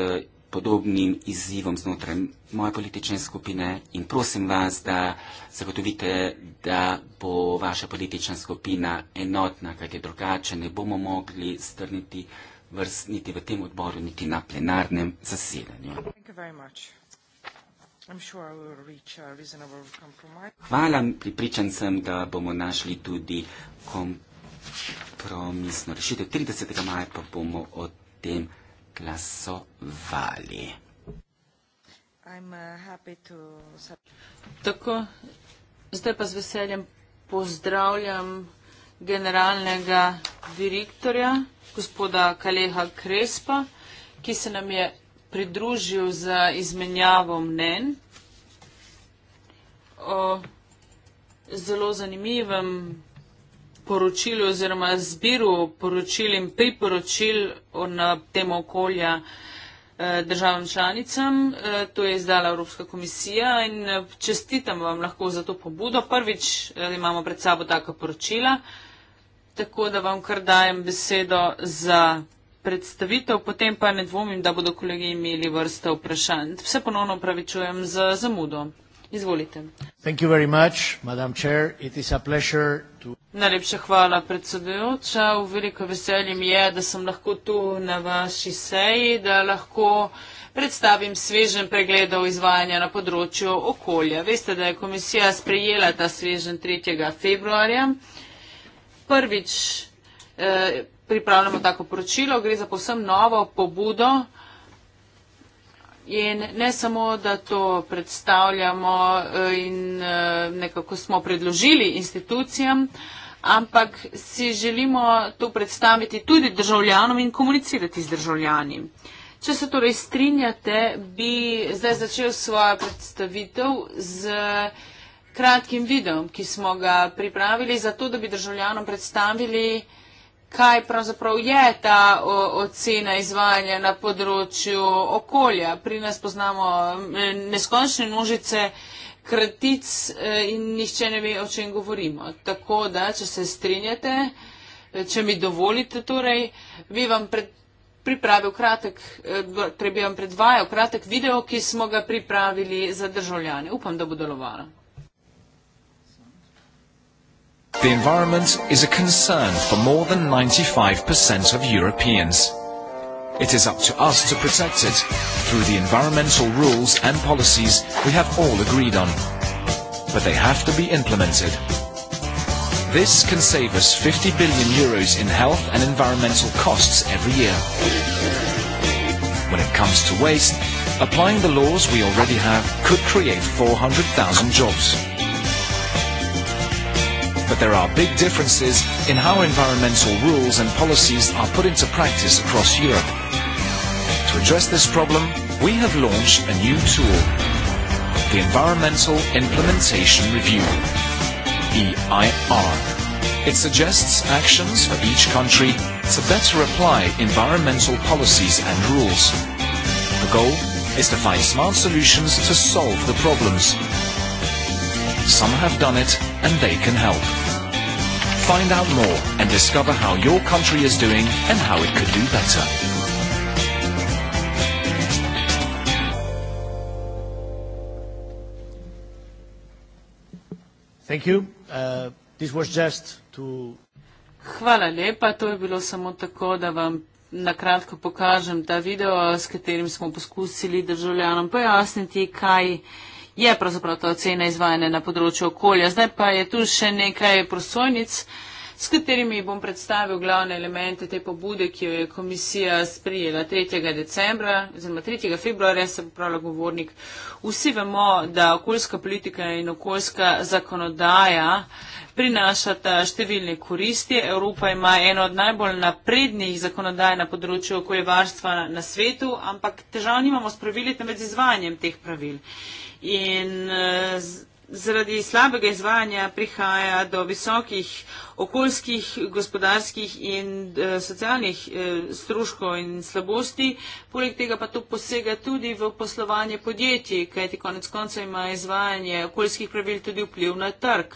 podobnim izzivom znotraj moje politične skupine in prosim vas, da zagotovite, da bo vaša politična skupina enotna, kajti drugače ne bomo mogli strniti vrst niti v tem odboru, niti na plenarnem zasedanju. Hvala, pripričan sem, da bomo našli tudi kompromisno rešitev. 30. maja pa bomo o tem glasovali. Uh, Tako, zdaj pa z veseljem pozdravljam generalnega direktorja, gospoda Kaleha Krespa, ki se nam je pridružil za izmenjavo mnen o zelo zanimivem poročilu oziroma zbiru poročil in priporočil na temo okolja eh, državam članicam. Eh, to je izdala Evropska komisija in eh, čestitam vam lahko za to pobudo. Prvič imamo pred sabo taka poročila, tako da vam kar dajem besedo za predstavitev, potem pa ne dvomim, da bodo kolegi imeli vrsta vprašanj. Vse ponovno upravičujem za zamudo. Izvolite. Thank you very much, Madam Chair. It is a pleasure to... Najlepša hvala, predsedujoča. V veliko veselje mi je, da sem lahko tu na vaši seji, da lahko predstavim svežen pregled izvajanja na področju okolja. Veste, da je komisija sprejela ta svežen 3. februarja. Prvič eh, pripravljamo tako poročilo, gre za povsem novo pobudo, eh, In ne samo, da to predstavljamo eh, in eh, nekako smo predložili institucijam, ampak si želimo to predstaviti tudi državljanom in komunicirati z državljani. Če se torej strinjate, bi zdaj začel svojo predstavitev z kratkim videom, ki smo ga pripravili, zato da bi državljanom predstavili, kaj pravzaprav je ta o, ocena izvajanja na področju okolja. Pri nas poznamo neskončne množice kratic e, in nihče ne ve, o čem govorimo. Tako da, če se strinjate, e, če mi dovolite, torej, bi vam pred. Pripravil kratek, prebijam e, torej predvajal kratek video, ki smo ga pripravili za državljane. Upam, da bo delovalo. The environment is a concern for more than 95% of Europeans. It is up to us to protect it through the environmental rules and policies we have all agreed on. But they have to be implemented. This can save us 50 billion euros in health and environmental costs every year. When it comes to waste, applying the laws we already have could create 400,000 jobs but there are big differences in how environmental rules and policies are put into practice across Europe. To address this problem, we have launched a new tool, the Environmental Implementation Review, EIR. It suggests actions for each country to better apply environmental policies and rules. The goal is to find smart solutions to solve the problems some have done it, and they can help. Find out more and discover how your country is doing and how it could do better. Thank you. Uh, this was just to... Hvala lepa, to je bilo samo tako, da vam nakratko pokažem ta video, s katerim smo poskusili državljanom pojasniti, kaj je pravzaprav ta ocena izvajanja na področju okolja. Zdaj pa je tu še nekaj prosojnic, s katerimi bom predstavil glavne elemente te pobude, ki jo je komisija sprijela 3. decembra, oziroma 3. februarja se bo pravila govornik. Vsi vemo, da okoljska politika in okoljska zakonodaja prinašata številne koristi. Evropa ima eno od najbolj naprednih zakonodaj na področju okoljevarstva na svetu, ampak težav nimamo s pravili, temveč z izvajanjem teh pravil in eh, zaradi slabega izvajanja prihaja do visokih okoljskih, gospodarskih in eh, socialnih eh, stroškov in slabosti. Poleg tega pa to posega tudi v poslovanje podjetij, kajti konec konca ima izvajanje okoljskih pravil tudi vpliv na trg.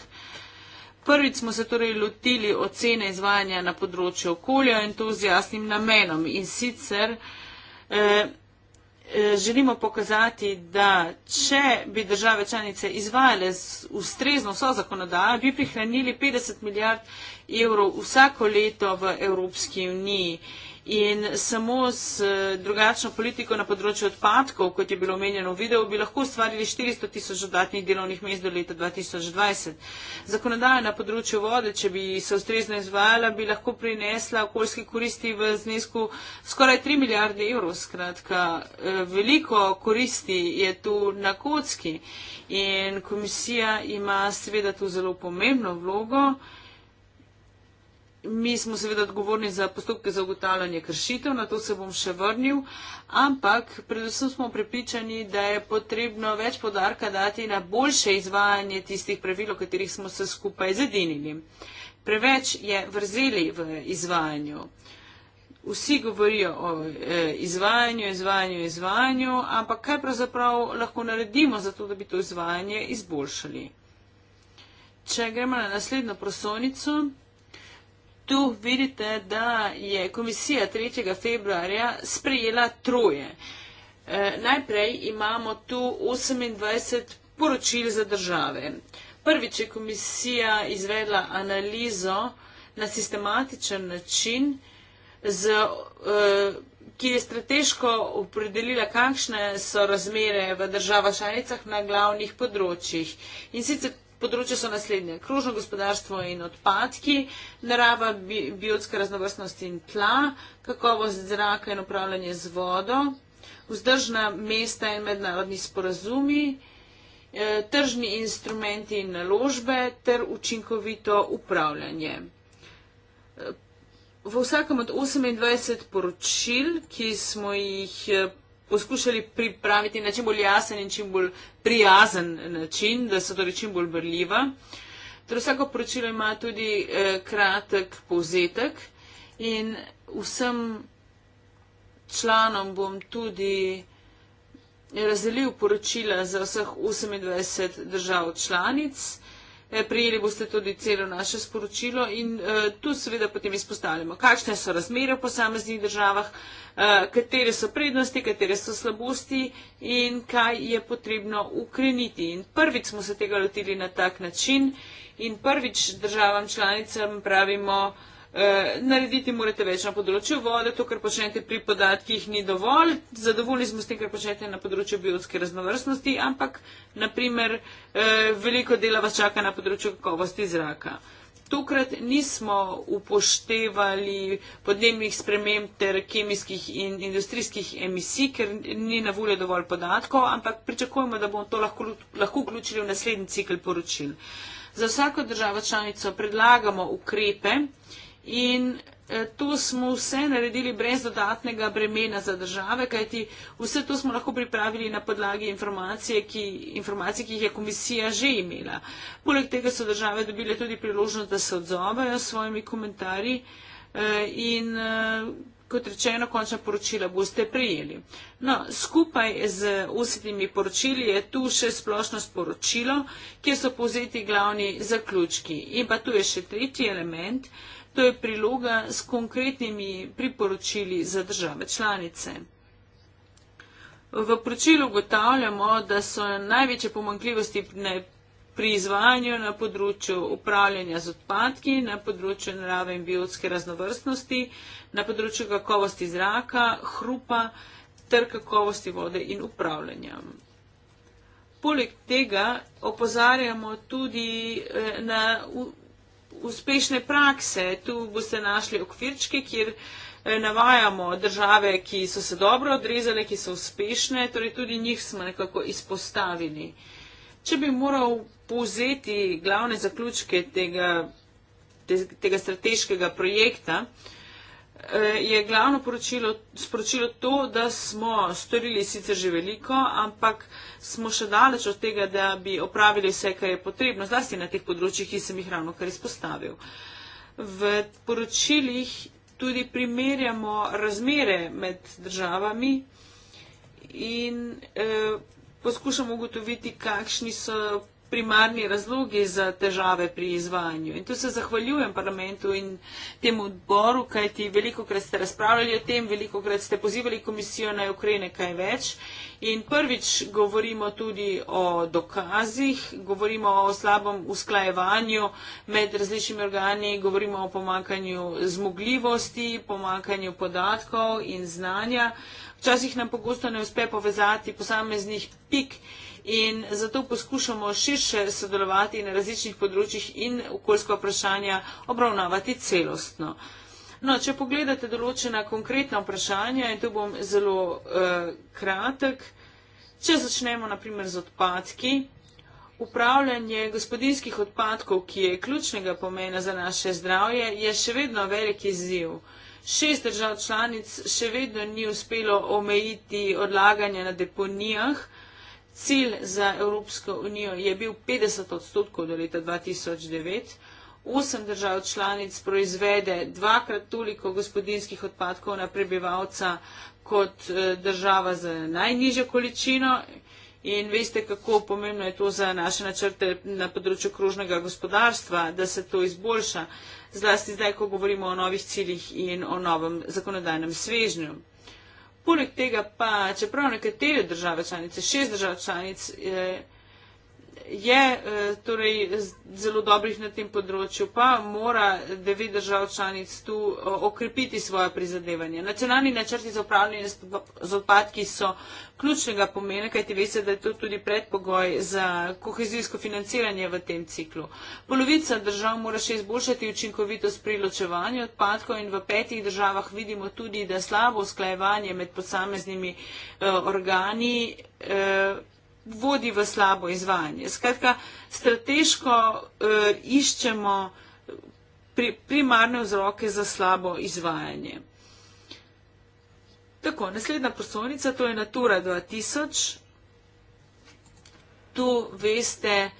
Prvič smo se torej lotili ocene izvajanja na področju okolja in to z jasnim namenom. In sicer eh, Eh, želimo pokazati, da če bi države članice izvajale ustrezno vso zakonodajo, bi prihranili 50 milijard evrov vsako leto v Evropski uniji. In samo s eh, drugačno politiko na področju odpadkov, kot je bilo omenjeno v videu, bi lahko ustvarili 400 tisoč dodatnih delovnih mest do leta 2020. Zakonodaja na področju vode, če bi se ustrezno izvajala, bi lahko prinesla okoljske koristi v znesku skoraj 3 milijarde evrov. Skratka, eh, veliko koristi je tu na kocki in komisija ima seveda tu zelo pomembno vlogo. Mi smo seveda odgovorni za postopke za ugotavljanje kršitev, na to se bom še vrnil, ampak predvsem smo prepričani, da je potrebno več podarka dati na boljše izvajanje tistih pravil, o katerih smo se skupaj zadinili. Preveč je vrzeli v izvajanju. Vsi govorijo o e, izvajanju, izvajanju, izvajanju, ampak kaj pravzaprav lahko naredimo za to, da bi to izvajanje izboljšali. Če gremo na naslednjo prosonico tu vidite, da je komisija 3. februarja sprejela troje. E, najprej imamo tu 28 poročil za države. Prvič je komisija izvedla analizo na sistematičen način, z, e, ki je strateško opredelila, kakšne so razmere v državah članicah na glavnih področjih. In sicer Področja so naslednje: kružno gospodarstvo in odpadki, narava, biotska raznovrstnost in tla, kakovost zraka in upravljanje z vodo, vzdržna mesta in mednarodni sporazumi, eh, tržni instrumenti in naložbe ter učinkovito upravljanje. Eh, v vsakem od 28 poročil, ki smo jih eh, poskušali pripraviti na čim bolj jasen in čim bolj prijazen način, da so torej čim bolj brljiva. Torej vsako poročilo ima tudi eh, kratek povzetek in vsem članom bom tudi razdelil poročila za vseh 28 držav članic. Eh, prijeli boste tudi celo naše sporočilo in eh, tu seveda potem izpostavljamo, kakšne so razmere v posameznih državah, eh, katere so prednosti, katere so slabosti in kaj je potrebno ukreniti. In prvič smo se tega lotili na tak način in prvič državam članicam pravimo, da Eh, narediti morate več na področju vode, to, kar počnete pri podatkih, ni dovolj. Zadovoljni smo s tem, kar počnete na področju biotske raznovrstnosti, ampak, naprimer, eh, veliko dela vas čaka na področju kakovosti zraka. Tokrat nismo upoštevali podnebnih sprememb ter kemijskih in industrijskih emisij, ker ni na voljo dovolj podatkov, ampak pričakujemo, da bomo to lahko, lahko vključili v naslednji cikl poročil. Za vsako državo članico predlagamo ukrepe, In eh, to smo vse naredili brez dodatnega bremena za države, kajti vse to smo lahko pripravili na podlagi informacije, ki, informacije, ki jih je komisija že imela. Poleg tega so države dobile tudi priložnost, da se odzovejo s svojimi komentarji eh, in eh, kot rečeno, končna poročila boste prijeli. No, skupaj z osebnimi poročili je tu še splošno sporočilo, kjer so povzeti glavni zaključki. In pa tu je še tretji element, To je priloga s konkretnimi priporočili za države članice. V poročilu ugotavljamo, da so največje pomankljivosti pri izvajanju na področju upravljanja z odpadki, na področju narave in biotske raznovrstnosti, na področju kakovosti zraka, hrupa ter kakovosti vode in upravljanja. Poleg tega opozarjamo tudi eh, na uspešne prakse. Tu boste našli okvirčke, kjer eh, navajamo države, ki so se dobro odrezale, ki so uspešne, torej tudi njih smo nekako izpostavili. Če bi moral povzeti glavne zaključke tega, tega strateškega projekta, Eh, je glavno poročilo, sporočilo to, da smo storili sicer že veliko, ampak smo še daleč od tega, da bi opravili vse, kar je potrebno, zlasti na teh področjih, ki sem jih ravno kar izpostavil. V poročilih tudi primerjamo razmere med državami in eh, poskušamo ugotoviti, kakšni so primarni razlogi za težave pri izvajanju. In tu se zahvaljujem parlamentu in temu odboru, kajti veliko krat ste razpravljali o tem, veliko krat ste pozivali komisijo naj ukrene kaj več. In prvič govorimo tudi o dokazih, govorimo o slabem usklajevanju med različnimi organi, govorimo o pomankanju zmogljivosti, pomankanju podatkov in znanja. Včasih nam pogosto ne uspe povezati posameznih pik in zato poskušamo širše sodelovati na različnih področjih in okoljsko vprašanje obravnavati celostno. No, če pogledate določena konkretna vprašanja, in to bom zelo eh, kratek, če začnemo naprimer z odpadki, upravljanje gospodinskih odpadkov, ki je ključnega pomena za naše zdravje, je še vedno velik izziv. Šest držav članic še vedno ni uspelo omejiti odlaganja na deponijah, cilj za Evropsko unijo je bil 50 odstotkov do leta 2009. Osem držav članic proizvede dvakrat toliko gospodinskih odpadkov na prebivalca kot eh, država z najnižjo količino. In veste, kako pomembno je to za naše načrte na področju krožnega gospodarstva, da se to izboljša, zlasti zdaj, ko govorimo o novih ciljih in o novem zakonodajnem svežnju. Poleg tega pa, čeprav nekatere države članice, šest držav članic, eh, je eh, torej zelo dobrih na tem področju, pa mora devet držav članic tu okrepiti svoje prizadevanje. Nacionalni načrti za upravljanje z odpadki so ključnega pomena, kajti veste, da je to tudi predpogoj za kohezijsko financiranje v tem ciklu. Polovica držav mora še izboljšati učinkovitost pri ločevanju odpadkov in v petih državah vidimo tudi, da slabo usklajevanje med posameznimi uh, organi uh, vodi v slabo izvajanje. Skratka, strateško uh, iščemo eh, pri, primarne vzroke za slabo izvajanje. Tako, naslednja prostornica, to je Natura 2000. Tu veste,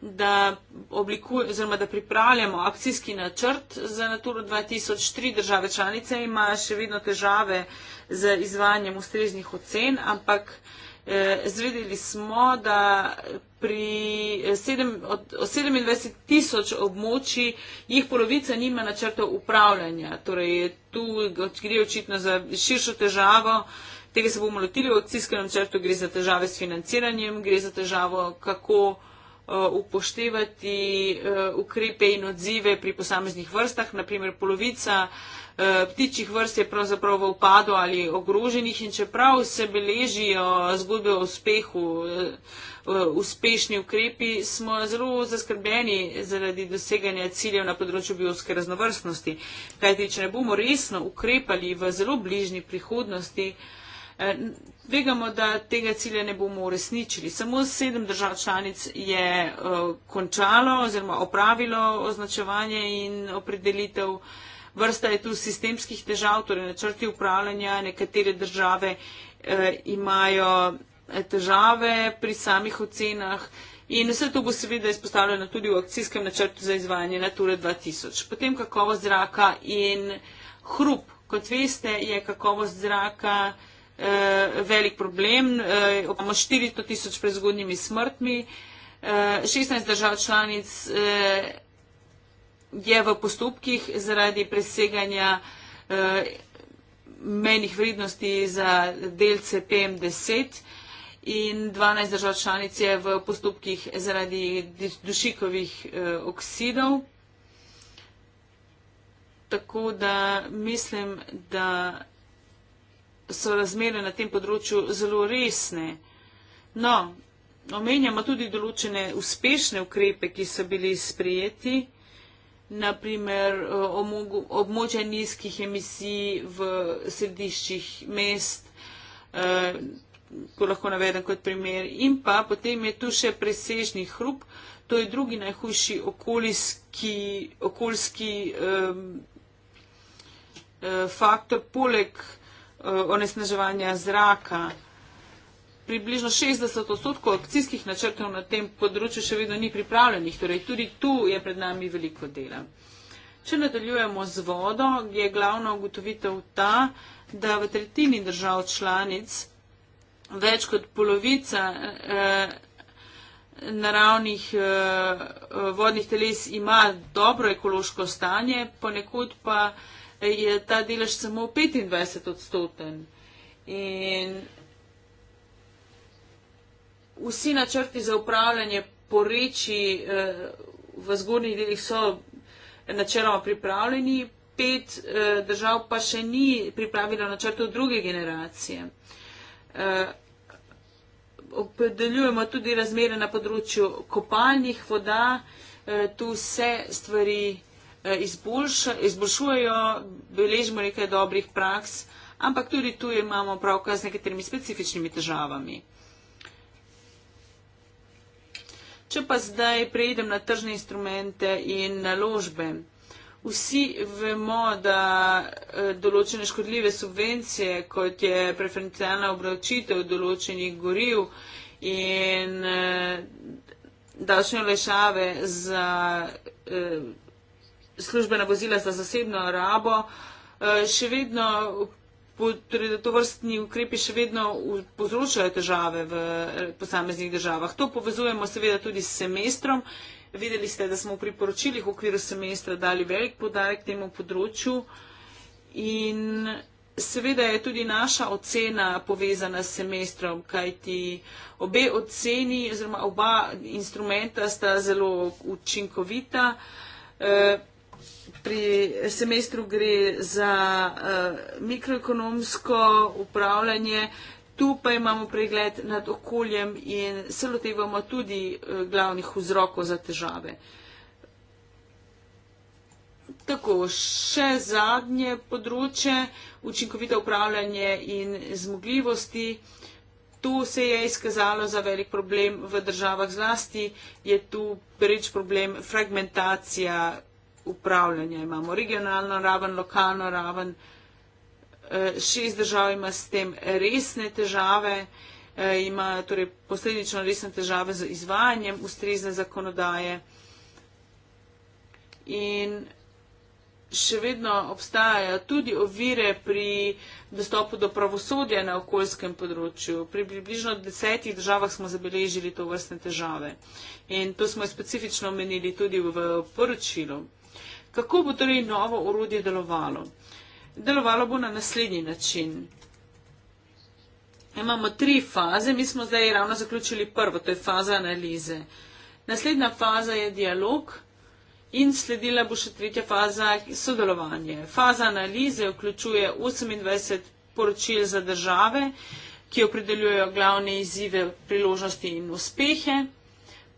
da, oziroma, da pripravljamo akcijski načrt za Natura 2003. Države članice imajo še vedno težave z izvajanjem ustreznih ocen, ampak uh, Eh, zvedeli smo, da pri 7, eh, od, od 27 tisoč območij jih polovica nima načrta upravljanja. Torej, tu gre očitno za širšo težavo. Tega se bomo lotili v akcijskem načrtu, gre za težave s financiranjem, gre za težavo, kako eh, upoštevati ukrepe in odzive pri posameznih vrstah. Naprimer, polovica Eh, ptičjih vrst je pravzaprav v upadu ali ogroženih in čeprav se beležijo zgodbe o uspehu, eh, eh, uspešni ukrepi, smo zelo zaskrbljeni zaradi doseganja ciljev na področju biotske raznovrstnosti. Kajti, če ne bomo resno ukrepali v zelo bližnji prihodnosti, Vegamo, da tega cilja ne bomo uresničili. Samo sedem držav članic je uh, končalo oziroma opravilo označevanje in opredelitev uh, vrsta je tu sistemskih težav, torej načrti upravljanja. Nekatere države eh, imajo eh, težave pri samih ocenah in vse to bo seveda izpostavljeno tudi v akcijskem načrtu za izvajanje Nature 2000. Potem kakovost zraka in hrup. Kot veste, je kakovost zraka eh, velik problem. Eh, imamo 400 tisoč prezgodnjimi smrtmi. Eh, 16 držav članic. Eh, je v postopkih zaradi preseganja uh, eh, menjih vrednosti za delce PM10 in 12 držav članic je v postopkih zaradi dušikovih uh, oksidov. Tako da mislim, da so razmere na tem področju zelo resne. No, omenjamo tudi določene uspešne ukrepe, ki so bili sprejeti naprimer eh, območja nizkih emisij v središčih mest, eh, to lahko navedem kot primer. In pa potem je tu še presežni hrup, to je drugi najhujši okoljski, okoljski um, faktor poleg uh, onesnaževanja zraka približno 60 odstotkov akcijskih načrtov na tem področju še vedno ni pripravljenih, torej tudi tu je pred nami veliko dela. Če nadaljujemo z vodo, je glavna ugotovitev ta, da v tretjini držav članic več kot polovica eh, naravnih eh, vodnih teles ima dobro ekološko stanje, ponekod pa je ta delež samo 25 odstoten. In vsi načrti za upravljanje po reči eh, v zgornjih delih so načeloma pripravljeni, pet eh, držav pa še ni pripravilo načrtov druge generacije. Eh, Opredeljujemo tudi razmere na področju kopalnih voda, eh, tu se stvari eh, izboljša, izboljšujejo, beležimo nekaj dobrih praks, ampak tudi tu imamo pravka z nekaterimi specifičnimi težavami. Če pa zdaj prejdem na tržne instrumente in naložbe, vsi vemo, da eh, določene škodljive subvencije, kot je preferencialna obročitev določenih goriv in eh, davčne olešave za eh, službena vozila za zasebno rabo, še vedno torej, da to vrstni ukrepi še vedno povzročajo težave v eh, posameznih državah. To povezujemo seveda tudi s semestrom. Videli ste, da smo v priporočilih v okviru semestra dali velik podarek temu področju. In seveda je tudi naša ocena povezana s semestrom, kajti obe oceni oziroma oba instrumenta sta zelo učinkovita. E, pri semestru gre za eh, mikroekonomsko upravljanje. Tu pa imamo pregled nad okoljem in se lotevamo tudi eh, glavnih vzrokov za težave. Tako, še zadnje področje, učinkovito upravljanje in zmogljivosti. Tu se je izkazalo za velik problem v državah zlasti, je tu preč problem fragmentacija upravljanja. Imamo regionalno raven, lokalno raven, eh, šest držav ima s tem resne težave, eh, ima torej posledično resne težave z izvajanjem ustrezne zakonodaje. In še vedno obstajajo tudi ovire pri dostopu do pravosodja na okoljskem področju. Pri približno desetih državah smo zabeležili to vrstne težave. In to smo specifično omenili tudi v poročilu. Kako bo torej novo orodje delovalo? Delovalo bo na naslednji način. Imamo tri faze, mi smo zdaj ravno zaključili prvo, to je faza analize. Naslednja faza je dialog in sledila bo še tretja faza sodelovanje. Faza analize vključuje 28 poročil za države, ki opredeljujejo glavne izzive, priložnosti in uspehe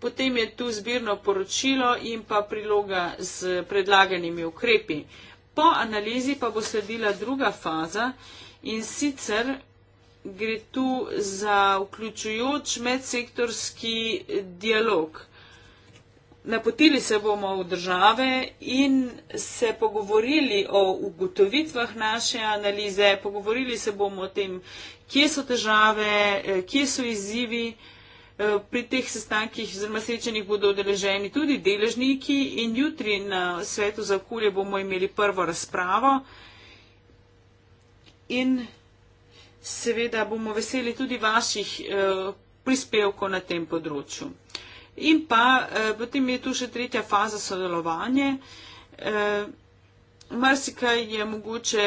potem je tu zbirno poročilo in pa priloga z predlaganimi ukrepi. Po analizi pa bo sledila druga faza in sicer gre tu za vključujoč medsektorski dialog. Napotili se bomo v države in se pogovorili o ugotovitvah naše analize, pogovorili se bomo o tem, kje so težave, eh, kje so izzivi. Eh, pri teh sestankih oziroma srečanjih bodo odeleženi tudi deležniki in jutri na svetu za okolje bomo imeli prvo razpravo. In seveda bomo veseli tudi vaših eh, prispevkov na tem področju. In pa eh, potem je tu še tretja faza sodelovanje. Marsikaj je mogoče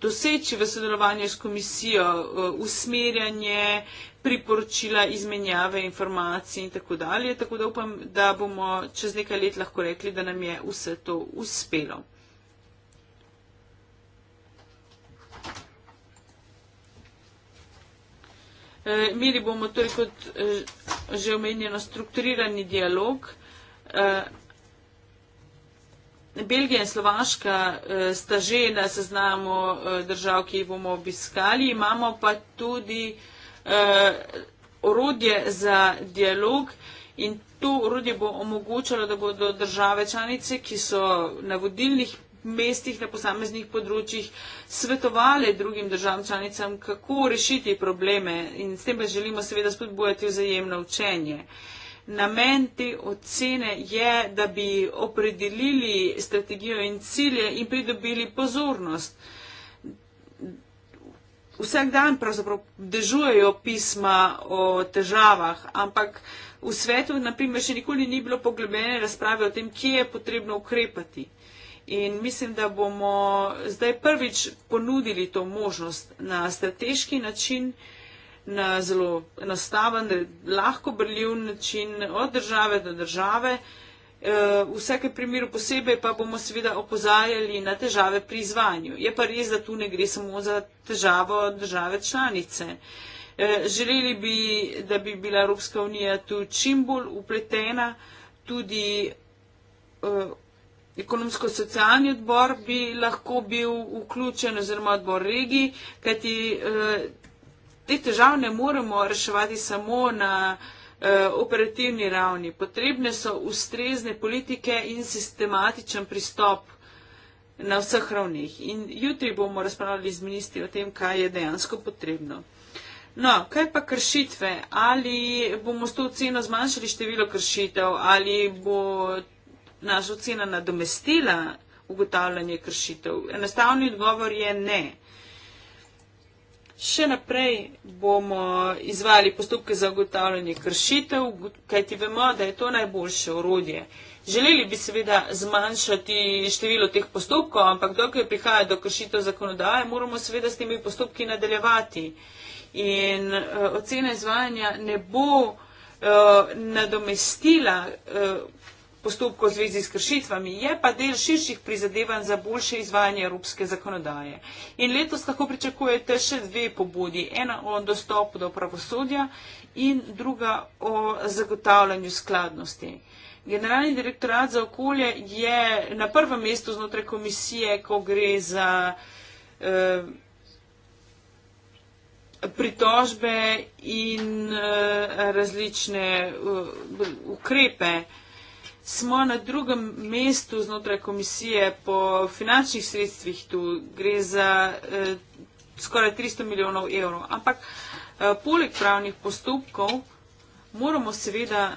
doseči v sodelovanju s komisijo eh, usmerjanje, priporočila, izmenjave informacij in tako dalje. Tako da upam, da bomo čez nekaj let lahko rekli, da nam je vse to uspelo. Eh, imeli bomo torej kot eh, že omenjeno strukturirani dialog. Belgija in Slovaška eh, sta že na seznamu eh, držav, ki jih bomo obiskali. Imamo pa tudi eh, orodje za dialog in to orodje bo omogočalo, da bodo države članice, ki so na vodilnih mestih na posameznih področjih svetovali drugim državam članicam, kako rešiti probleme in s tem pa želimo seveda spodbujati vzajemno učenje. Uh, Namen te ocene je, da bi opredelili strategijo in cilje in pridobili pozornost. Vsak dan pravzaprav dežujejo pisma o težavah, ampak v svetu, naprimer, še nikoli ni bilo poglobljene razprave o tem, kje je potrebno ukrepati. In mislim, da bomo zdaj prvič ponudili to možnost na strateški način na zelo enostaven, lahko brljiv način, od države do države. V eh, vsakem primeru posebej pa bomo seveda opozarjali na težave pri izvanju. Je pa res, da tu ne gre samo za težavo države članice. Eh, želeli bi, da bi bila Evropska unija tu čim bolj upletena, tudi eh, ekonomsko-socialni odbor bi lahko bil vključen oziroma odbor regij, kajti te težave ne moremo reševati samo na eh, operativni ravni. Potrebne so ustrezne politike in sistematičen pristop na vseh ravnih. In jutri bomo razpravljali z ministri o tem, kaj je dejansko potrebno. No, kaj pa kršitve? Ali bomo s to oceno zmanjšali število kršitev? Ali bo naša ocena nadomestila ugotavljanje kršitev? Enostavni odgovor je ne. Še naprej bomo izvajali postopke za ugotavljanje kršitev, kajti vemo, da je to najboljše orodje. Želeli bi seveda zmanjšati število teh postopkov, ampak dokaj prihaja do kršitev zakonodaje, moramo seveda s temi postopki nadaljevati. In uh, ocena izvajanja ne bo uh, nadomestila uh, postopkov v zvezi s kršitvami, je pa del širših prizadevanj za boljše izvajanje evropske zakonodaje. In letos lahko pričakujete še dve pobudi, ena o dostopu do pravosodja in druga o zagotavljanju skladnosti. Generalni direktorat za okolje je na prvem mestu znotraj komisije, ko gre za eh, pritožbe in eh, različne eh, ukrepe smo na drugem mestu znotraj komisije po finančnih sredstvih, tu gre za eh, skoraj 300 milijonov evrov. Ampak eh, poleg pravnih postopkov moramo seveda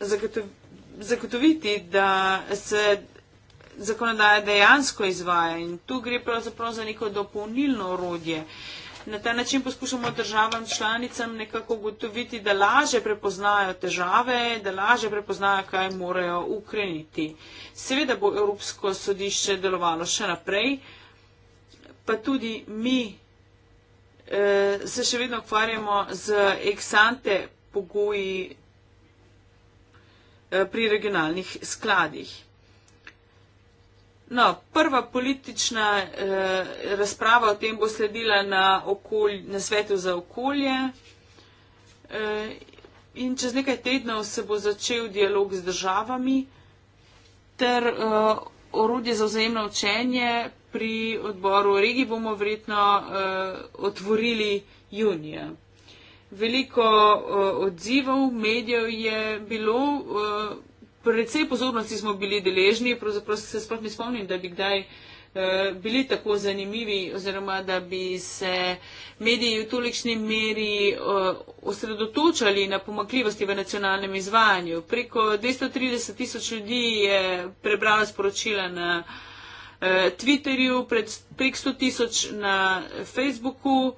zagotov zagotoviti, da se zakonodaja dejansko izvaja in tu gre pravzaprav za neko dopolnilno orodje. Eh, na ta način poskušamo državam članicam nekako ugotoviti, da laže prepoznajo težave, da laže prepoznajo, kaj morajo ukreniti. Seveda bo Evropsko sodišče delovalo še naprej, pa tudi mi eh, se še vedno ukvarjamo z eksante pogoji eh, pri regionalnih skladih. No, prva politična eh, razprava o tem bo sledila na, okolj, na svetu za okolje eh, in čez nekaj tednov se bo začel dialog z državami ter eh, orodje za vzajemno učenje pri odboru regi bomo verjetno eh, otvorili junija. Veliko eh, odzivov medijev je bilo. Eh, precej pozornosti smo bili deležni, pravzaprav se sploh ne spomnim, da bi kdaj eh, bili tako zanimivi oziroma da bi se mediji v tolikšni meri eh, osredotočali na pomakljivosti v nacionalnem izvajanju. Preko 230 tisoč ljudi je prebrala sporočila na eh, Twitterju, prek 100 tisoč na Facebooku.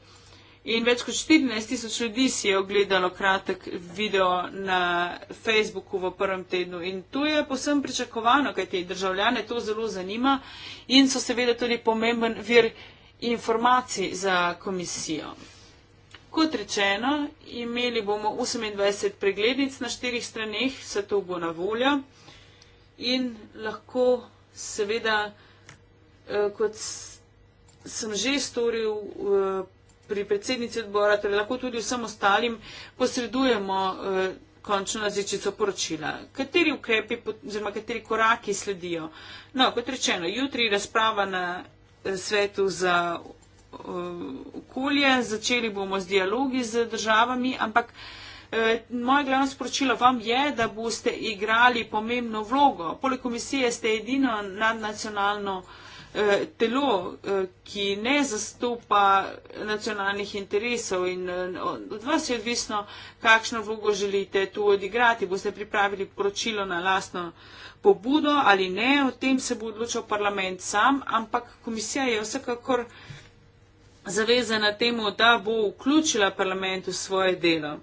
In več kot 14 tisoč ljudi si je ogledalo kratek video na Facebooku v prvem tednu. In tu je posebno pričakovano, kaj te državljane to zelo zanima in so seveda tudi pomemben vir informacij za komisijo. Kot rečeno, imeli bomo 28 preglednic na štirih straneh, vse to bo na voljo in lahko seveda, eh, kot sem že storil, eh, pri predsednici odbora, torej lahko tudi vsem ostalim posredujemo eh, končno različico poročila. Kateri ukrepi oziroma kateri koraki sledijo? No, kot rečeno, jutri razprava na eh, svetu za eh, okolje, začeli bomo z dialogi z državami, ampak eh, Moje glavno sporočilo vam je, da boste igrali pomembno vlogo. Poleg komisije ste edino nadnacionalno uh, Eh, telo, eh, ki ne zastopa nacionalnih interesov in eh, od vas je odvisno, kakšno vlogo želite tu odigrati. Boste pripravili poročilo na lastno pobudo ali ne, o tem se bo odločil parlament sam, ampak komisija je vsekakor zavezana temu, da bo vključila parlament v svoje delo.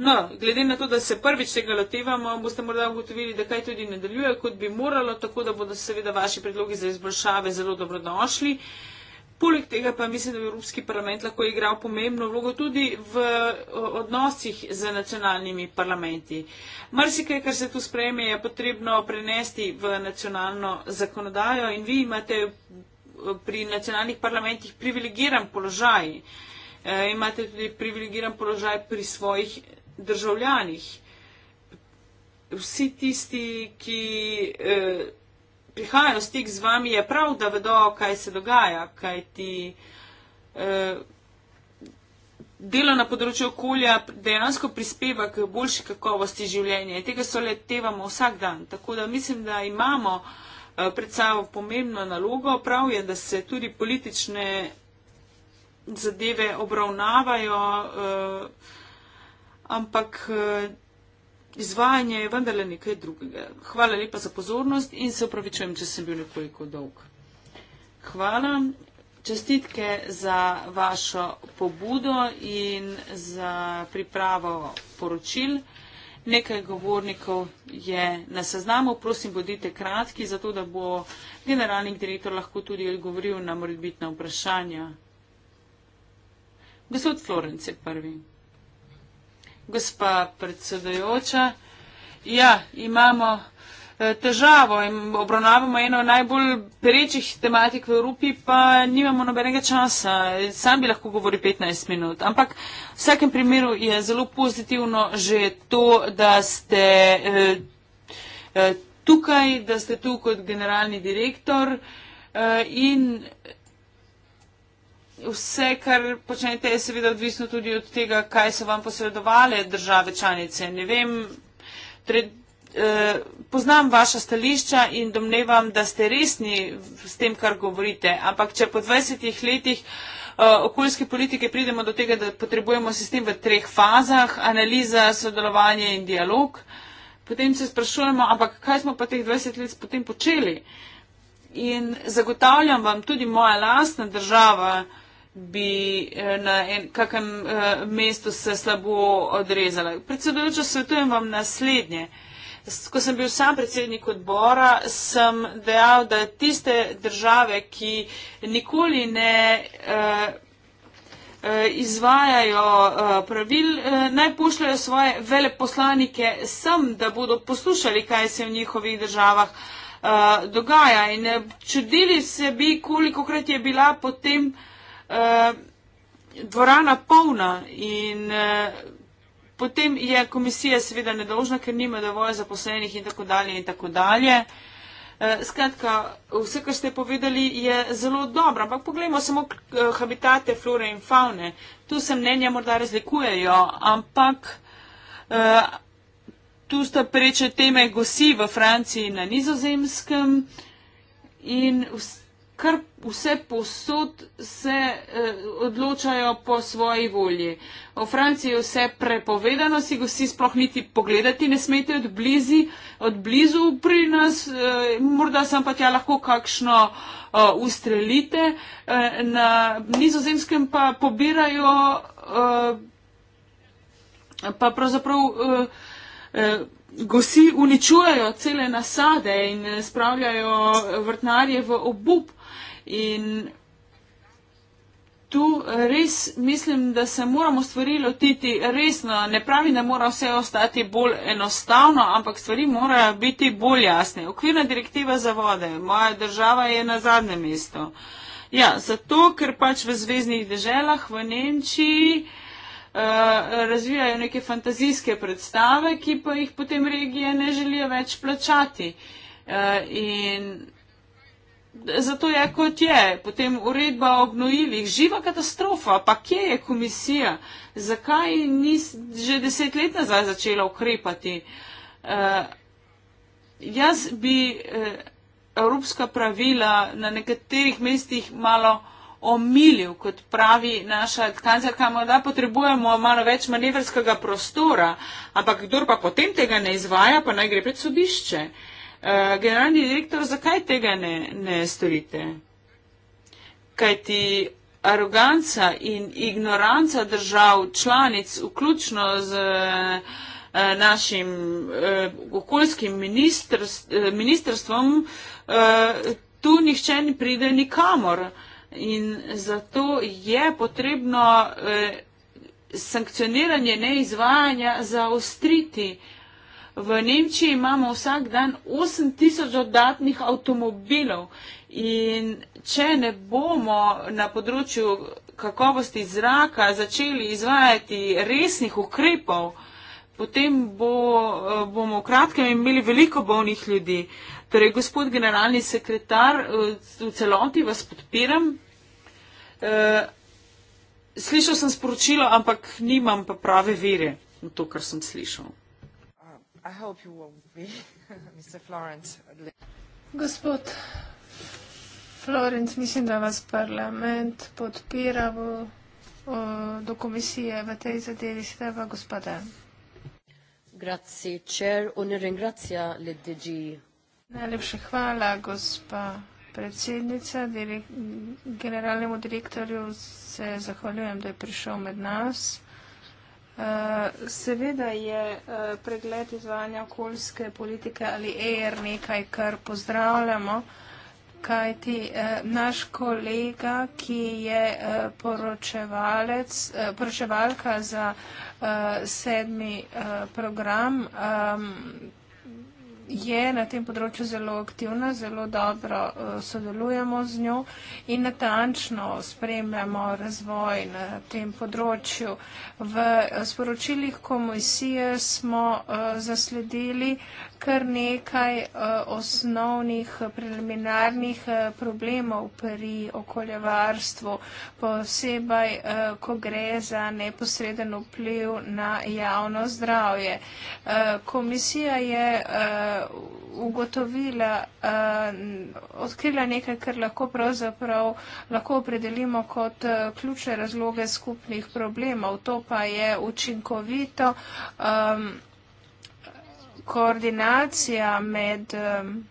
No, glede na to, da se prvič tega lotevamo, boste morda ugotovili, da kaj tudi nadaljuje, kot bi moralo, tako da bodo seveda vaši predlogi za izboljšave zelo dobrodošli. Poleg tega pa mislim, da bi Evropski parlament lahko igral pomembno vlogo tudi v odnosih z nacionalnimi parlamenti. Marsikaj, kar se tu spreme, je potrebno prenesti v nacionalno zakonodajo in vi imate pri nacionalnih parlamentih privilegiran položaj. E, imate tudi privilegiran položaj pri svojih državljanih, vsi tisti, ki eh, prihajajo v stik z vami, je prav, da vedo, kaj se dogaja, kaj ti eh, delo na področju okolja dejansko prispeva k boljši kakovosti življenja. Tega se letevamo vsak dan. Tako da mislim, da imamo eh, pred sabo pomembno nalogo. Prav je, da se tudi politične zadeve obravnavajo. Eh, ampak eh, izvajanje je vendarle nekaj drugega. Hvala lepa za pozornost in se upravičujem, če sem bil nekoliko dolg. Hvala, čestitke za vašo pobudo in za pripravo poročil. Nekaj govornikov je na seznamu, prosim, bodite kratki, zato da bo generalni direktor lahko tudi odgovoril na morebitna vprašanja. Gospod Florence prvi gospa predsedajoča. Ja, imamo eh, težavo in obravnavamo eno najbolj perečih tematik v Evropi, pa nimamo nobenega časa. Sam bi lahko govoril 15 minut, ampak v vsakem primeru je zelo pozitivno že to, da ste eh, eh, tukaj, da ste tu kot generalni direktor in vse, kar počnete, je seveda odvisno tudi od tega, kaj so vam posredovali države članice. Ne vem, pred, eh, poznam vaša stališča in domnevam, da ste resni s tem, kar govorite, ampak če po 20 letih eh, okoljske politike pridemo do tega, da potrebujemo sistem v treh fazah, analiza, sodelovanje in dialog, potem se sprašujemo, ampak kaj smo pa teh 20 let potem počeli. In zagotavljam vam tudi moja lastna država, bi eh, na en, kakem uh, mestu se slabo odrezala. Predsedujoča, svetujem vam naslednje. Ko sem bil sam predsednik odbora, sem dejal, da tiste države, ki nikoli ne uh, uh, izvajajo uh, pravil, uh, naj pošljajo svoje veleposlanike sem, da bodo poslušali, kaj se v njihovih državah uh, dogaja. In uh, čudili se bi, koliko krat je bila potem uh, eh, dvorana polna in eh, potem je komisija seveda nedolžna, ker nima dovolj zaposlenih in tako dalje in tako dalje. Eh, skratka, vse, kar ste povedali, je zelo dobro, ampak pogledajmo samo eh, habitate flore in faune. Tu se mnenja morda razlikujejo, ampak eh, tu sta preče teme gosi v Franciji in na nizozemskem in kar vse posod se eh, odločajo po svoji volji. V Franciji je vse prepovedano, si ga vsi sploh niti pogledati ne smete od blizu, od blizu pri nas, eh, morda sem pa tja lahko kakšno eh, ustrelite. Eh, na nizozemskem pa pobirajo, eh, pa pravzaprav. Eh, eh, Gosi uničujejo cele nasade in eh, spravljajo eh, vrtnarje v obup. In tu res mislim, da se moramo stvari lotiti resno. Ne pravim, da mora vse ostati bolj enostavno, ampak stvari morajo biti bolj jasne. Okvirna direktiva za vode, moja država je na zadnjem mestu. Ja, zato, ker pač v zvezdnih deželah, v Nemčiji. Uh, razvijajo neke fantazijske predstave, ki pa jih potem regije ne želijo več plačati. Uh, in zato je kot je. Potem uredba o gnojivih, živa katastrofa, pa kje je komisija, zakaj ni že deset let nazaj začela ukrepati. Uh, jaz bi uh, evropska pravila na nekaterih mestih malo omilil, kot pravi naša kancelka, morda potrebujemo malo več manevrskega prostora, ampak kdor pa potem tega ne izvaja, pa naj gre pred sodišče. Uh, Eh, generalni direktor, zakaj tega ne, ne storite? Kaj ti aroganca in ignoranca držav članic, vključno z eh, našim eh, okoljskim ministrst, eh, ministrstvom, eh, tu nihče ni pride nikamor. In zato je potrebno eh, sankcioniranje neizvajanja zaostriti. Eh, V Nemčiji imamo vsak dan 8000 dodatnih avtomobilov in če ne bomo na področju kakovosti zraka začeli izvajati resnih ukrepov, potem bo, eh, bomo v kratkem imeli veliko bolnih ljudi. Torej, gospod generalni sekretar, eh, v celoti vas podpiram. Eh, slišal sem sporočilo, ampak nimam pa prave vere v to, kar sem slišal. I hope you won't be, Mr. Florence. Gospod Florence, mislim, da vas parlament podpira v, v, do komisije v tej zadevi, ste pa gospoda. Grazie, chair, un ringrazia le DG. Najlepša hvala, gospa predsednica, direk, generalnemu direktorju se zahvaljujem, da je prišel med nas. Eh, seveda je eh, pregled izvajanja okoljske politike ali ER nekaj, kar pozdravljamo, kajti eh, naš kolega, ki je poročevalec, poročevalka za sedmi program, ehm, je na tem področju zelo aktivna, zelo dobro eh, sodelujemo z njo in natančno spremljamo razvoj na tem področju. V eh, sporočilih komisije smo eh, zasledili, kar nekaj uh, osnovnih preliminarnih uh, problemov pri okoljevarstvu, posebej, uh, ko gre za neposreden vpliv na javno zdravje. Uh, komisija je uh, ugotovila, uh, odkrila nekaj, kar lahko pravzaprav lahko opredelimo kot uh, ključne razloge skupnih problemov. To pa je učinkovito. Um, koordinacija med um,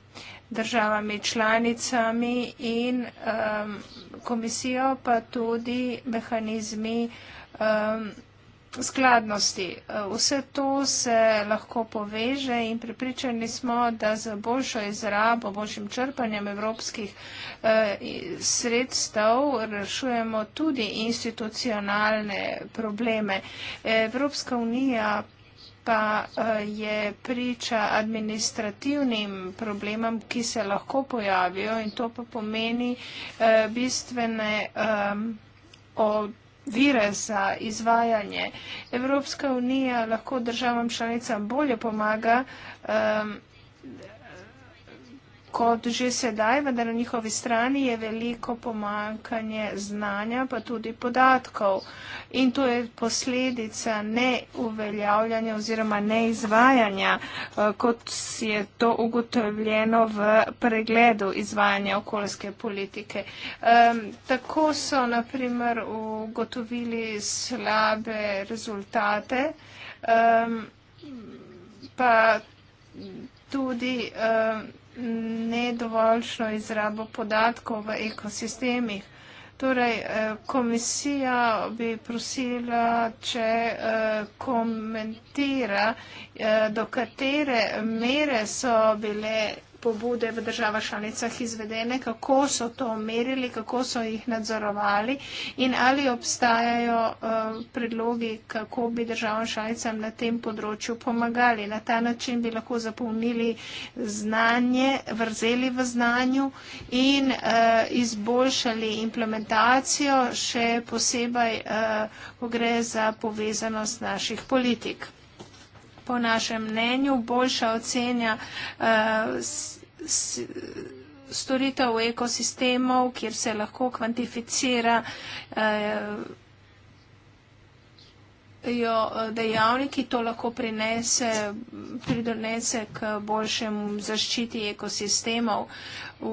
državami članicami in um, komisijo, pa tudi mehanizmi um, skladnosti. Uh, vse to se lahko poveže in pripričani smo, da za boljšo izrabo, boljšim črpanjem evropskih eh, sredstev rešujemo tudi institucionalne probleme. Evropska unija pa eh, je priča administrativnim problemam, ki se lahko pojavijo in to pa pomeni eh, bistvene vire za izvajanje. Evropska unija lahko državam članicam bolje pomaga, kot že sedaj, vendar na njihovi strani je veliko pomankanje znanja, pa tudi podatkov. In to je posledica neuveljavljanja oziroma neizvajanja, eh, kot je to ugotovljeno v pregledu izvajanja okoljske politike. Tako so, na primer, ugotovili slabe rezultate, pa tudi nedovoljšno izrabo podatkov v ekosistemih. Torej, eh, komisija bi prosila, če eh, komentira, eh, do katere mere so bile pobude v državah članicah izvedene, kako so to merili, kako so jih nadzorovali in ali obstajajo eh, predlogi, kako bi državam članicam na tem področju pomagali. Na ta način bi lahko zapolnili znanje, vrzeli v znanju in eh, izboljšali implementacijo, še posebej, eh, ko gre za povezanost naših politik po našem mnenju boljša ocenja eh, storitev ekosistemov, kjer se lahko kvantificira eh, eh, dejavniki, to lahko prinese, pridonese k boljšemu zaščiti ekosistemov.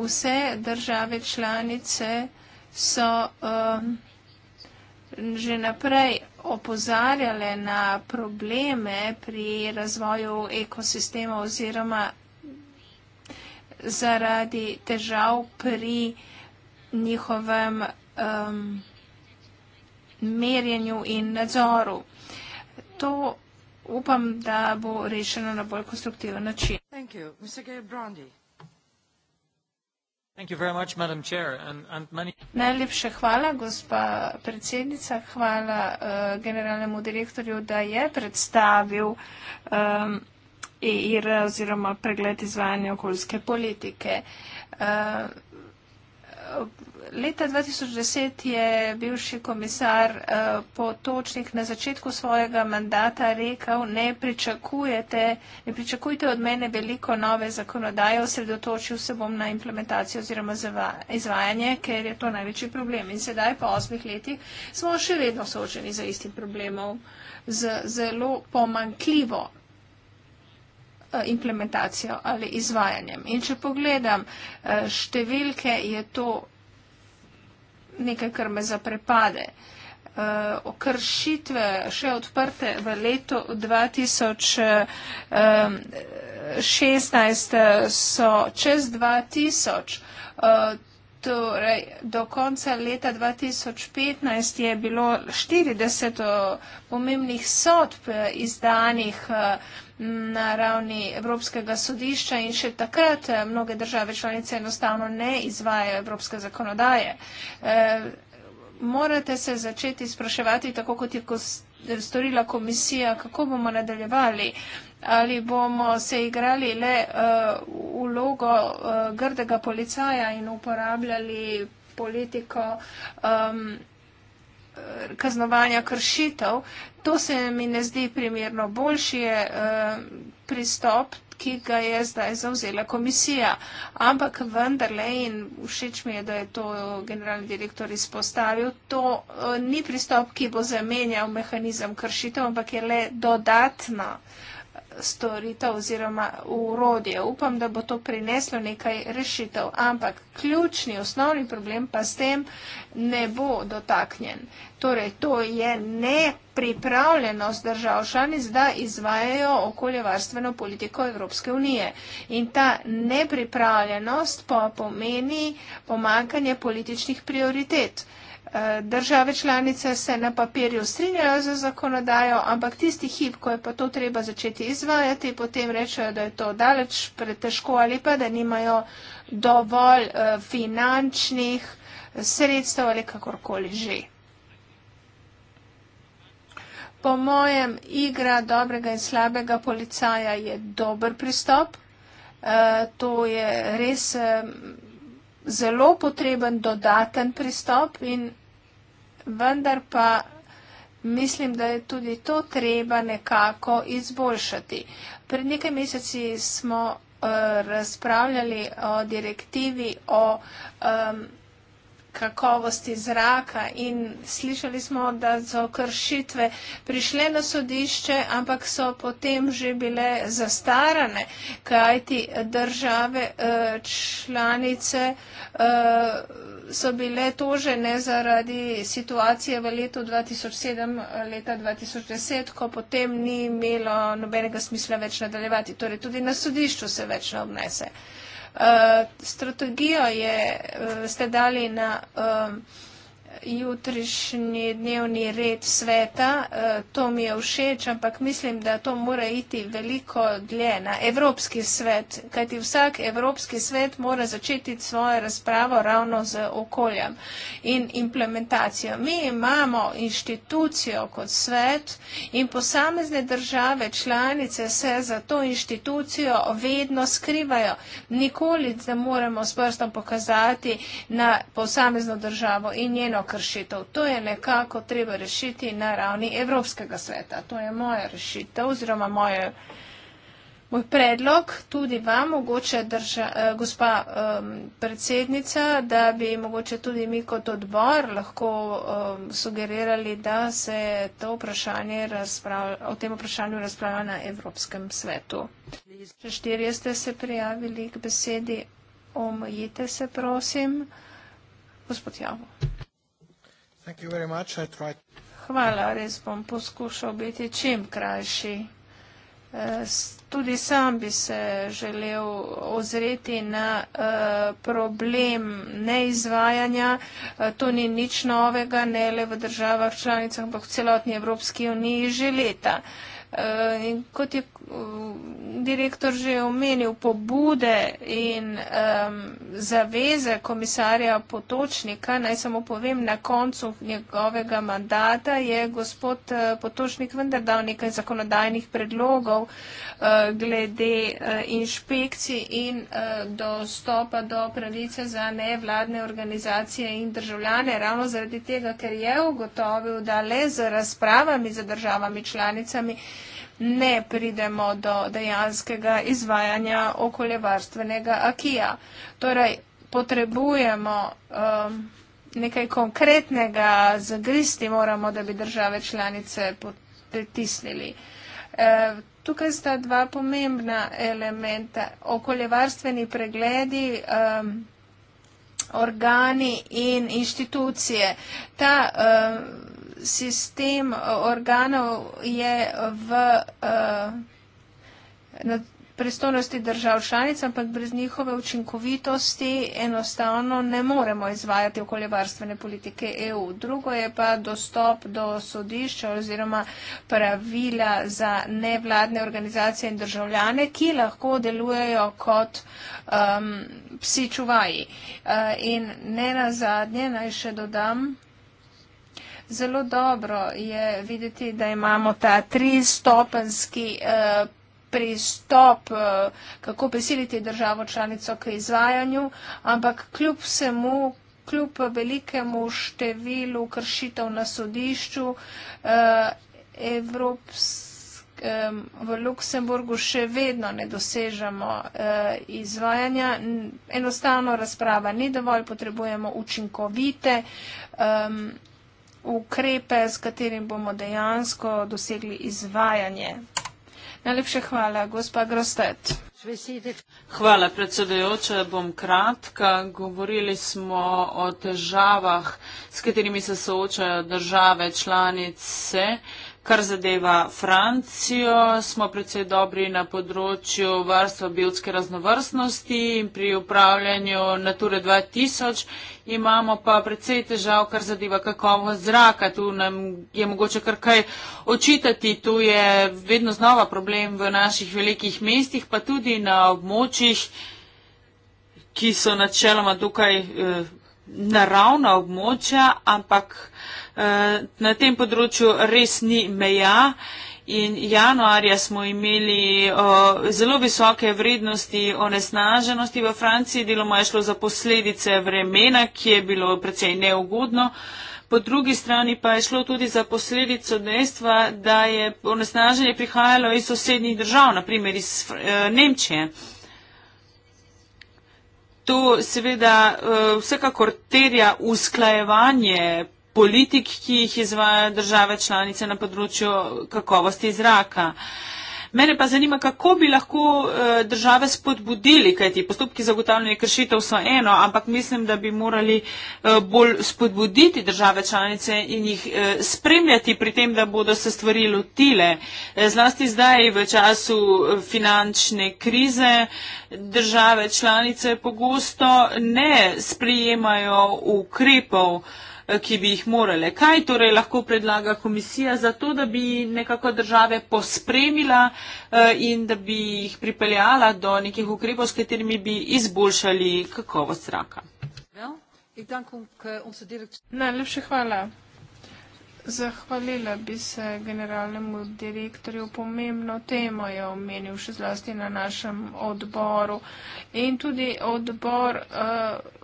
Vse države članice so um, že naprej opozarjale na probleme pri razvoju ekosistema oziroma zaradi težav pri njihovem um, merjenju in nadzoru. To upam, da bo rešeno na bolj konstruktiven način. Thank you. Mr. Najlepša hvala, gospa predsednica. Hvala uh, generalnemu direktorju, da je predstavil um, EIR oziroma pregled izvajanja okoljske politike. Uh, leta 2010 je bivši komisar eh, Potočnik na začetku svojega mandata rekel, ne pričakujete, ne pričakujte od mene veliko nove zakonodaje, osredotočil se bom na implementacijo oziroma izvajanje, ker je to največji problem. In sedaj po osmih letih smo še vedno soočeni za istim problemom, z zelo pomankljivo Eh, implementacijo ali izvajanjem. In če pogledam eh, številke, je to nekaj, kar me zaprepade. Eh, okršitve še odprte v letu 2016 so čez 2000 torej do konca leta 2015 je bilo 40 eh, pomembnih sodb eh, izdanih eh, na ravni Evropskega sodišča in še takrat mnoge države članice enostavno ne izvajajo evropske zakonodaje. Morate se začeti spraševati, tako kot je storila komisija, kako bomo nadaljevali ali bomo se igrali le uh, vlogo uh, grdega policaja in uporabljali politiko um, kaznovanja kršitev. To se mi ne zdi primerno boljši uh, pristop, ki ga je zdaj zauzela komisija. Ampak vendarle, in všeč mi je, da je to generalni direktor izpostavil, to uh, ni pristop, ki bo zamenjal mehanizem kršitev, ampak je le dodatna uh, storitev oziroma urodje. Upam, da bo to prineslo nekaj rešitev, ampak ključni, osnovni problem pa s tem ne bo dotaknjen. Torej, to je nepripravljenost držav članic, da izvajajo okoljevarstveno politiko Evropske unije. In ta nepripravljenost pa pomeni pomankanje političnih prioritet. Eh, države članice se na papirju strinjajo z zakonodajo, ampak tisti hip, ko je pa to treba začeti izvajati, potem rečejo, da je to daleč pretežko ali pa da nimajo dovolj eh, finančnih eh, sredstev ali kakorkoli že. Po mojem, igra dobrega in slabega policaja je dober pristop. To je res zelo potreben dodaten pristop in vendar pa mislim, da je tudi to treba nekako izboljšati. Pred nekaj meseci smo uh, razpravljali o direktivi o um, kakovosti zraka in slišali smo, da so kršitve prišle na sodišče, ampak so potem že bile zastarane, kajti države eh, članice eh, so bile tožene zaradi situacije v letu 2007, leta 2010, ko potem ni imelo nobenega smisla več nadaljevati. Torej tudi na sodišču se več ne obnese. Eh, strategijo je, eh, ste dali na um, jutrišnji dnevni red sveta. Eh, to mi je všeč, ampak mislim, da to mora iti veliko dlje na Evropski svet, kajti vsak Evropski svet mora začeti svojo razpravo ravno z okoljem in implementacijo. Mi imamo inštitucijo kot svet in posamezne države članice se za to inštitucijo vedno skrivajo. Nikoli ne moremo s prstom pokazati na posamezno državo in njeno kraj kršitev. To je nekako treba rešiti na ravni Evropskega sveta. To je moja rešitev oziroma moje, moj predlog tudi vam, mogoče drža, eh, gospa um, predsednica, da bi mogoče tudi mi kot odbor lahko um, sugerirali, da se to vprašanje o tem vprašanju razpravlja na Evropskem svetu. Še štirje ste se prijavili k besedi. Omejite se, prosim. Gospod Javo. Hvala, res bom poskušal biti čim krajši. Eh, tudi sam bi se želel ozreti na eh, problem neizvajanja. Eh, to ni nič novega, ne le v državah članicah, ampak v celotni Evropski uniji že leta. In kot je direktor že omenil pobude in um, zaveze komisarja Potočnika. Naj samo povem, na koncu njegovega mandata je gospod eh, Potočnik vendar dal nekaj zakonodajnih predlogov uh, glede uh, inšpekcij in uh, dostopa do pravice za nevladne organizacije in državljane. Ravno zaradi tega, ker je ugotovil, da le z razpravami za državami članicami ne pridemo do dejanskega izvajanja okoljevarstvenega akija. Torej, potrebujemo um, nekaj konkretnega, zagristi moramo, da bi države članice pritisnili. E, tukaj sta dva pomembna elementa. Okoljevarstveni pregledi. Um, organi in inštitucije. Ta um, sistem eh, organov je v uh, pristojnosti držav članic, ampak brez njihove učinkovitosti enostavno ne moremo izvajati okoljevarstvene politike EU. Drugo je pa dostop do sodišča oziroma pravila za nevladne organizacije in državljane, ki lahko delujejo kot um, psi čuvaji. Uh, in ne na zadnje, naj še dodam, zelo dobro je videti, da imamo ta tristopenski eh, pristop, eh, kako besiliti državo članico k izvajanju, ampak kljub vsemu, kljub velikemu številu kršitev na sodišču, eh, Evropsk, v Luksemburgu še vedno ne dosežemo izvajanja. Enostavno razprava ni dovolj, potrebujemo učinkovite ukrepe, s katerim bomo dejansko dosegli izvajanje. Najlepše hvala, gospa Grostet. Hvala, predsedajoče. Bom kratka. Govorili smo o težavah, s katerimi se soočajo države članice. Kar zadeva Francijo, smo predvsej dobri na področju varstva biotske raznovrstnosti in pri upravljanju Nature 2000 imamo pa predvsej težav, kar zadeva kakovost zraka. Tu nam je mogoče kar kaj očitati. Tu je vedno znova problem v naših velikih mestih, pa tudi na območjih, ki so načeloma tukaj eh, naravna območja, ampak. Eh, Eh, na tem področju res ni meja. In januarja smo imeli o, zelo visoke vrednosti onesnaženosti v Franciji, deloma je šlo za posledice vremena, ki je bilo precej neugodno. Po drugi strani pa je šlo tudi za posledico dejstva, da je onesnaženje prihajalo iz sosednjih držav, naprimer iz e, Nemčije. To seveda e, vsekakor terja usklajevanje politik, ki jih izvajajo države članice na področju kakovosti zraka. Mene pa zanima, kako bi lahko eh, države spodbudili, kajti postopki zagotavljanja kršitev so eno, ampak mislim, da bi morali eh, bolj spodbuditi države članice in jih eh, spremljati pri tem, da bodo se stvari lotile. Zlasti zdaj v času finančne krize države članice pogosto ne sprijemajo ukrepov. Eh, ki bi jih morale. Kaj torej lahko predlaga komisija za to, da bi nekako države pospremila eh, in da bi jih pripeljala do nekih ukrepov, s katerimi bi izboljšali kakovost zraka? Eh, Najlepše hvala. Zahvalila bi se generalnemu direktorju. Pomembno temo je omenil še zlasti na našem odboru. In tudi odbor uh,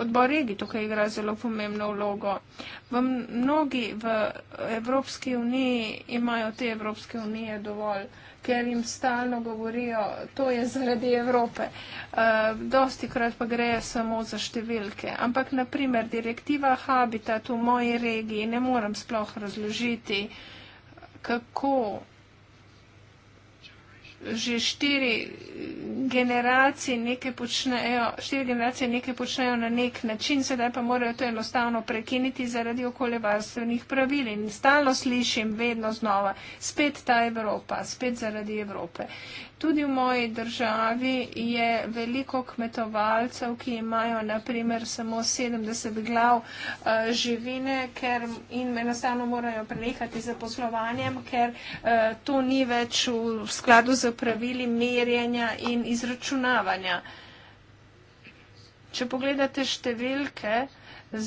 odbor regij tukaj igra zelo pomembno vlogo. V mnogi v Evropski uniji imajo te Evropske unije dovolj, ker jim stalno govorijo, to je zaradi Evrope. E, eh, dosti krat pa gre samo za številke. Ampak, naprimer, direktiva Habitat v moji regiji ne morem sploh razložiti, kako že štiri generacije nekaj počnejo, štiri generacije nekaj počnejo na nek način, sedaj pa morajo to enostavno prekiniti zaradi okoljevarstvenih pravil. In stalno slišim, vedno znova, spet ta Evropa, spet zaradi Evrope. Uh, Tudi v moji državi je veliko kmetovalcev, ki imajo naprimer samo 70 glav uh, živine ker, in enostavno morajo prenehati z poslovanjem, ker uh, to ni več v skladu z pravili merjenja in izračunavanja. Če pogledate številke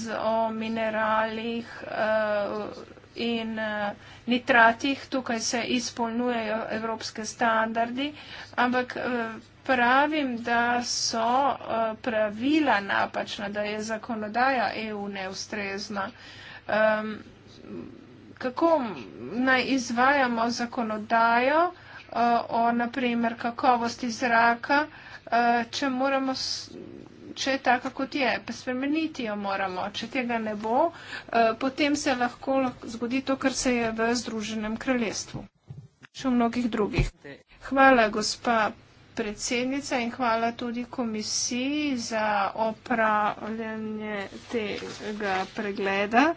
z, o mineralih, uh, in eh, nitratih, tukaj se izpolnjujejo evropske standardi, ampak eh, pravim, da so eh, pravila napačna, da je zakonodaja EU neustrezna. Kako naj izvajamo zakonodajo o, naprimer, kakovosti zraka, če moramo če je taka, kot je, pa spremeniti jo moramo. Če tega ne bo, eh, potem se lahko zgodi to, kar se je v Združenem kraljestvu. Še v mnogih drugih. Hvala, gospa predsednica in hvala tudi komisiji za opravljanje tega pregleda.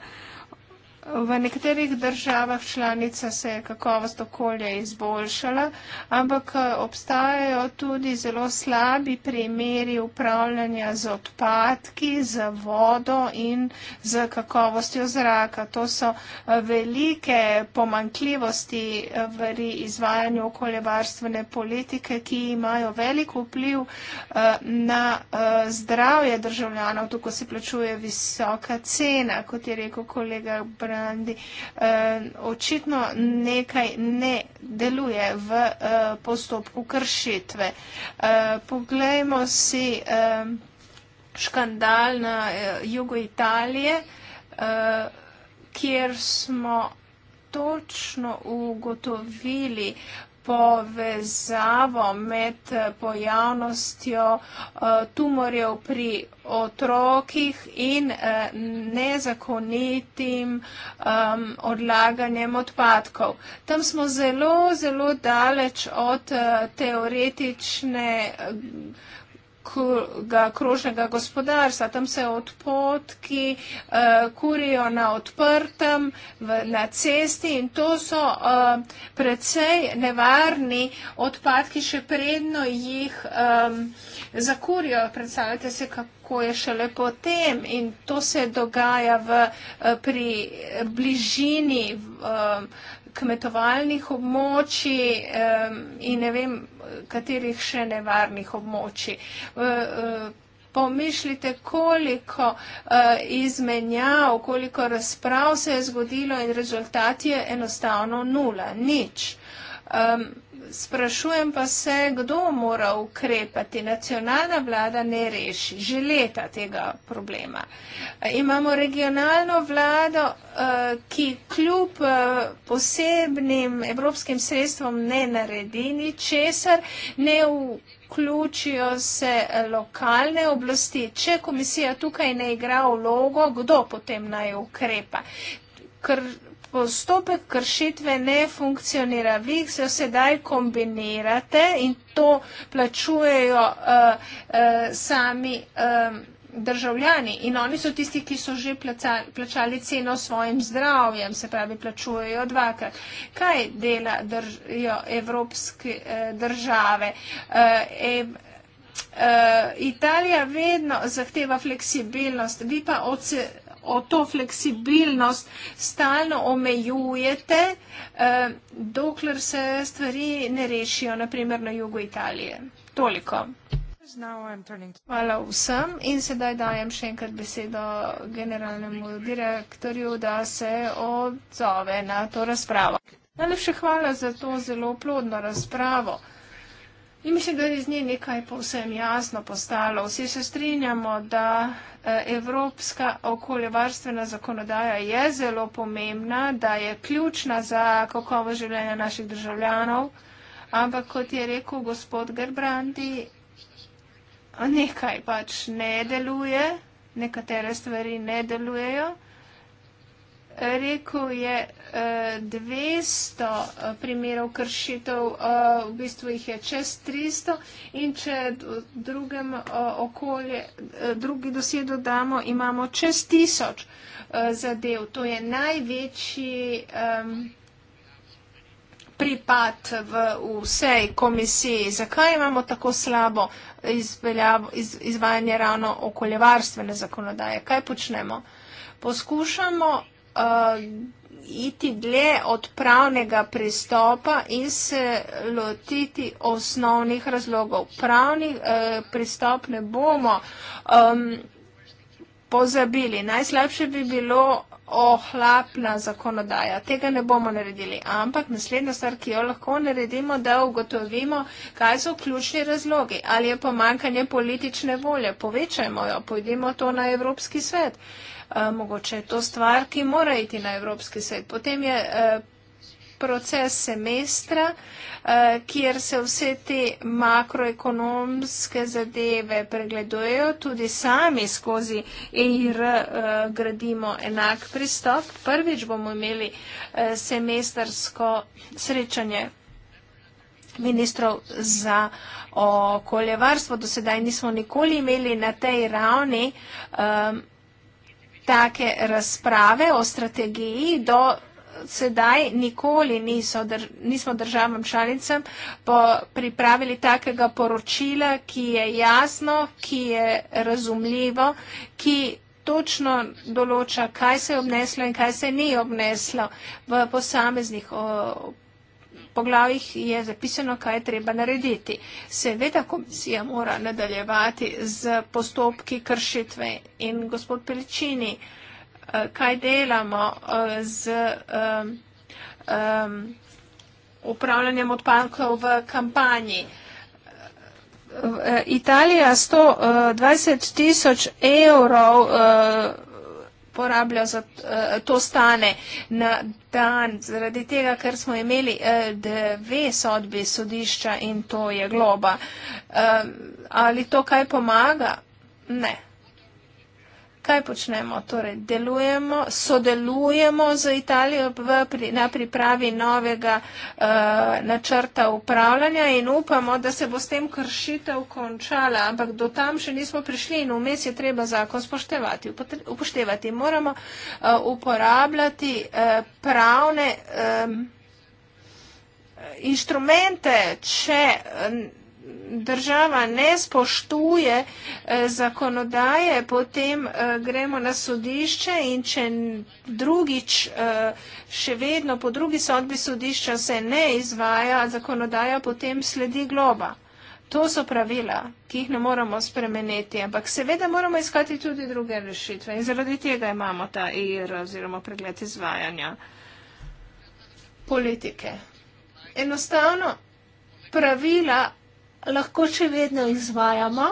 V nekaterih državah članica se je kakovost okolja izboljšala, ampak eh, obstajajo tudi zelo slabi primeri upravljanja z odpadki, z vodo in z kakovostjo zraka. To so eh, velike pomankljivosti v eh, izvajanju okoljevarstvene politike, ki imajo velik vpliv na zdravje državljanov, tukaj se plačuje visoka cena, kot je rekel kolega Brnil propagandi. Eh, očitno nekaj ne deluje v eh, postopku kršitve. Eh, poglejmo si škandal na jugu Italije, kjer smo točno ugotovili, povezavo med eh, pojavnostjo eh, tumorjev pri otrokih in eh, nezakonitim odlaganjem odpadkov. Tam smo zelo, zelo daleč od teoretične ga krožnega gospodarstva. Tam se odpotki eh, kurijo na odprtem, na cesti in to so eh, precej nevarni odpadki, še predno jih eh, zakurijo. Predstavljate se, kako je šele potem in to se dogaja v, pri bližini kmetovalnih območij in ne vem, katerih še nevarnih območij. Eh, Pomišljite, koliko eh, izmenjav, koliko razprav se je zgodilo in rezultat je enostavno nula, nič sprašujem pa se, kdo mora ukrepati. Nacionalna vlada ne reši že leta tega problema. Imamo regionalno vlado, eh, ki kljub eh, posebnim evropskim sredstvom ne naredi ničesar, ne vključijo se eh, lokalne oblasti. Če komisija tukaj ne igra vlogo, kdo potem naj ukrepa? Ker postopek kršitve ne funkcionira. Vi se sedaj kombinirate in to plačujejo uh, uh, sami. Uh, državljani in oni so tisti, ki so že plačali ceno svojim zdravjem, se pravi, plačujejo dvakrat. Kaj delajo evropske države? E, e, Italija vedno zahteva fleksibilnost, vi pa ocenjujete o to fleksibilnost stalno omejujete, eh, dokler se stvari ne rešijo, naprimer na jugu Italije. Toliko. Hvala vsem in sedaj dajem še enkrat besedo generalnemu direktorju, da se odzove na to razpravo. Najlepše hvala za to zelo plodno razpravo. In mislim, da je iz nje nekaj povsem jasno postalo. Vsi se strinjamo, da e, evropska okoljevarstvena zakonodaja je zelo pomembna, da je ključna za kakovo življenje naših državljanov, ampak kot je rekel gospod Gerbrandi, nekaj pač ne deluje, nekatere stvari ne delujejo rekel je 200 eh, eh, primerov kršitev, eh, v bistvu jih je čez 300 in če drugem okolje, drugi dosje dodamo, imamo čez 1000 zadev. To je največji pripad v vsej komisiji. Zakaj imamo tako slabo izvajanje ravno okoljevarstvene zakonodaje? Kaj počnemo? Poskušamo uh, iti dlje od pravnega pristopa in se lotiti osnovnih razlogov. Pravni uh, pristop ne bomo um, pozabili. Najslabše bi bilo ohlapna zakonodaja. Tega ne bomo naredili. Ampak naslednja stvar, ki jo lahko naredimo, da ugotovimo, kaj so ključni razlogi. Ali je pomankanje politične volje. Povečajmo jo, pojdimo to na Evropski svet. E, mogoče je to stvar, ki mora iti na Evropski svet. Potem je e, proces semestra, eh, kjer se vse te makroekonomske zadeve pregledujejo, tudi sami skozi EIR eh, gradimo enak pristop. Prvič bomo imeli eh, semestarsko srečanje ministrov za okoljevarstvo. Do sedaj nismo nikoli imeli na tej ravni um, take razprave o strategiji do sedaj nikoli niso, dr, nismo državam članicam pripravili takega poročila, ki je jasno, ki je razumljivo, ki točno določa, kaj se je obneslo in kaj se ni obneslo v posameznih. O, poglavjih je zapisano, kaj je treba narediti. Seveda komisija mora nadaljevati z postopki kršitve in gospod Peličini uh, Eh, kaj delamo eh, z ehm, ehm, upravljanjem odpadkov v kampanji. Eh, Italija 120 tisoč evrov porablja za to stane na dan, zaradi tega, ker smo imeli dve sodbi sodišča in to je globa. Ali to kaj pomaga? Ne kaj počnemo? Torej, delujemo, sodelujemo z Italijo v, pri, na pripravi novega uh, načrta upravljanja in upamo, da se bo s tem kršitev končala, ampak do tam še nismo prišli in vmes je treba zakon spoštevati, upoštevati. Moramo uh, uporabljati uh, pravne. Um, Inštrumente, če država ne spoštuje eh, zakonodaje, potem eh, gremo na sodišče in če drugič, eh, še vedno po drugi sodbi sodišča se ne izvaja zakonodaja, potem sledi globa. To so pravila, ki jih ne moramo spremeniti, ampak seveda moramo iskati tudi druge rešitve in zaradi tega imamo ta IR oziroma pregled izvajanja politike. Enostavno pravila lahko še vedno izvajamo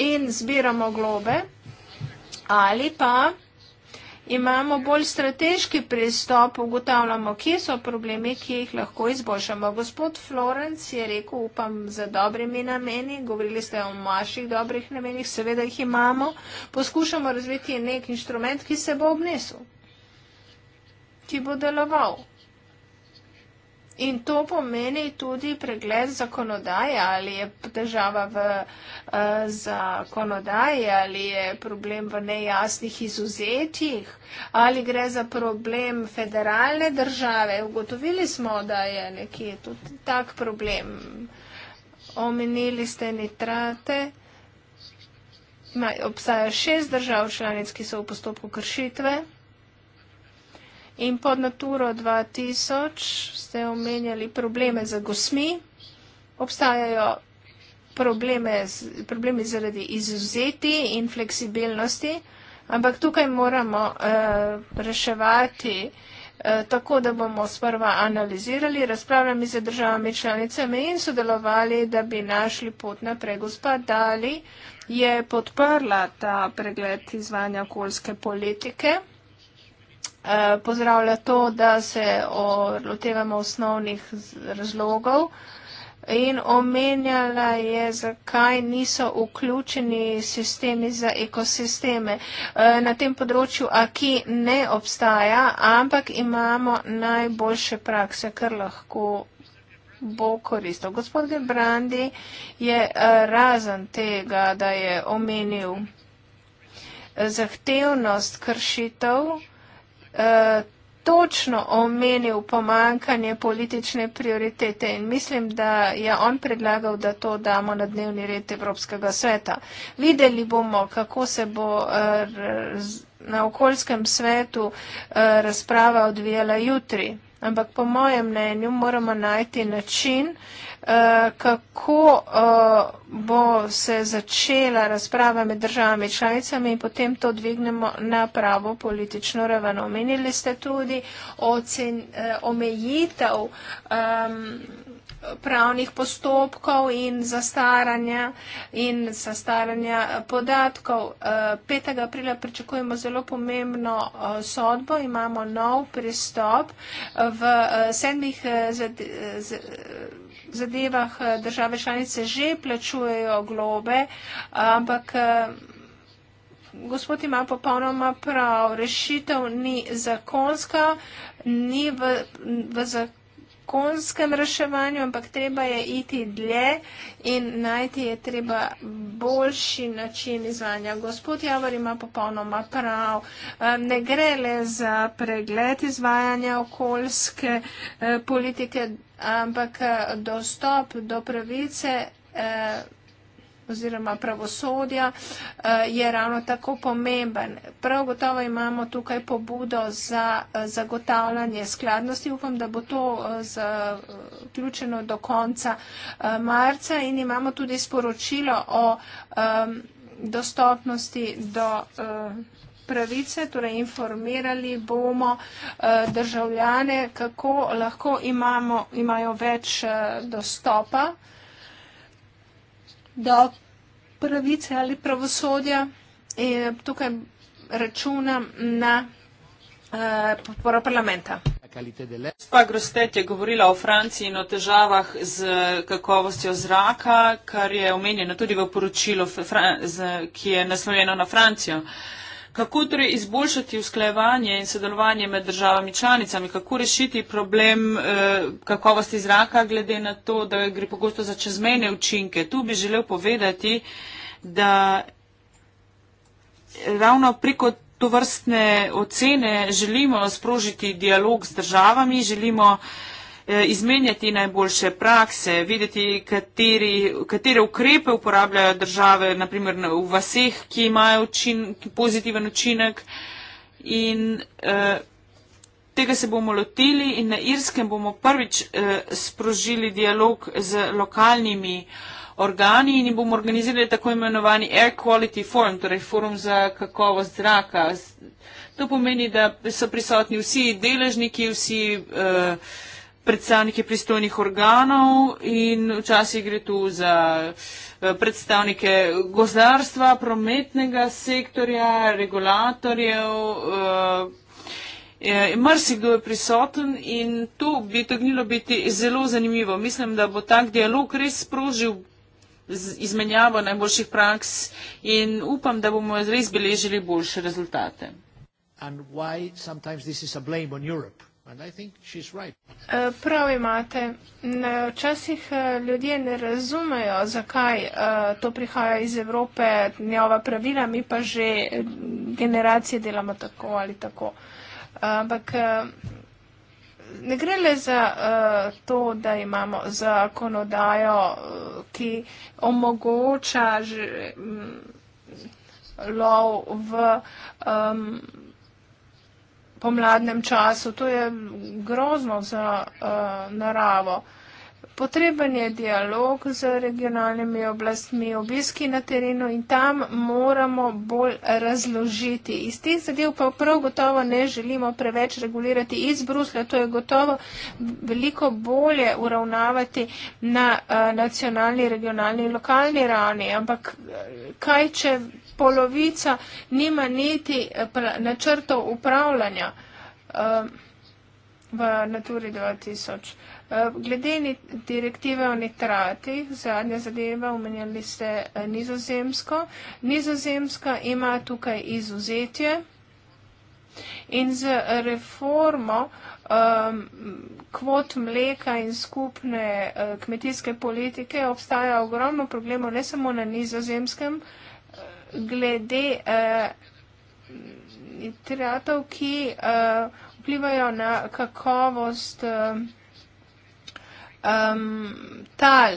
in zbiramo globe ali pa imamo bolj strateški pristop, ugotavljamo, kje so problemi, ki jih lahko izboljšamo. Gospod Florenc je rekel, upam, za dobrimi nameni, govorili ste o vaših dobrih namenih, seveda jih imamo, poskušamo razviti nek inštrument, ki se bo obnesel, ki bo deloval. In to pomeni tudi pregled zakonodaje, ali je država v uh, zakonodaji, ali je problem v nejasnih izuzetjih, ali gre za problem federalne države. Ugotovili smo, da je nekje tudi tak problem. Omenili ste nitrate. Obstaja šest držav članic, ki so v postopku kršitve. In pod Naturo 2000 ste omenjali probleme za gosmi. Obstajajo probleme, problemi zaradi izuzeti in fleksibilnosti, ampak tukaj moramo uh, reševati uh, tako, da bomo sprva analizirali, razpravljali z državami članicami in sodelovali, da bi našli pot naprej. Gospa Dali je podprla ta pregled izvanja okoljske politike. Eh, pozdravlja to, da se lotevamo osnovnih razlogov in omenjala je, zakaj niso vključeni sistemi za ekosisteme. Eh, na tem področju AKI ne obstaja, ampak imamo najboljše prakse, kar lahko bo koristil. Gospod Gebrandi je eh, razen tega, da je omenil zahtevnost kršitev, Eh, točno omenil pomankanje politične prioritete in mislim, da je on predlagal, da to damo na dnevni red Evropskega sveta. Videli bomo, kako se bo eh, na okoljskem svetu eh, razprava odvijala jutri ampak po mojem mnenju moramo najti način, eh, kako eh, bo se začela razprava med državami članicami in potem to dvignemo na pravo politično raven. Omenili ste tudi ocen, eh, omejitev. Um, pravnih postopkov in zastaranja in zastaranja podatkov. 5. Eh, aprila pričakujemo zelo pomembno eh, sodbo, imamo nov pristop eh, v sedmih zadevah države članice že plačujejo globe, ampak gospod ima popolnoma prav, rešitev ni zakonska, ni v, v zakonu zakonskem reševanju, ampak treba je iti dlje in najti je treba boljši način izvanja. Gospod Javor ima popolnoma prav. Ne gre le za pregled izvajanja okoljske eh, politike, ampak eh, dostop do pravice. Eh, oziroma pravosodja eh, je ravno tako pomemben. Prav gotovo imamo tukaj pobudo za eh, zagotavljanje skladnosti. Upam, da bo to eh, zaključeno do konca marca in imamo tudi sporočilo o dostopnosti do pravice, torej informirali bomo državljane, kako lahko imamo, imajo več dostopa do pravice ali pravosodja. In tukaj računam na uh, podporo parlamenta. Pa Grostet je govorila o Franciji in o težavah z kakovostjo zraka, kar je omenjeno tudi v poročilu, ki je naslovljeno na Francijo. Uh, Kako torej izboljšati usklajevanje in sodelovanje med državami članicami? Kako rešiti problem eh, kakovosti zraka, glede na to, da gre pogosto za čezmene učinke? Tu bi želel povedati, da ravno preko to vrstne ocene želimo sprožiti dialog z državami, želimo eh, Eh, izmenjati najboljše prakse, videti, kateri, katere ukrepe uporabljajo države, naprimer v vaseh, ki imajo učin, pozitiven učinek. In eh, tega se bomo lotili in na Irskem bomo prvič eh, sprožili dialog z lokalnimi organi in bomo organizirali tako imenovani Air Quality Forum, torej forum za kakovost zraka. To pomeni, da so prisotni vsi deležniki, vsi. Eh, predstavnike pristojnih organov in včasih gre tu za eh, predstavnike gozdarstva, prometnega sektorja, regulatorjev. Eh, Mrsikdo je prisoten in to bi tognilo biti zelo zanimivo. Mislim, da bo tak dialog res sprožil izmenjavo najboljših praks in upam, da bomo res beležili boljše rezultate. E, prav imate. Včasih e, ljudje ne razumejo, zakaj e, to prihaja iz Evrope, njova pravila, mi pa že generacije delamo tako ali tako. Ampak ne gre le za to, da imamo zakonodajo, ki omogoča lov v. Um, pomladnem času. To je grozno za uh, naravo. Potreben je dialog z regionalnimi oblastmi, obiski na terenu in tam moramo bolj razložiti. Iz teh zadev pa prav gotovo ne želimo preveč regulirati iz Bruslja. To je gotovo veliko bolje uravnavati na uh, nacionalni, regionalni in lokalni ravni. Ampak eh, kaj, če polovica nima niti eh, načrtov upravljanja eh, v Naturi 2000. Eh, glede direktive o nitratih, zadnja zadeva, omenjali ste nizozemsko. Nizozemska ima tukaj izuzetje in z reformo um, kvot mleka in skupne uh, kmetijske politike obstaja ogromno problemov ne samo na nizozemskem, uh, glede uh, eh, nitratov, ki uh, vplivajo na kakovost uh, um, tal.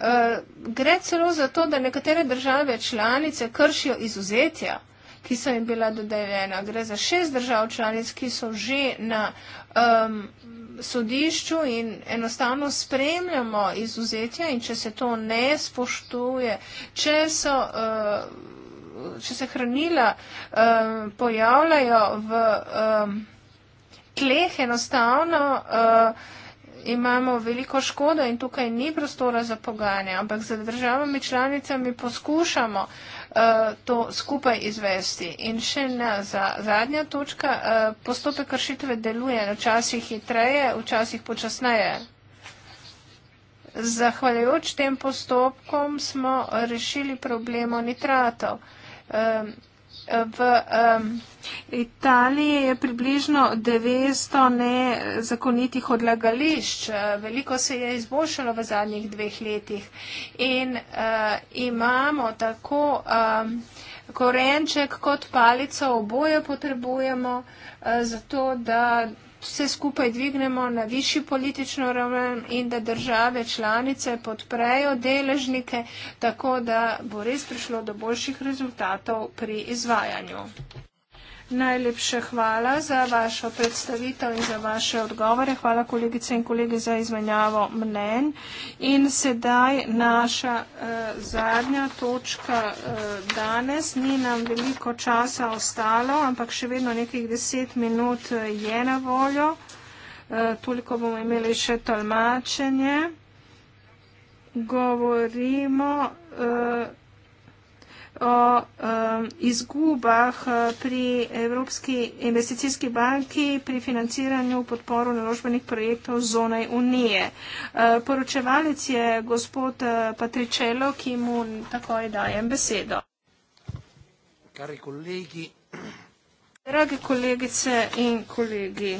Uh, gre celo za to, da nekatere države članice kršijo izuzetja, ki so jim bila dodeljena. Gre za šest držav članic, ki so že na um, sodišču in enostavno spremljamo izuzetja in če se to ne spoštuje, če so. Uh, Če se hranila um, pojavljajo v um, tleh, enostavno uh, imamo veliko škodo in tukaj ni prostora za pogajanje, ampak z državami članicami poskušamo uh, Eh, to skupaj izvesti. In še ena za zadnja točka. Eh, postopek kršitve deluje včasih hitreje, včasih počasneje. Zahvaljujoč tem postopkom smo rešili problemo nitratov v um, Italiji je približno 900 nezakonitih odlagališč. Veliko se je izboljšalo v zadnjih dveh letih in uh, imamo tako um, korenček kot palico, oboje potrebujemo uh, eh, za to, da vse skupaj dvignemo na višji politično raven in da države članice podprejo deležnike, tako da bo res prišlo do boljših rezultatov pri izvajanju. Najlepša hvala za vašo predstavitev in za vaše odgovore. Hvala kolegice in kolege za izmenjavo mnen. In sedaj naša eh, zadnja točka eh, danes. Ni nam veliko časa ostalo, ampak še vedno nekih deset minut eh, je na voljo. Eh, toliko bomo imeli še tolmačenje. Govorimo. Eh, o um, izgubah eh, pri Evropski investicijski banki pri financiranju podporu naložbenih projektov zonaj Unije. Uh, poročevalec je gospod uh, eh, Patričelo, ki mu takoj dajem besedo. Kari kolegi. Drage kolegice in kolegi.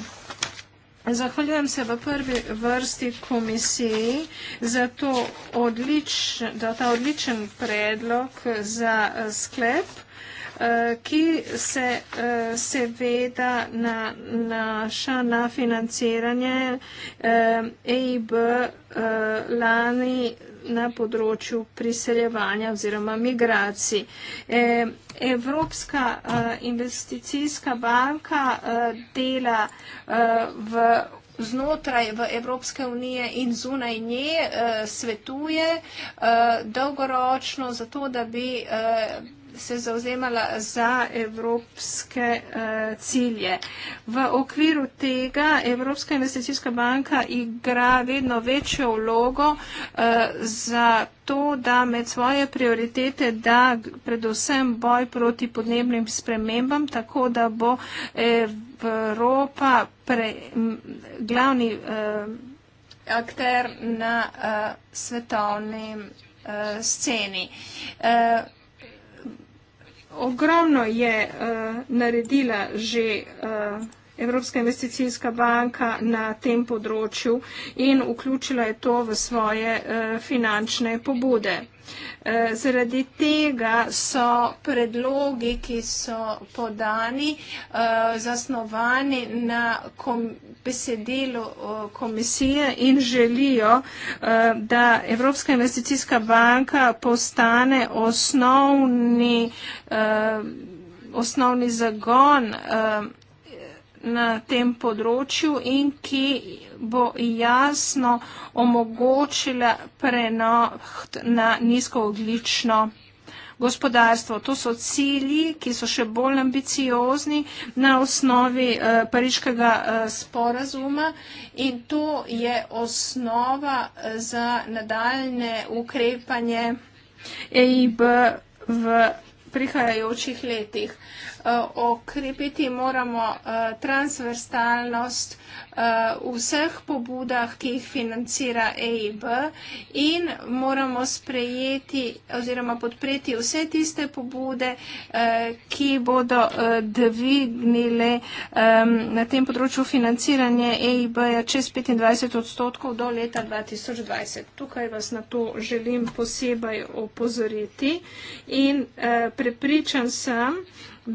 Zahvaljujem se v prvi vrsti komisiji za to odlič, da ta odličen predlog za eh, sklep, eh, ki se eh, seveda na naša na financiranje EIB lani na področju priseljevanja oziroma migracij. E, Evropska e, investicijska banka e, dela v znotraj v Evropske unije in zunaj nje svetuje dolgoročno za to, da bi se zauzemala za evropske eh, cilje. V okviru tega Evropska investicijska banka igra vedno večjo vlogo eh, za to, da med svoje prioritete da predvsem boj proti podnebnim spremembam, tako da bo Evropa pre, m, glavni eh, akter na eh, svetovnem eh, sceni. Eh, Ogromno je uh, naredila že uh, Evropska investicijska banka na tem področju in vključila je to v svoje uh, finančne pobude. Eh, zaradi tega so predlogi, ki so podani, eh, zasnovani na kom besedilu eh, komisije in želijo, da Evropska investicijska banka postane osnovni, osnovni zagon na tem področju in ki bo jasno omogočila prenoht na nizkooglično gospodarstvo. To so cilji, ki so še bolj ambiciozni na osnovi eh, pariškega eh, sporazuma in to je osnova eh, za nadaljne ukrepanje EIB v prihajajočih letih. Eh, okrepiti moramo eh, transversalnost eh, v vseh pobudah, ki jih financira EIB in moramo sprejeti oziroma podpreti vse tiste pobude, ki bodo dvignile na tem področju financiranje EIB-ja čez 25 odstotkov do leta 2020. Tukaj vas na to želim posebej opozoriti in prepričan sem,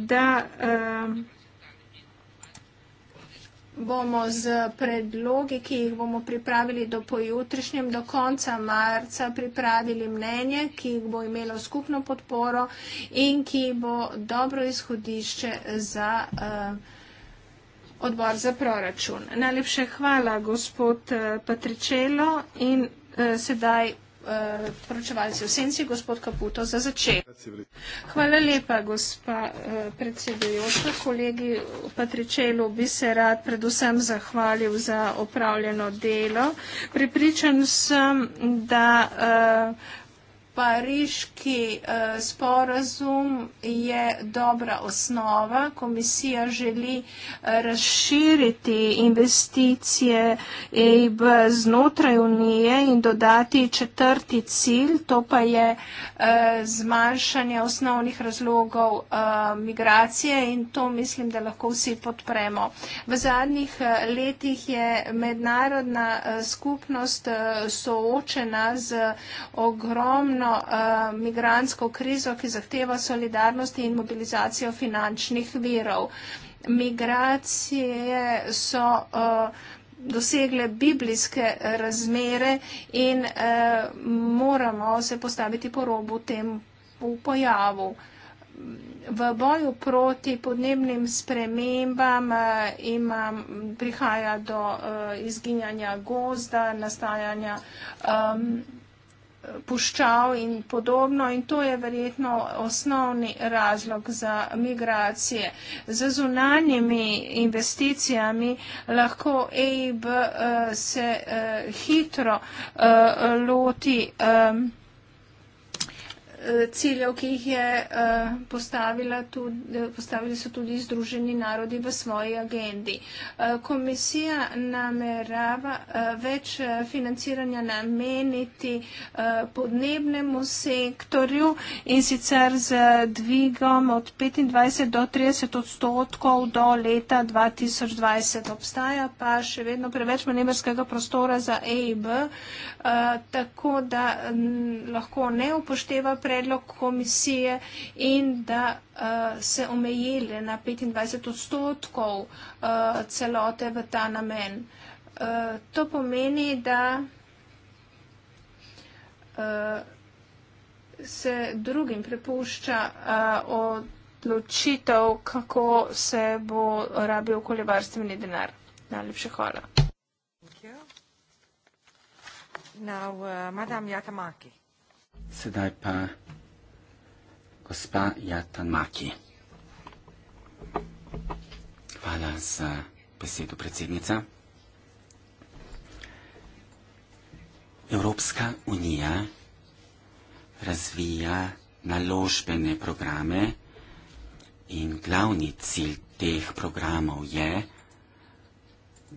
da ehm, bomo z predlogi, ki jih bomo pripravili do pojutrišnjem, do konca marca, pripravili mnenje, ki jih bo imelo skupno podporo in ki bo dobro izhodišče za ehm, odbor za proračun. Najlepše hvala, gospod eh, Patričelo. In eh, sedaj uh, poročevalci v senci, gospod Kaputo, za začetek. Hvala lepa, gospa uh, predsedujoča. Kolegi Patričelu bi se rad predvsem zahvalil za opravljeno delo. Pripričan sem, da. Uh, Pariški eh, sporazum je dobra osnova. Komisija želi eh, razširiti investicije EIB znotraj unije in dodati četrti cilj, to pa je eh, zmanjšanje osnovnih razlogov eh, migracije in to mislim, da lahko vsi podpremo. V zadnjih eh, letih je mednarodna eh, skupnost eh, soočena z ogromno globalno uh, eh, migransko krizo, ki zahteva solidarnost in mobilizacijo finančnih virov. Migracije so uh, dosegle biblijske razmere in uh, moramo se postaviti po robu tem pojavu. V boju proti podnebnim spremembam imam, prihaja do uh, izginjanja gozda, nastajanja um, puščav in podobno in to je verjetno osnovni razlog za migracije. Z zunanjimi investicijami lahko EIB eh, se eh, hitro eh, loti ciljev, ki jih je eh, postavila tudi, eh, postavili so tudi Združeni narodi v svoji agendi. Eh, komisija namerava več financiranja nameniti podnebnemu sektorju in sicer z dvigom od 25 do 30 odstotkov do leta 2020. Obstaja pa še vedno preveč manevrskega prostora za EIB, tako da lahko ne upošteva prej predlog komisije in da uh, se omejili na 25 odstotkov uh, celote v ta namen. Uh, to pomeni, da uh, se drugim prepušča uh, odločitev, kako se bo rabil okoljevarstveni denar. Najlepše hvala. Now, uh, Madame Yatamaki. Sedaj pa gospa Jatan Maki. Hvala za besedo, predsednica. Evropska unija razvija naložbene programe in glavni cilj teh programov je,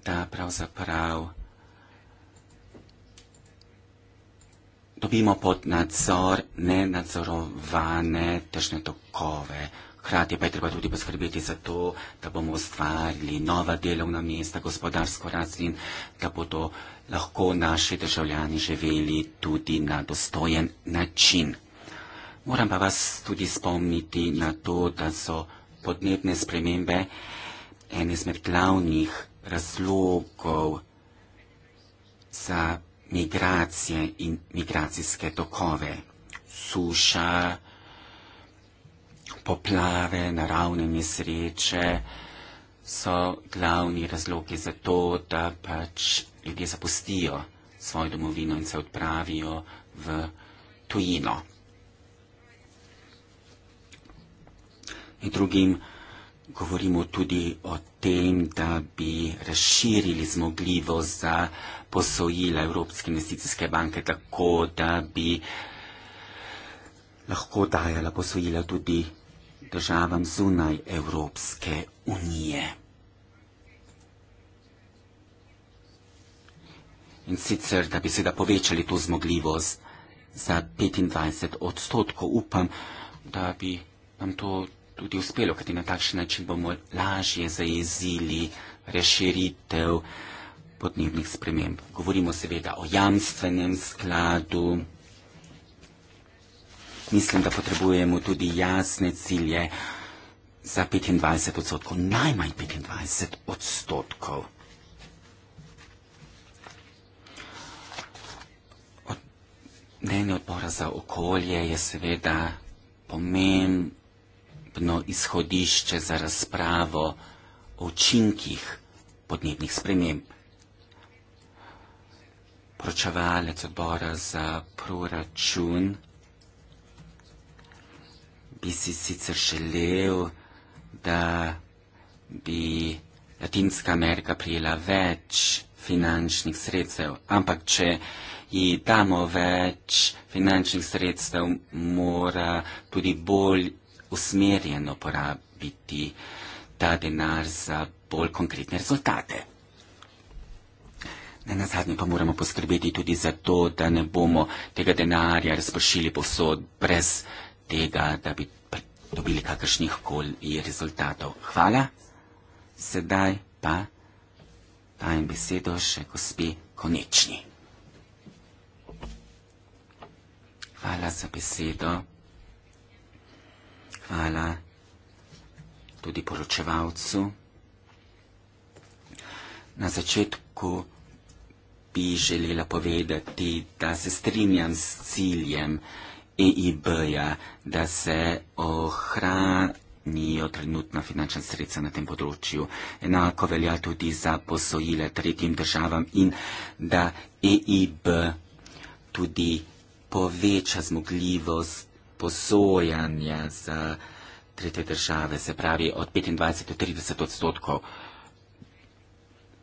da pravzaprav prav dobimo pod nadzor nenadzorovane težne tokove. Hrati pa je treba tudi poskrbeti za to, da bomo ustvarili nova delovna mesta, gospodarsko rast in da bodo lahko naši državljani živeli tudi na dostojen način. Moram pa vas tudi spomniti na to, da so podnebne spremembe en izmed glavnih razlogov za migracije in migracijske tokove, suša, poplave, naravne nesreče so glavni razlogi za to, da pač ljudje zapustijo svojo domovino in se odpravijo v tujino. In drugim govorimo tudi o tem, da bi razširili zmogljivost za posojila Evropske investicijske banke tako, da bi lahko dajala posojila tudi državam zunaj Evropske unije. In sicer, da bi seveda povečali to zmogljivost za 25 odstotkov. Upam, da bi nam to tudi uspelo, kajti na takšen način bomo lažje zajezili razširitev podnebnih sprememb. Govorimo seveda o jamstvenem skladu. Mislim, da potrebujemo tudi jasne cilje za 25 odstotkov, najmanj 25 odstotkov. Od Dnevni odbora za okolje je seveda pomembno izhodišče za razpravo o učinkih podnebnih sprememb poročevalec odbora za proračun, bi si sicer želel, da bi Latinska Amerika prijela več finančnih sredstev, ampak če ji damo več finančnih sredstev, mora tudi bolj usmerjeno porabiti ta denar za bolj konkretne rezultate. Na nazadnje pa moramo poskrbeti tudi za to, da ne bomo tega denarja razpršili posod brez tega, da bi dobili kakršnih koli rezultatov. Hvala. Sedaj pa dajem besedo še gospe Konečni. Hvala za besedo. Hvala tudi poročevalcu. Na začetku bi želela povedati, da se strinjam s ciljem EIB-ja, da se ohranijo trenutna finančna sredstva na tem področju. Enako velja tudi za posojile tretjim državam in da EIB tudi poveča zmogljivost posojanja za tretje države, se pravi od 25 do 30 odstotkov.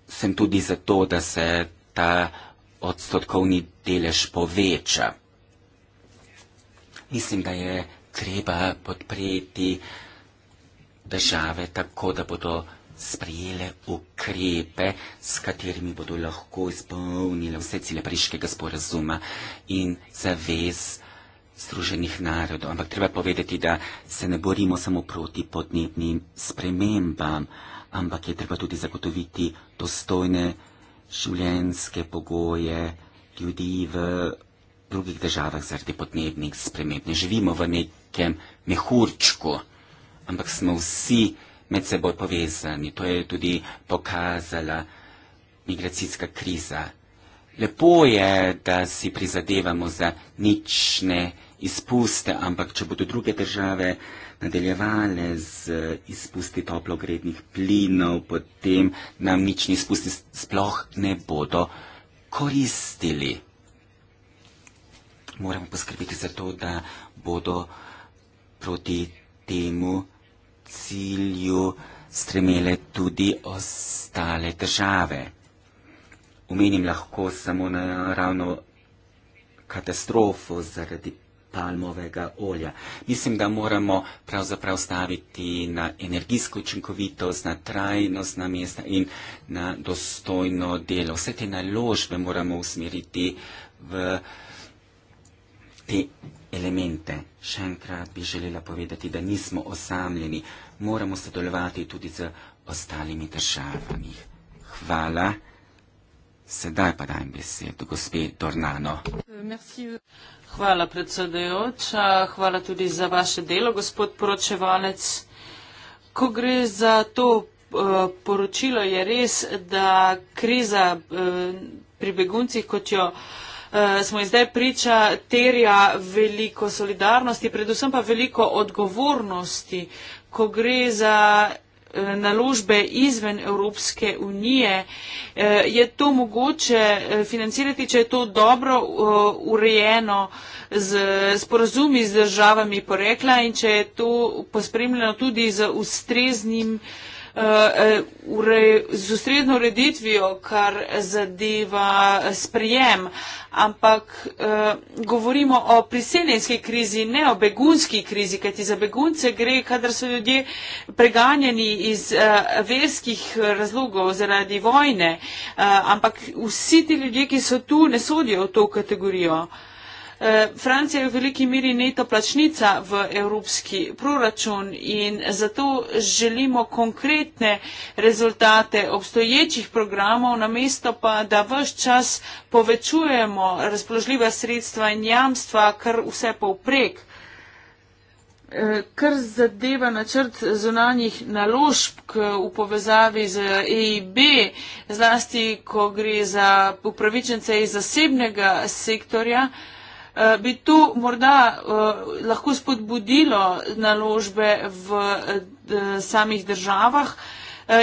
Sem tudi zato, da se ta odstotkovni delež poveča. Mislim, da je treba podpreti države tako, da bodo sprejele ukrepe, s katerimi bodo lahko izpolnile vse cilje priškega sporazuma in zavez združenih narodov. Ampak treba povedati, da se ne borimo samo proti podnebnim spremembam, ampak je treba tudi zagotoviti dostojne življenjske pogoje ljudi v drugih državah zaradi podnebnih sprememb. Ne živimo v nekem mehurčku, ampak smo vsi med seboj povezani. To je tudi pokazala migracijska kriza. Lepo je, da si prizadevamo za nične izpuste, ampak če bodo druge države nadaljevale z eh, izpusti toplogrednih plinov, potem nam nični izpusti sploh ne bodo koristili. Moramo poskrbeti za to, da bodo proti temu cilju stremele tudi ostale države. Umenim lahko samo naravno katastrofo zaradi palmovega olja. Mislim, da moramo pravzaprav staviti na energijsko učinkovitost, na trajnost na mesta in na dostojno delo. Vse te naložbe moramo usmeriti v te elemente. Še enkrat bi želela povedati, da nismo osamljeni. Moramo sodelovati tudi z ostalimi državami. Hvala. Sedaj pa dajem besedo gospe Tornano. Hvala predsedujoča, hvala tudi za vaše delo, gospod poročevalec. Ko gre za to eh, poročilo, je res, da kriza eh, pri beguncih, kot jo eh, smo jih zdaj priča, terja veliko solidarnosti, predvsem pa veliko odgovornosti, ko gre za naložbe izven Evropske unije. Eh, je to mogoče eh, financirati, če je to dobro eh, urejeno z sporazumi z državami porekla in če je to pospremljeno tudi z ustreznim Eh, eh, z ustrezno ureditvijo, kar zadeva sprijem, ampak eh, govorimo o priseljenski krizi, ne o begunski krizi, kajti za begunce gre, kadar so ljudje preganjeni iz verskih razlogov zaradi vojne, ampak vsi ti ljudje, ki so tu, ne sodijo v to kategorijo. Eh, Francija je v veliki meri neto plačnica v evropski proračun in zato želimo konkretne rezultate obstoječih programov, namesto pa, da vse čas povečujemo razpoložljiva sredstva in jamstva, kar vse povprek. Eh, kar zadeva načrt zunanjih naložb v povezavi z EIB, zlasti ko gre za upravičence iz zasebnega sektorja, Eh, bi to morda eh, lahko spodbudilo naložbe v eh, samih državah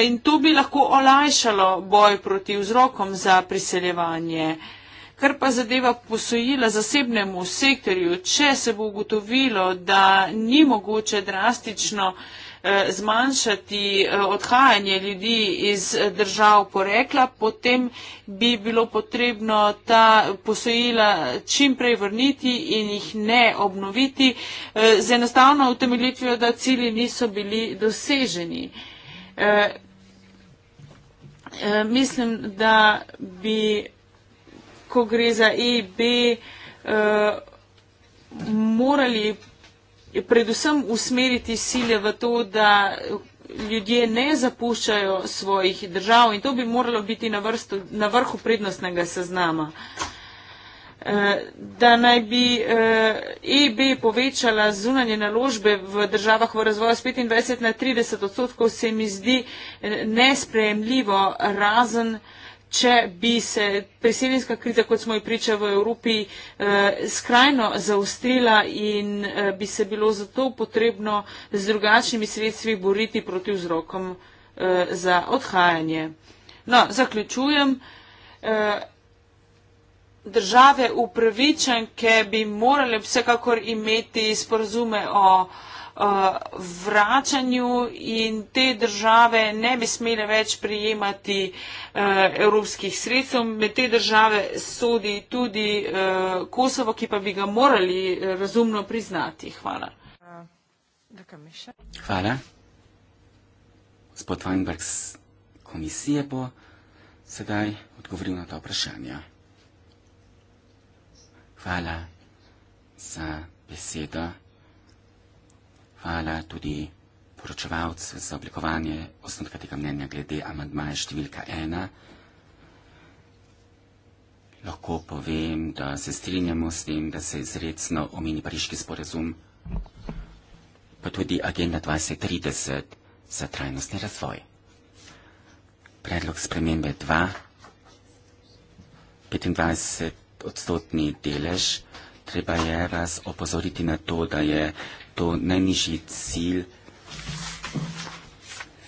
in to bi lahko olajšalo boj proti vzrokom za priseljevanje. Kar pa zadeva posojila zasebnemu sektorju, če se bo ugotovilo, da ni mogoče drastično uh, Eh, zmanjšati eh, odhajanje ljudi iz držav porekla, potem bi bilo potrebno ta posojila čim prej vrniti in jih ne obnoviti eh, z enostavno utemeljitvijo, da cilji niso bili doseženi. Mislim, da bi, ko gre za EIB, morali predvsem usmeriti sile v to, da ljudje ne zapuščajo svojih držav in to bi moralo biti na, vrstu, na vrhu prednostnega seznama. Eh, da naj bi EB eh, e povečala zunanje naložbe v državah v razvoju z 25 na 30 odstotkov, se mi zdi eh, nesprejemljivo razen če bi se priseljenska kriza, kot smo jo priča v Evropi, eh, skrajno zaustrila in eh, bi se bilo zato potrebno z drugačnimi sredstvi boriti proti vzrokom eh, za odhajanje. No, zaključujem. Eh, države upravičenke bi morale vsekakor imeti sporazume o Eh, vračanju in te države ne bi smele več prijemati eh, evropskih sredstev. Med te države sodi tudi eh, Kosovo, ki pa bi ga morali razumno priznati. Hvala. Hvala. Gospod Weinberg z komisije bo sedaj odgovoril na ta vprašanja. Hvala za besedo hvala tudi poročevalcu za oblikovanje osnovnega tega mnenja glede amadmaja številka ena. Lahko povem, da se strinjamo s tem, da se izredno omeni pariški sporazum, pa tudi agenda 2030 za trajnostni razvoj. Predlog spremembe 2, 25 odstotni delež, treba je vas opozoriti na to, da je to najnižji cilj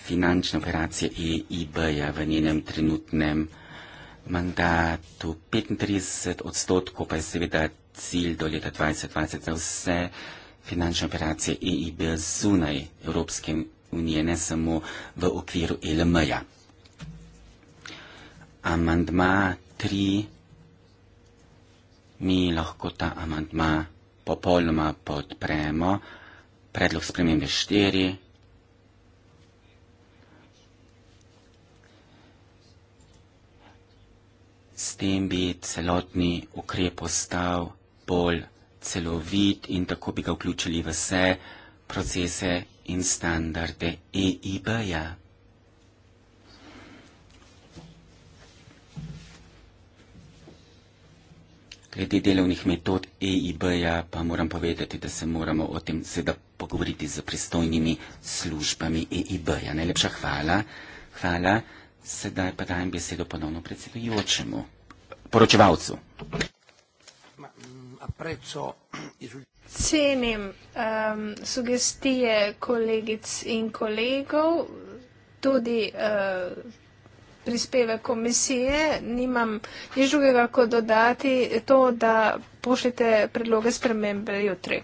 finančne operacije EIB-ja v njenem trenutnem mandatu. 35 odstotkov pa je seveda cilj do leta 2020 za vse finančne operacije EIB zunaj Evropske unije, ne samo v okviru e LM-ja. Amandma 3. Mi lahko ta amandma popolnoma podpremo predlog spremembe štiri. S tem bi celotni ukrep postal bolj celovit in tako bi ga vključili v vse procese in standarde EIB-ja. Glede delovnih metod EIB-ja pa moram povedati, da se moramo o tem seveda pogovoriti z pristojnimi službami EIB-ja. Najlepša hvala. Hvala. Sedaj pa dajem besedo ponovno predsedujočemu poročevalcu. Mm, Cenim um, sugestije kolegic in kolegov, tudi uh, prispeve komisije. Nimam nič drugega, kot dodati to, da pošljete predloge spremembe jutri.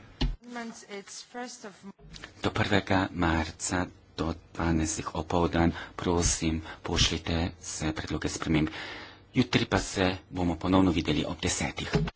Do 1. marca do 12. opoldan prosim pošljite se predloge sprememb. Jutri pa se bomo ponovno videli ob desetih.